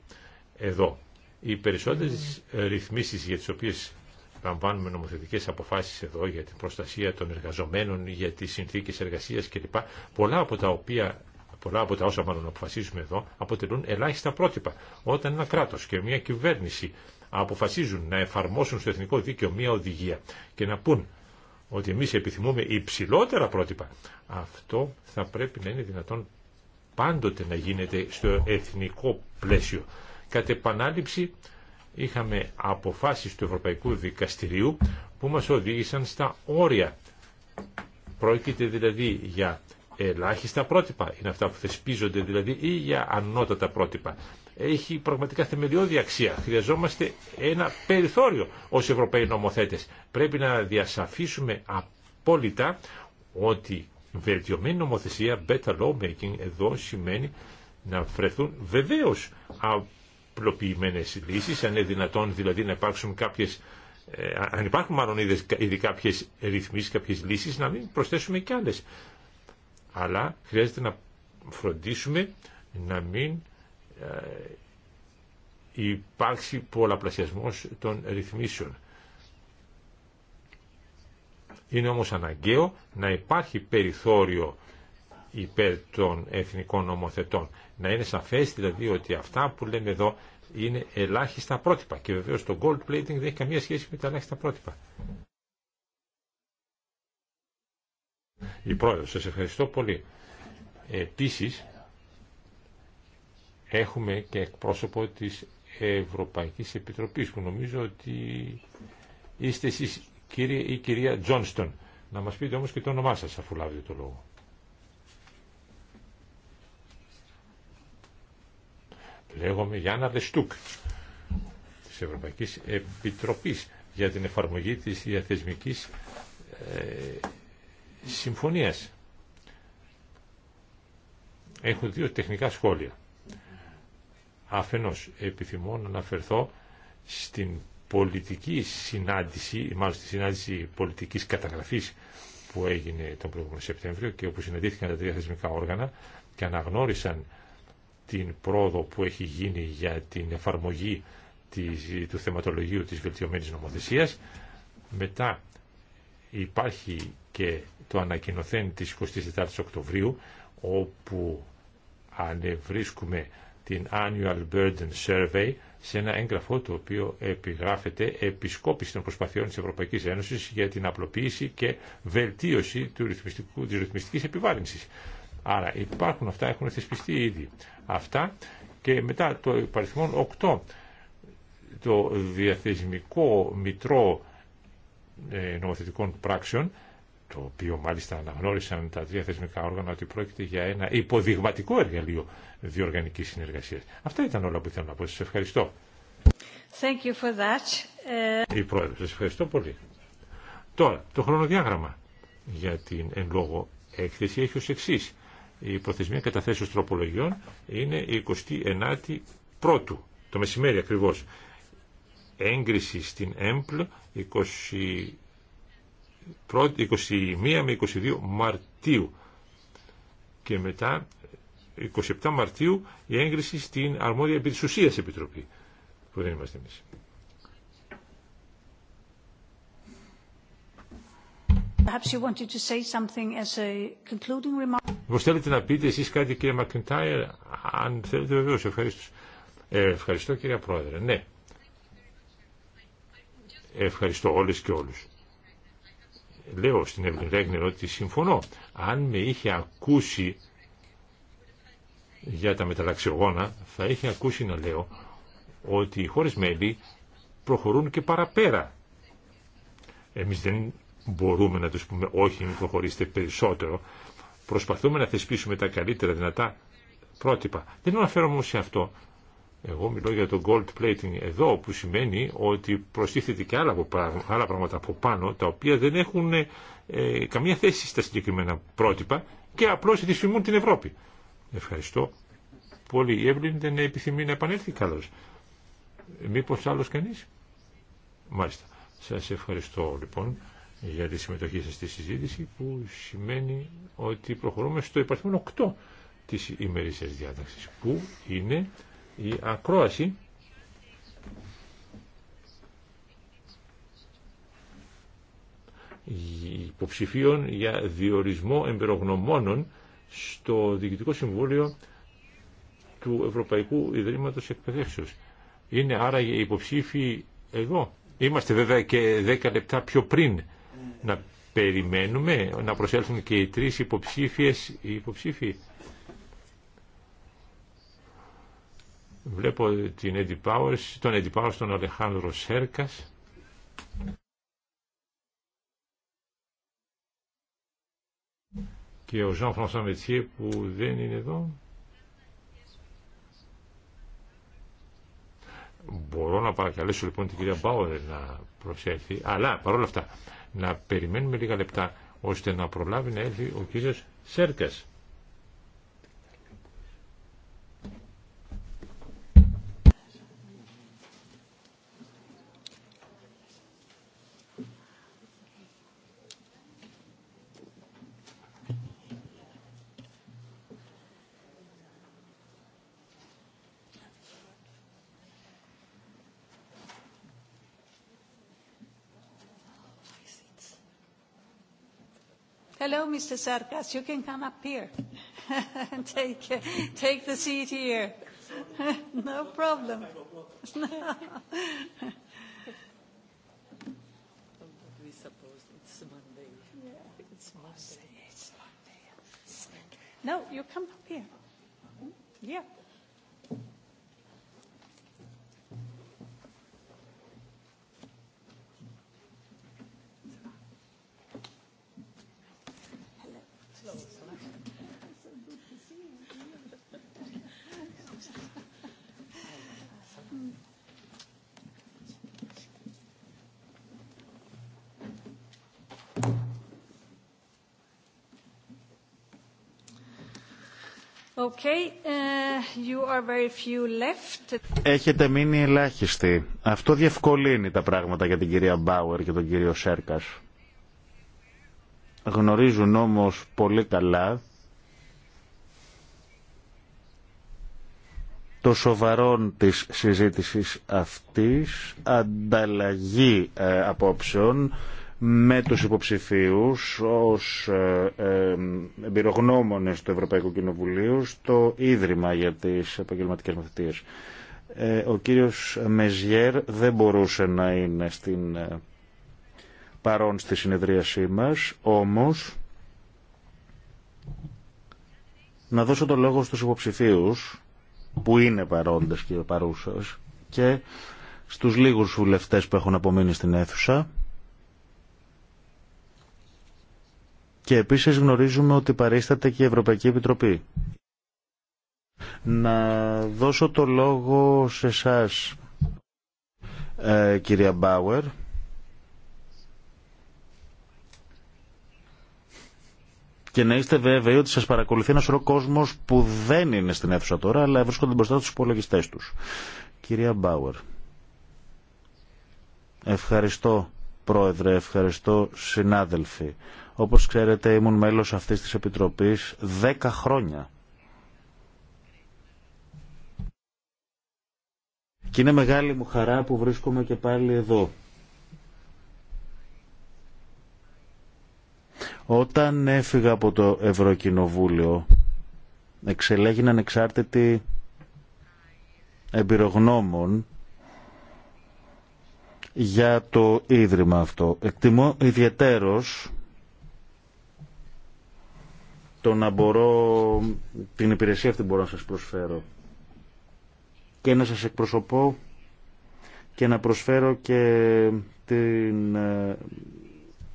D: εδώ. Οι περισσότερες ρυθμίσεις για τις οποίες λαμβάνουμε νομοθετικές αποφάσεις εδώ για την προστασία των εργαζομένων, για τις συνθήκες εργασίας κλπ. Πολλά από τα οποία πολλά από τα όσα μάλλον αποφασίζουμε εδώ αποτελούν ελάχιστα πρότυπα. Όταν ένα κράτος και μια κυβέρνηση αποφασίζουν να εφαρμόσουν στο εθνικό δίκαιο μια οδηγία και να πούν ότι εμείς επιθυμούμε υψηλότερα πρότυπα, αυτό θα πρέπει να είναι δυνατόν πάντοτε να γίνεται στο εθνικό πλαίσιο. Κατ' επανάληψη είχαμε αποφάσεις του Ευρωπαϊκού Δικαστηρίου που μας οδήγησαν στα όρια. Πρόκειται δηλαδή για ελάχιστα πρότυπα, είναι αυτά που θεσπίζονται δηλαδή, ή για ανώτατα πρότυπα. Έχει πραγματικά θεμελιώδη αξία. Χρειαζόμαστε ένα περιθώριο ως Ευρωπαίοι νομοθέτες. Πρέπει να διασαφίσουμε απόλυτα ότι βελτιωμένη νομοθεσία, better lawmaking, εδώ σημαίνει να βρεθούν βεβαίως απλοποιημένες λύσεις, αν είναι δυνατόν δηλαδή να υπάρξουν κάποιες ε, αν υπάρχουν μάλλον ήδη κάποιες ρυθμίσεις, κάποιες λύσεις, να μην προσθέσουμε κι άλλες. Αλλά χρειάζεται να φροντίσουμε να μην ε, υπάρξει πολλαπλασιασμός των ρυθμίσεων. Είναι όμως αναγκαίο να υπάρχει περιθώριο υπέρ των εθνικών νομοθετών. Να είναι σαφές δηλαδή ότι αυτά που λέμε εδώ είναι ελάχιστα πρότυπα και βεβαίως το gold plating δεν έχει καμία σχέση με τα ελάχιστα πρότυπα. Η πρόεδρος, σας ευχαριστώ πολύ. Επίσης, έχουμε και εκπρόσωπο της Ευρωπαϊκής Επιτροπής που νομίζω ότι είστε εσείς κύριε ή κυρία Τζόνστον. Να μας πείτε όμως και το όνομά σας αφού λάβετε το λόγο. Λέγομαι Γιάννα Δεστούκ της Ευρωπαϊκής Επιτροπής για την εφαρμογή της διαθεσμικής ε, συμφωνίας. Έχω δύο τεχνικά σχόλια. Αφενός επιθυμώ να αναφερθώ στην πολιτική συνάντηση, μάλλον στη συνάντηση πολιτικής καταγραφής που έγινε τον προηγούμενο Σεπτέμβριο και όπου συναντήθηκαν τα τρία θεσμικά όργανα και αναγνώρισαν την πρόοδο που έχει γίνει για την εφαρμογή του θεματολογίου της βελτιωμένης νομοθεσίας. Μετά υπάρχει και το ανακοινωθέν της 24 Οκτωβρίου όπου ανεβρίσκουμε την Annual Burden Survey σε ένα έγγραφο το οποίο επιγράφεται επισκόπηση των προσπαθειών της Ευρωπαϊκής Ένωσης για την απλοποίηση και βελτίωση του ρυθμιστικού, της ρυθμιστικής επιβάρυνσης. Άρα υπάρχουν αυτά, έχουν θεσπιστεί ήδη. Αυτά και μετά το υπαριθμόν 8, το διαθεσμικό μητρό ε, νομοθετικών πράξεων, το οποίο μάλιστα αναγνώρισαν τα τρία θεσμικά όργανα ότι πρόκειται για ένα υποδειγματικό εργαλείο διοργανικής συνεργασίας. Αυτά ήταν όλα που ήθελα να πω. Σας ευχαριστώ.
A: Thank you for that.
D: Ε, η σας ευχαριστώ πολύ. Τώρα, το χρονοδιάγραμμα για την εν λόγω έκθεση έχει ως εξής. Η προθεσμία καταθέσεως τροπολογιών είναι η 29η πρώτου, το μεσημέρι ακριβώς. Έγκριση στην ΕΜΠΛ 21 με 22 Μαρτίου και μετά 27 Μαρτίου η έγκριση στην αρμόδια επί επιτροπή που δεν είμαστε εμείς. Μπορείτε θέλετε να πείτε εσείς κάτι κύριε Μακιντάιρ, αν θέλετε βεβαίως, ευχαριστώ. Ε, ευχαριστώ κύριε Πρόεδρε, ναι. Ευχαριστώ όλες και όλους. Λέω στην Εύλη Ρέγνερ ότι συμφωνώ. Αν με είχε ακούσει για τα μεταλλαξιογόνα, θα είχε ακούσει να λέω ότι οι χώρες μέλη προχωρούν και παραπέρα. Εμείς δεν μπορούμε να τους πούμε όχι, μην προχωρήσετε περισσότερο. Προσπαθούμε να θεσπίσουμε τα καλύτερα δυνατά πρότυπα. Δεν αναφέρομαι όμως σε αυτό. Εγώ μιλώ για το gold plating εδώ που σημαίνει ότι προστίθεται και άλλα, πράγματα από πάνω τα οποία δεν έχουν ε, καμία θέση στα συγκεκριμένα πρότυπα και απλώς δυσφημούν την Ευρώπη. Ευχαριστώ πολύ. Η Εύλην δεν επιθυμεί να επανέλθει καλώς. Μήπως άλλος κανείς. Μάλιστα. Σας ευχαριστώ λοιπόν για τη συμμετοχή σας στη συζήτηση που σημαίνει ότι προχωρούμε στο υπαρχόμενο 8 της ημερήσιας διάταξης που είναι η ακρόαση υποψηφίων για διορισμό εμπειρογνωμόνων στο Διοικητικό Συμβούλιο του Ευρωπαϊκού Ιδρύματος Εκπαιδεύσεως. Είναι άραγε υποψήφοι εδώ. Είμαστε βέβαια και 10 λεπτά πιο πριν να περιμένουμε να προσέλθουν και οι τρεις υποψήφιες οι υποψήφοι. Βλέπω την Eddie Powers, τον Eddie Powers, τον Αλεχάνδρο Σέρκας. Και ο Ζαν francois Μετσιέ που δεν είναι εδώ. Μπορώ να παρακαλέσω λοιπόν την κυρία Μπάουερ να προσέλθει, αλλά παρόλα αυτά να περιμένουμε λίγα λεπτά ώστε να προλάβει να έρθει ο κύριος Σέρκας.
A: Hello, Mr. Sarkas. You can come up here and take, take the seat here. no problem. No, you come up here. Yeah. Uh,
B: Έχετε μείνει ελάχιστοι. Αυτό διευκολύνει τα πράγματα για την κυρία Μπάουερ και τον κύριο Σέρκας. Γνωρίζουν όμως πολύ καλά το σοβαρόν της συζήτησης αυτής, ανταλλαγή ε, απόψεων, με τους υποψηφίους ως ε, ε, εμπειρογνώμονες του Ευρωπαϊκού Κοινοβουλίου στο Ίδρυμα για τις επαγγελματικές μαθητείες. Ε, ο κύριος Μεζιέρ δεν μπορούσε να είναι στην παρόν στη συνεδρίασή μας, όμως να δώσω το λόγο στους υποψηφίους που είναι παρόντες και παρούσες και στους λίγους βουλευτές που έχουν απομείνει στην αίθουσα Και επίσης γνωρίζουμε ότι παρίσταται και η Ευρωπαϊκή Επιτροπή. Να δώσω το λόγο σε εσά, ε, κυρία Μπάουερ. Και να είστε βέβαιοι ότι σα παρακολουθεί ένα σωρό κόσμο που δεν είναι στην αίθουσα τώρα, αλλά βρίσκονται μπροστά στου υπολογιστέ του. Κυρία Μπάουερ. Ευχαριστώ, Πρόεδρε, ευχαριστώ, συνάδελφοι. Όπως ξέρετε ήμουν μέλος αυτής της Επιτροπής 10 χρόνια. Και είναι μεγάλη μου χαρά που βρίσκομαι και πάλι εδώ. Όταν έφυγα από το Ευρωκοινοβούλιο, εξελέγηναν ανεξάρτητη εμπειρογνώμων για το Ίδρυμα αυτό. Εκτιμώ ιδιαίτερος το να μπορώ, την υπηρεσία αυτή μπορώ να σας προσφέρω και να σας εκπροσωπώ και να προσφέρω και την ε,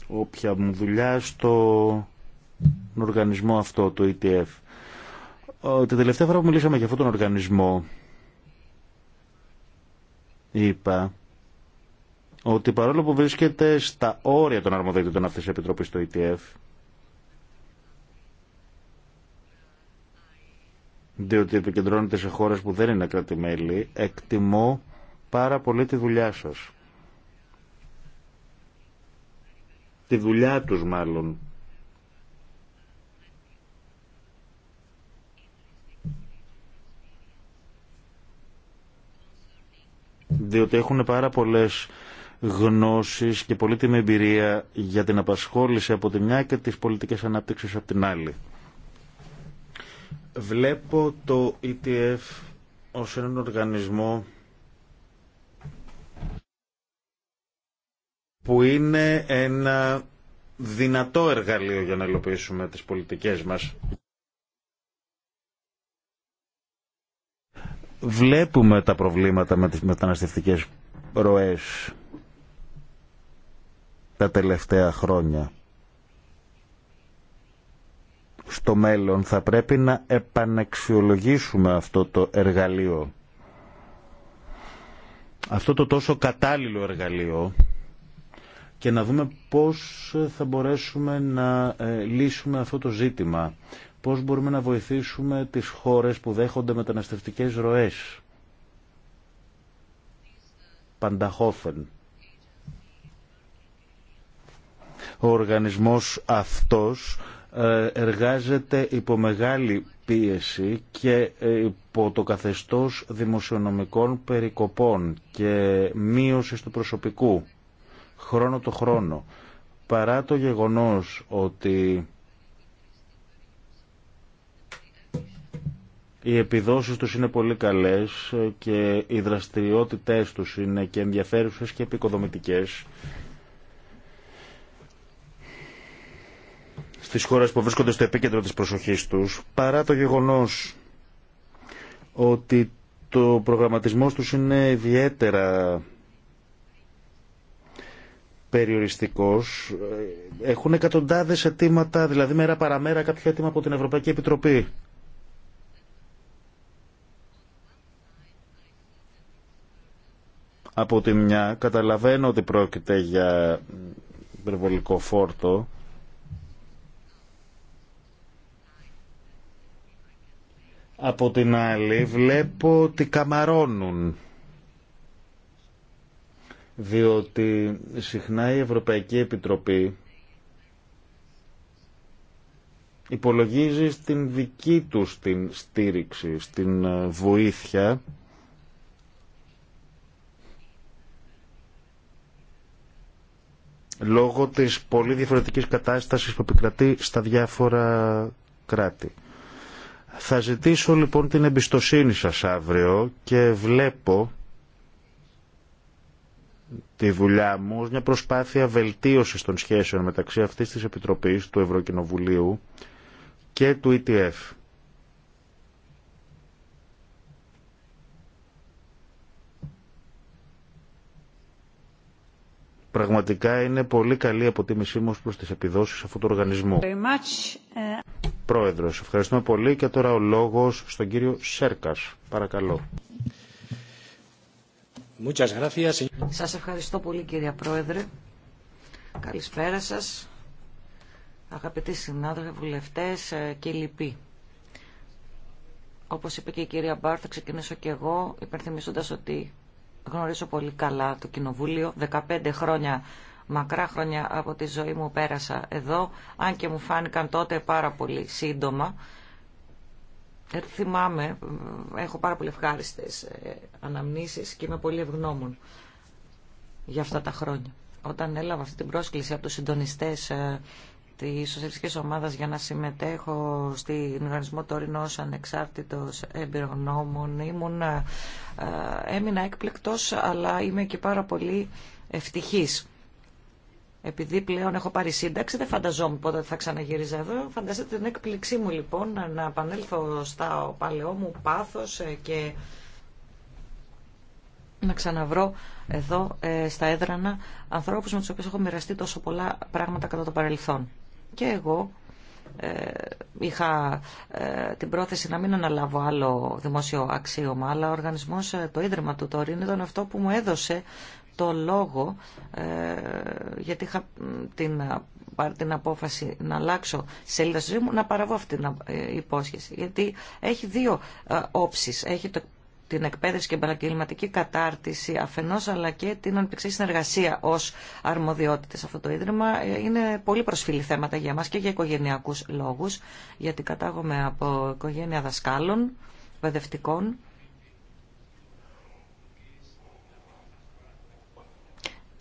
B: όποια μου δουλειά στο οργανισμό αυτό, το ETF. Την τελευταία φορά που μιλήσαμε για αυτόν τον οργανισμό είπα ότι παρόλο που βρίσκεται στα όρια των αρμοδιότητων αυτής της Επιτροπής στο ETF διότι επικεντρώνεται σε χώρες που δεν είναι κρατημέλη. Εκτιμώ πάρα πολύ τη δουλειά σας. Τη δουλειά τους μάλλον. διότι έχουν πάρα πολλές γνώσεις και πολύτιμη εμπειρία για την απασχόληση από τη μια και τις πολιτικές ανάπτυξης από την άλλη. Βλέπω το ETF ως έναν οργανισμό που είναι ένα δυνατό εργαλείο για να υλοποιήσουμε τις πολιτικές μας. Βλέπουμε τα προβλήματα με τις μεταναστευτικές ροές τα τελευταία χρόνια στο μέλλον θα πρέπει να επαναξιολογήσουμε αυτό το εργαλείο. Αυτό το τόσο κατάλληλο εργαλείο και να δούμε πώς θα μπορέσουμε να ε, λύσουμε αυτό το ζήτημα. Πώς μπορούμε να βοηθήσουμε τις χώρες που δέχονται μεταναστευτικές ροές. Πανταχόφεν. Ο οργανισμός αυτός ε, εργάζεται υπό μεγάλη πίεση και ε, υπό το καθεστώς δημοσιονομικών περικοπών και μείωση του προσωπικού χρόνο το χρόνο. Παρά το γεγονός ότι οι επιδόσεις τους είναι πολύ καλές και οι δραστηριότητές τους είναι και ενδιαφέρουσες και επικοδομητικές στις χώρες που βρίσκονται στο επίκεντρο της προσοχής τους, παρά το γεγονός ότι το προγραμματισμός τους είναι ιδιαίτερα περιοριστικός. Έχουν εκατοντάδες αιτήματα, δηλαδή μέρα παραμέρα κάποιο αίτημα από την Ευρωπαϊκή Επιτροπή. Από τη μια καταλαβαίνω ότι πρόκειται για υπερβολικό φόρτο, Από την άλλη βλέπω ότι καμαρώνουν διότι συχνά η Ευρωπαϊκή Επιτροπή υπολογίζει στην δική του την στήριξη, στην ε, βοήθεια λόγω της πολύ διαφορετικής κατάστασης που επικρατεί στα διάφορα κράτη. Θα ζητήσω λοιπόν την εμπιστοσύνη σας αύριο και βλέπω τη δουλειά μου ως μια προσπάθεια βελτίωσης των σχέσεων μεταξύ αυτής της Επιτροπής του Ευρωκοινοβουλίου και του ETF. Πραγματικά είναι πολύ καλή αποτίμησή μου προς τις επιδόσεις αυτού του οργανισμού. Πρόεδρος. Ευχαριστούμε πολύ και τώρα ο λόγος στον κύριο Σέρκας. Παρακαλώ.
D: Σας
C: ευχαριστώ πολύ κύριε Πρόεδρε. Καλησπέρα σας. Αγαπητοί συνάδελφοι, βουλευτές ε, και λοιποί. Όπως είπε και η κυρία Μπάρ, θα ξεκινήσω και εγώ υπενθυμίζοντας ότι γνωρίζω πολύ καλά το Κοινοβούλιο. 15 χρόνια μακρά χρόνια από τη ζωή μου πέρασα εδώ, αν και μου φάνηκαν τότε πάρα πολύ σύντομα. Ε, θυμάμαι, ε, έχω πάρα πολύ ευχάριστες ε, αναμνήσεις και είμαι πολύ ευγνώμων για αυτά τα χρόνια. Όταν έλαβα αυτή την πρόσκληση από τους συντονιστές της Σοσιαλιστική ΟΜΑΔΑΣ για να συμμετέχω στην οργανισμό τωρινό Ανεξάρτητος εμπειρογνώμων. Ήμουν, έμεινα έκπληκτος αλλά είμαι και πάρα πολύ ευτυχής επειδή πλέον έχω πάρει σύνταξη, δεν φανταζόμουν πότε θα ξαναγυρίζα εδώ. Φανταστείτε την έκπληξή μου λοιπόν να επανέλθω στα παλαιό μου πάθος ε, και να ξαναβρω εδώ ε, στα έδρανα ανθρώπους με τους οποίους έχω μοιραστεί τόσο πολλά πράγματα κατά το παρελθόν. Και εγώ ε, είχα την πρόθεση να μην αναλάβω άλλο δημόσιο αξίωμα, αλλά ο οργανισμός, το Ίδρυμα του Τωρίνου ήταν αυτό που μου έδωσε το λόγο ε, γιατί είχα την, πάρει την απόφαση να αλλάξω σελίδα στη ζωή μου να παραβώ αυτή την ε, υπόσχεση. Γιατί έχει δύο ε, όψεις. Έχει το την εκπαίδευση και επαγγελματική κατάρτιση αφενός αλλά και την ανεπτυξή συνεργασία ω αρμοδιότητε. Αυτό το ίδρυμα είναι πολύ προσφυλή θέματα για μας και για οικογενειακούς λόγους γιατί κατάγομαι από οικογένεια δασκάλων, παιδευτικών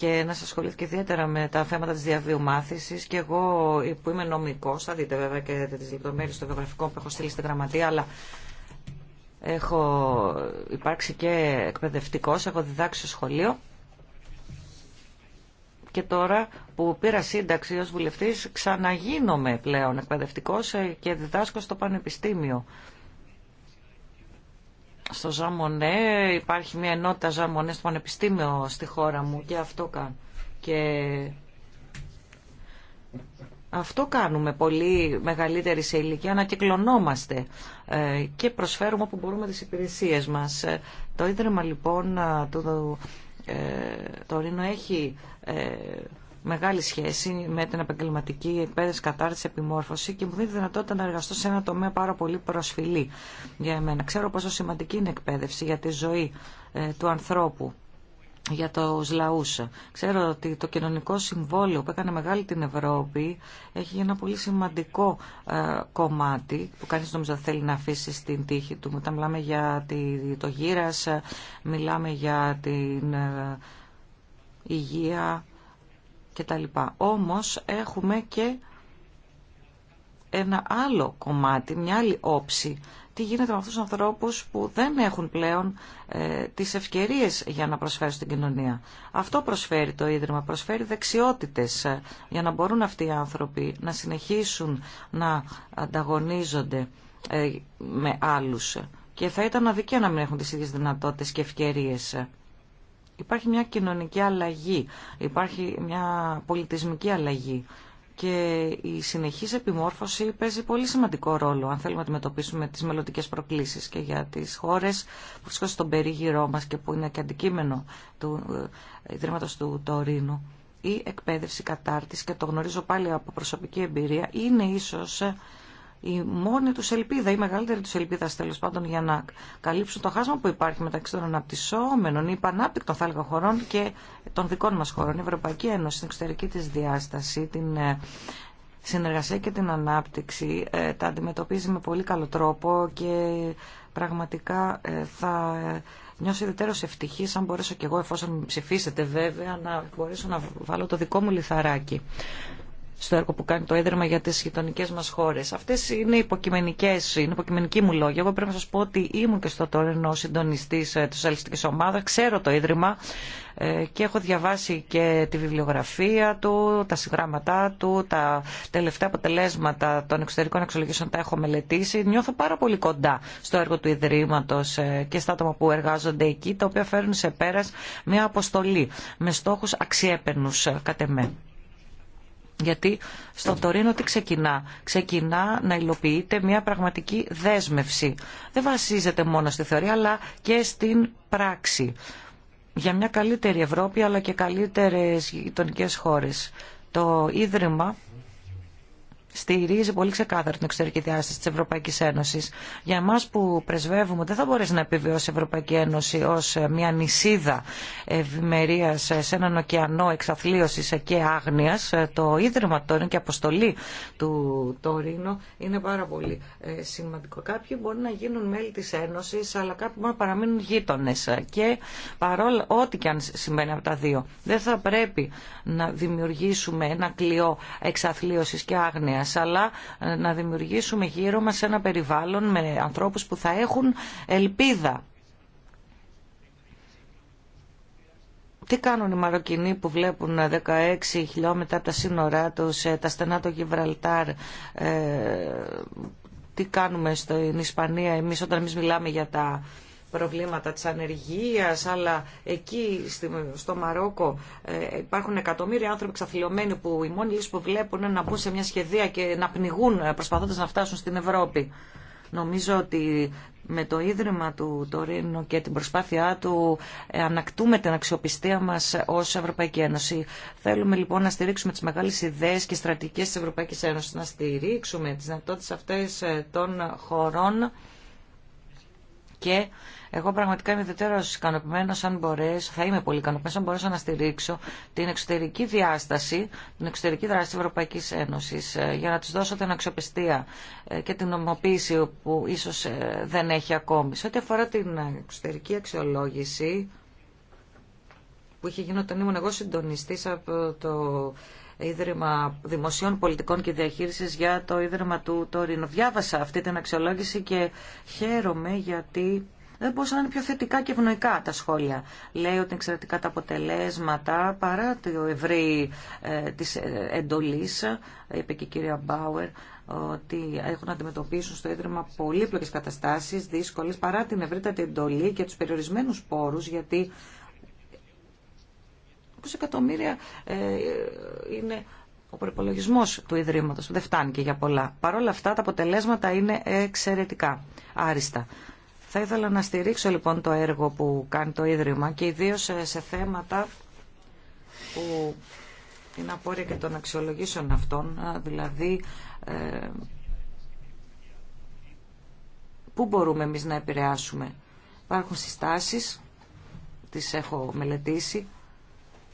C: και να σας ασχολήθηκε ιδιαίτερα με τα θέματα της διαβίου μάθησης και εγώ που είμαι νομικός, θα δείτε βέβαια και τις λεπτομέρειες των βιογραφικών που έχω στείλει στην γραμματεία, αλλά έχω υπάρξει και εκπαιδευτικός, έχω διδάξει στο σχολείο και τώρα που πήρα σύνταξη ως βουλευτής ξαναγίνομαι πλέον εκπαιδευτικός και διδάσκω στο Πανεπιστήμιο στο Ζαμονέ, υπάρχει μια ενότητα Ζαμονέ στο Πανεπιστήμιο στη χώρα μου και αυτό κάνω. Και αυτό κάνουμε πολύ μεγαλύτερη σε ηλικία, ανακυκλωνόμαστε ε, και προσφέρουμε όπου μπορούμε τις υπηρεσίες μας. Ε, το Ίδρυμα λοιπόν ε, του Τωρίνου έχει μεγάλη σχέση με την επαγγελματική εκπαίδευση, κατάρτιση, επιμόρφωση και μου δίνει τη δυνατότητα να εργαστώ σε ένα τομέα πάρα πολύ προσφυλή για εμένα. Ξέρω πόσο σημαντική είναι η εκπαίδευση για τη ζωή ε, του ανθρώπου για τους λαούς. Ξέρω ότι το κοινωνικό συμβόλαιο που έκανε μεγάλη την Ευρώπη έχει ένα πολύ σημαντικό ε, κομμάτι που κανείς νομίζω δεν θέλει να αφήσει στην τύχη του. Μετά μιλάμε για το γύρας, ε, μιλάμε για την υγεία, λοιπά. Όμως έχουμε και ένα άλλο κομμάτι, μια άλλη όψη. Τι γίνεται με αυτούς τους ανθρώπους που δεν έχουν πλέον ε, τις ευκαιρίες για να προσφέρουν στην κοινωνία. Αυτό προσφέρει το Ίδρυμα, προσφέρει δεξιότητες ε, για να μπορούν αυτοί οι άνθρωποι να συνεχίσουν να ανταγωνίζονται ε, με άλλους. Και θα ήταν αδικία να μην έχουν τις ίδιες δυνατότητες και ευκαιρίες. Υπάρχει μια κοινωνική αλλαγή, υπάρχει μια πολιτισμική αλλαγή και η συνεχής επιμόρφωση παίζει πολύ σημαντικό ρόλο αν θέλουμε να αντιμετωπίσουμε τις μελλοντικές προκλήσεις και για τις χώρες που βρίσκονται στον περίγυρό μας και που είναι και αντικείμενο του ε, Ιδρύματος του Τωρίνου. Η εκπαίδευση, κατάρτιση και το γνωρίζω πάλι από προσωπική εμπειρία είναι ίσως ε, η μόνη του ελπίδα, η μεγαλύτερη του ελπίδα τέλο πάντων για να καλύψουν το χάσμα που υπάρχει μεταξύ των αναπτυσσόμενων ή πανάπτυκτων θα έλεγα χωρών και των δικών μα χωρών. Η Ευρωπαϊκή Ένωση την εξωτερική τη διάσταση, την ε, συνεργασία και την ανάπτυξη ε, τα αντιμετωπίζει με πολύ καλό τρόπο και πραγματικά ε, θα νιώσω ιδιαίτερο ευτυχή αν μπορέσω κι εγώ εφόσον ψηφίσετε βέβαια να μπορέσω να βάλω το δικό μου λιθαράκι στο έργο που κάνει το Ίδρυμα για τις γειτονικέ μας χώρες. Αυτές είναι υποκειμενικές, είναι υποκειμενικοί μου λόγια. Εγώ πρέπει να σας πω ότι ήμουν και στο τωρινό συντονιστή ε, τη Αλληλιστικής ομάδα. ξέρω το Ίδρυμα ε, και έχω διαβάσει και τη βιβλιογραφία του, τα συγγράμματά του, τα τελευταία αποτελέσματα των εξωτερικών εξολογήσεων, τα έχω μελετήσει. Νιώθω πάρα πολύ κοντά στο έργο του Ιδρύματος ε, και στα άτομα που εργάζονται εκεί, τα οποία φέρνουν σε πέρα μια αποστολή με στόχου αξιέπαινου κατ' εμέ. Γιατί στον Τωρίνο τι ξεκινά. Ξεκινά να υλοποιείται μια πραγματική δέσμευση. Δεν βασίζεται μόνο στη θεωρία αλλά και στην πράξη. Για μια καλύτερη Ευρώπη αλλά και καλύτερες γειτονικέ χώρες. Το Ίδρυμα στηρίζει πολύ ξεκάθαρα την εξωτερική διάσταση της Ευρωπαϊκής Ένωσης. Για εμάς που πρεσβεύουμε δεν θα μπορέσει να επιβιώσει η Ευρωπαϊκή Ένωση ως μια νησίδα ευημερία σε έναν ωκεανό εξαθλίωσης και άγνοιας. Το ίδρυμα τώρα και αποστολή του Τωρίνο είναι πάρα πολύ ε, σημαντικό. Κάποιοι μπορεί να γίνουν μέλη της Ένωσης αλλά κάποιοι μπορεί να παραμείνουν γείτονε. και παρόλα ό,τι και αν συμβαίνει από τα δύο. Δεν θα πρέπει να δημιουργήσουμε ένα κλειό εξαθλίωσης και άγνοια αλλά ε, να δημιουργήσουμε γύρω μας ένα περιβάλλον με ανθρώπους που θα έχουν ελπίδα. Τι κάνουν οι Μαροκινοί που βλέπουν 16 χιλιόμετρα από τα σύνορά τους, ε, τα στενά το Γιβραλτάρ, ε, τι κάνουμε στην Ισπανία εμείς όταν εμείς μιλάμε για τα προβλήματα της ανεργίας, αλλά εκεί στο Μαρόκο ε, υπάρχουν εκατομμύρια άνθρωποι ξαφλιωμένοι που οι μόνοι λύση που βλέπουν είναι να μπουν σε μια σχεδία και να πνιγούν ε, προσπαθώντας να φτάσουν στην Ευρώπη. Νομίζω ότι με το ίδρυμα του Τωρίνου και την προσπάθειά του ε, ανακτούμε την αξιοπιστία μας ως Ευρωπαϊκή Ένωση. Θέλουμε λοιπόν να στηρίξουμε τις μεγάλες ιδέες και στρατηγικές της Ευρωπαϊκής Ένωσης, να στηρίξουμε τις δυνατότητες αυτές των χωρών και εγώ πραγματικά είμαι ιδιαίτερα ικανοποιημένο αν μπορέσω, θα είμαι πολύ ικανοποιημένο αν μπορέσω να στηρίξω την εξωτερική διάσταση, την εξωτερική δράση τη Ευρωπαϊκή Ένωση ε, για να τη δώσω την αξιοπιστία ε, και την νομοποίηση που ίσω ε, δεν έχει ακόμη. Σε ό,τι αφορά την εξωτερική αξιολόγηση που είχε γίνει όταν ήμουν εγώ συντονιστή από το Ίδρυμα Δημοσίων Πολιτικών και Διαχείρισης για το Ίδρυμα του Τωρίνου. Διάβασα αυτή την αξιολόγηση και χαίρομαι γιατί δεν μπορούσαν να είναι πιο θετικά και ευνοϊκά τα σχόλια. Λέει ότι εξαιρετικά τα αποτελέσματα παρά το ευρύ ε, της ε, εντολής, είπε και η κυρία Μπάουερ, ότι έχουν να αντιμετωπίσουν στο Ίδρυμα πολύπλοκες καταστάσεις, δύσκολες, παρά την ευρύτατη εντολή και τους περιορισμένους πόρους, γιατί εκατομμύρια ε, είναι ο προπολογισμό του Ιδρύματο. Δεν φτάνει και για πολλά. Παρ' όλα αυτά τα αποτελέσματα είναι εξαιρετικά άριστα. Θα ήθελα να στηρίξω λοιπόν το έργο που κάνει το Ίδρυμα και ιδίω ε, σε θέματα που είναι απόρρια και των αξιολογήσεων αυτών, ε, δηλαδή πού μπορούμε εμείς να επηρεάσουμε. Υπάρχουν συστάσεις, τις έχω μελετήσει,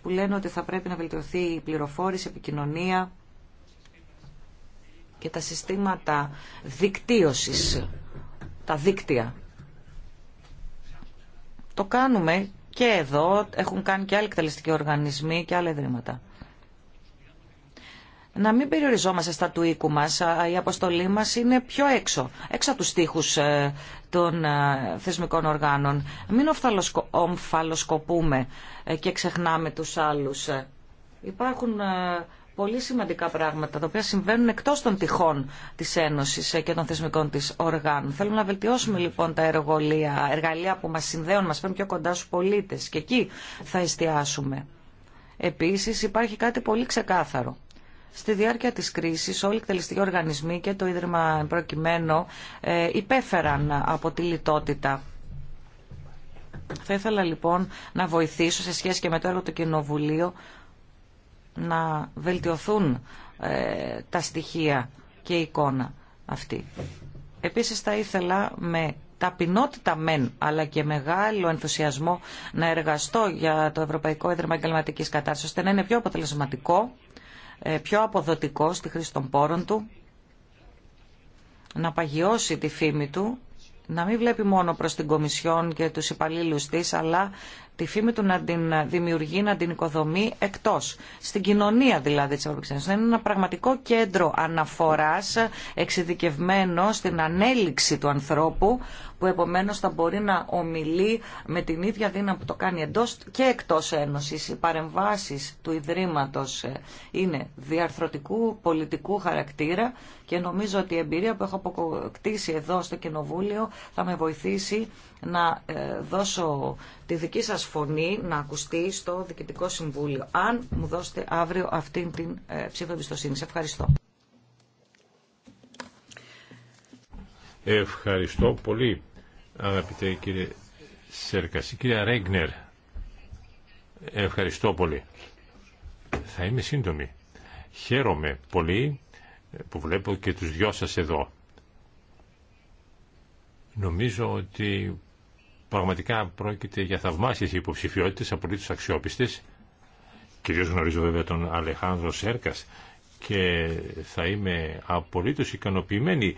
C: που λένε ότι θα πρέπει να βελτιωθεί η πληροφόρηση, η επικοινωνία και τα συστήματα δικτύωσης, τα δίκτυα. Το κάνουμε και εδώ, έχουν κάνει και άλλοι εκτελεστικοί οργανισμοί και άλλα ιδρύματα να μην περιοριζόμαστε στα του οίκου μας. Η αποστολή μας είναι πιο έξω, έξω από τους στίχους ε, των ε, θεσμικών οργάνων. Μην ομφαλοσκοπούμε ε, και ξεχνάμε τους άλλους. Υπάρχουν πολύ σημαντικά πράγματα τα οποία συμβαίνουν εκτός των τυχών της Ένωσης και των θεσμικών της οργάνων. Θέλουμε να βελτιώσουμε λοιπόν τα εργολία, εργαλεία που μας συνδέουν, μας φέρνουν πιο κοντά στους πολίτες και εκεί θα εστιάσουμε. Επίσης υπάρχει κάτι πολύ ξεκάθαρο Στη διάρκεια της κρίσης όλοι οι εκτελεστικοί οργανισμοί και το Ίδρυμα προκειμένου ε, υπέφεραν από τη λιτότητα. Θα ήθελα λοιπόν να βοηθήσω σε σχέση και με το έργο του Κοινοβουλίου να βελτιωθούν ε, τα στοιχεία και η εικόνα αυτή. Επίσης θα ήθελα με ταπεινότητα μεν, αλλά και μεγάλο ενθουσιασμό να εργαστώ για το Ευρωπαϊκό Ίδρυμα Εγκαλματικής Κατάρτισης, ώστε να είναι πιο αποτελεσματικό ε, πιο αποδοτικό στη χρήση των πόρων του, να παγιώσει τη φήμη του, να μην βλέπει μόνο προς την Κομισιόν και τους υπαλλήλους της, αλλά τη φήμη του να την δημιουργεί, να την οικοδομεί εκτό. Στην κοινωνία δηλαδή τη ευρωπαϊκή. Ένωση. Είναι ένα πραγματικό κέντρο αναφοράς εξειδικευμένο στην ανέλυξη του ανθρώπου που επομένω θα μπορεί να ομιλεί με την ίδια δύναμη που το κάνει εντός και εκτό Ένωση. Οι παρεμβάσει του ιδρύματο ε, είναι διαρθρωτικού πολιτικού χαρακτήρα και νομίζω ότι η εμπειρία που έχω αποκτήσει εδώ στο Κοινοβούλιο θα με βοηθήσει να ε, δώσω τη δική σας φωνή να ακουστεί στο Διοικητικό Συμβούλιο, αν μου δώσετε αύριο αυτήν την ε, ψήφο εμπιστοσύνη. ευχαριστώ.
D: Ευχαριστώ πολύ, αγαπητέ κύριε Σέρκαση. Κύριε Ρέγνερ, ευχαριστώ πολύ. Θα είμαι σύντομη. Χαίρομαι πολύ που βλέπω και τους δυο σας εδώ. Νομίζω ότι Πραγματικά πρόκειται για θαυμάσιες υποψηφιότητες, απολύτως αξιόπιστες. Κυρίως γνωρίζω βέβαια τον Αλεχάνδρο Σέρκας και θα είμαι απολύτως ικανοποιημένη.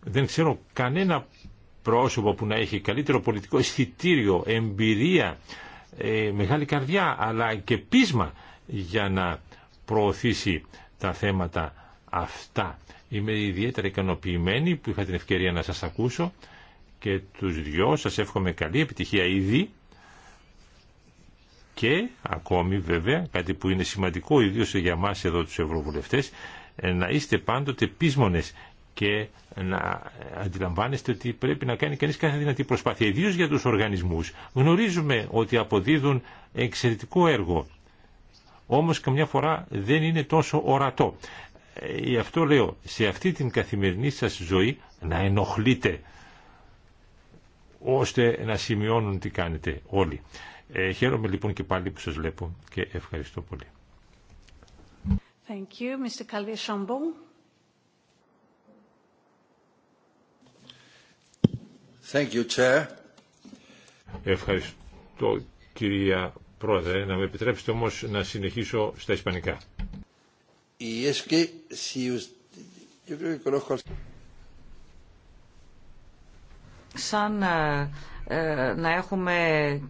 D: Δεν ξέρω κανένα πρόσωπο που να έχει καλύτερο πολιτικό αισθητήριο, εμπειρία, ε, μεγάλη καρδιά αλλά και πείσμα για να προωθήσει τα θέματα αυτά. Είμαι ιδιαίτερα ικανοποιημένη που είχα την ευκαιρία να σας ακούσω και τους δυο σας εύχομαι καλή επιτυχία ήδη και ακόμη βέβαια κάτι που είναι σημαντικό ιδίως για μας εδώ τους ευρωβουλευτές ε, να είστε πάντοτε πείσμονες και να αντιλαμβάνεστε ότι πρέπει να κάνει κανείς κάθε δυνατή προσπάθεια ιδίως για τους οργανισμούς γνωρίζουμε ότι αποδίδουν εξαιρετικό έργο όμως καμιά φορά δεν είναι τόσο ορατό ε, γι' αυτό λέω σε αυτή την καθημερινή σας ζωή να ενοχλείτε ώστε να σημειώνουν τι κάνετε όλοι. Ε, χαίρομαι λοιπόν και πάλι που σας βλέπω και ευχαριστώ πολύ.
A: Thank you, Mr.
D: Thank you, Chair. Ευχαριστώ κυρία Πρόεδρε. Να με επιτρέψετε όμως να συνεχίσω στα Ισπανικά σαν
C: ε, ε, να έχουμε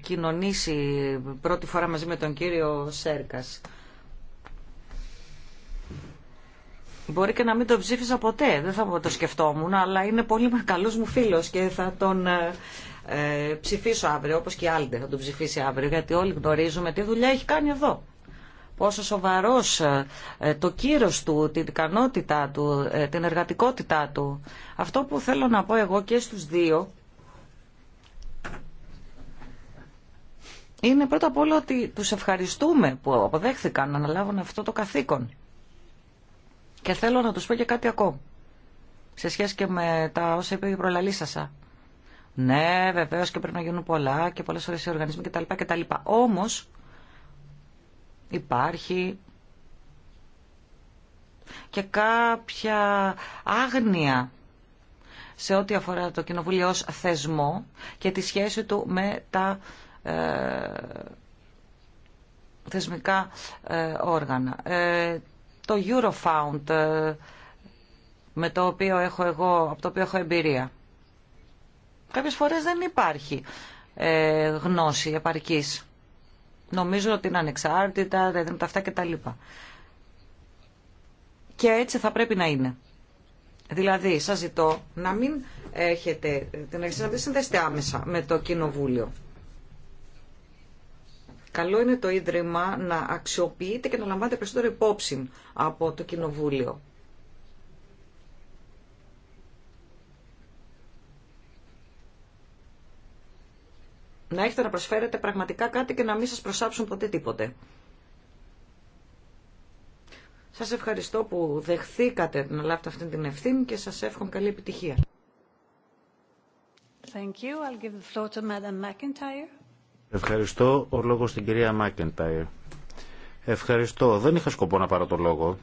C: κοινωνήσει πρώτη φορά μαζί με τον κύριο Σέρκας. Μπορεί και να μην το ψήφιζα ποτέ, δεν θα το σκεφτόμουν, αλλά είναι πολύ καλός μου φίλος και θα τον ε, ε ψηφίσω αύριο, όπως και οι άλλοι θα τον ψηφίσει αύριο, γιατί όλοι γνωρίζουμε τι δουλειά έχει κάνει εδώ πόσο σοβαρός ε, ε, το κύρος του, την ικανότητά του, ε, την εργατικότητά του. Αυτό που θέλω να πω εγώ και στους δύο είναι πρώτα απ' όλα ότι τους ευχαριστούμε που αποδέχθηκαν να αναλάβουν αυτό το καθήκον. Και θέλω να τους πω και κάτι ακόμα σε σχέση και με τα όσα είπε η προλαλήσασα. Ναι, βεβαίως και πρέπει να γίνουν πολλά και πολλέ φορέ οι οργανισμοί κτλ. Όμως, υπάρχει και κάποια άγνοια σε ό,τι αφορά το Κοινοβούλιο ως θεσμό και τη σχέση του με τα ε, θεσμικά ε, όργανα. Ε, το Eurofound, με το οποίο έχω εγώ, από το οποίο έχω εμπειρία, κάποιες φορές δεν υπάρχει γνώση επαρκής. Νομίζω ότι είναι ανεξάρτητα, δεν είναι αυτά και τα λοιπά. Και έτσι θα πρέπει να είναι. Δηλαδή, σας ζητώ να μην έχετε την αρχή να μην συνδέσετε άμεσα με το κοινοβούλιο. Καλό είναι το Ίδρυμα να αξιοποιείται και να λαμβάνετε περισσότερο υπόψη από το Κοινοβούλιο. να έχετε να προσφέρετε πραγματικά κάτι και να μην σας προσάψουν ποτέ τίποτε. Σας ευχαριστώ που δεχθήκατε να λάβετε αυτή την ευθύνη και σας εύχομαι καλή επιτυχία.
A: Thank you. I'll give the floor to Madam
B: Ευχαριστώ. Ο λόγος στην κυρία Μάκεντάιρ. Ευχαριστώ. Δεν είχα σκοπό να πάρω το λόγο,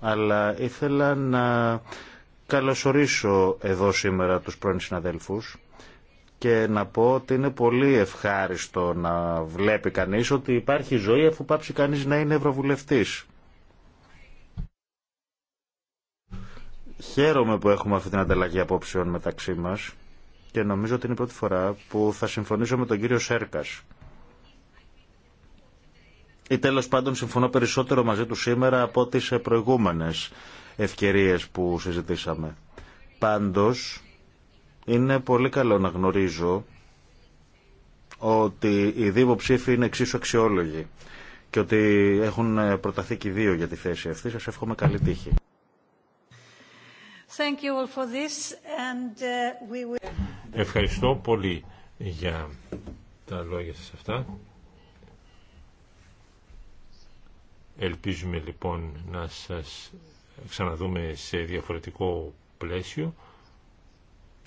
B: αλλά ήθελα να καλωσορίσω εδώ σήμερα τους πρώην συναδέλφους και να πω ότι είναι πολύ ευχάριστο να βλέπει κανείς ότι υπάρχει ζωή αφού πάψει κανείς να είναι ευρωβουλευτής. Χαίρομαι που έχουμε αυτή την ανταλλαγή απόψεων μεταξύ μας και νομίζω ότι είναι η πρώτη φορά που θα συμφωνήσω με τον κύριο Σέρκας. Ή τέλος πάντων συμφωνώ περισσότερο μαζί του σήμερα από τις προηγούμενες ευκαιρίες που συζητήσαμε. Πάντως, είναι πολύ καλό να γνωρίζω ότι οι δύο ψήφοι είναι εξίσου αξιόλογοι και ότι έχουν ε, προταθεί και οι δύο για τη θέση αυτή. Σας εύχομαι καλή τύχη.
A: Thank you all and ε, we
D: Ευχαριστώ πολύ για τα λόγια σας αυτά. Ελπίζουμε λοιπόν να σας ξαναδούμε σε διαφορετικό πλαίσιο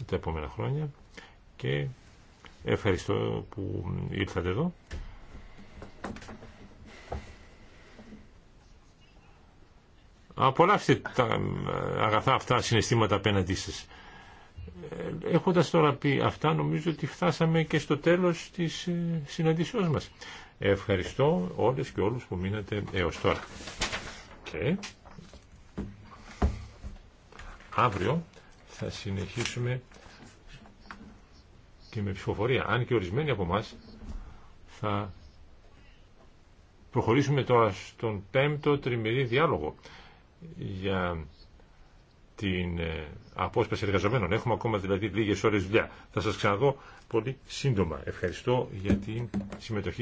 D: τα επόμενα χρόνια και ευχαριστώ που ήρθατε εδώ. Απολαύστε τα ε, αγαθά αυτά συναισθήματα απέναντί σας. Ε, έχοντας τώρα πει αυτά νομίζω ότι φτάσαμε και στο τέλος της ε, συναντήσεώς μας. Ευχαριστώ όλες και όλους που μείνατε έως τώρα. Και αύριο θα συνεχίσουμε και με ψηφοφορία. Αν και ορισμένοι από εμά θα προχωρήσουμε τώρα στον πέμπτο τριμερή διάλογο για την ε, απόσπαση εργαζομένων. Έχουμε ακόμα δηλαδή λίγες ώρες δουλειά. Θα σας ξαναδώ πολύ σύντομα. Ευχαριστώ για την συμμετοχή.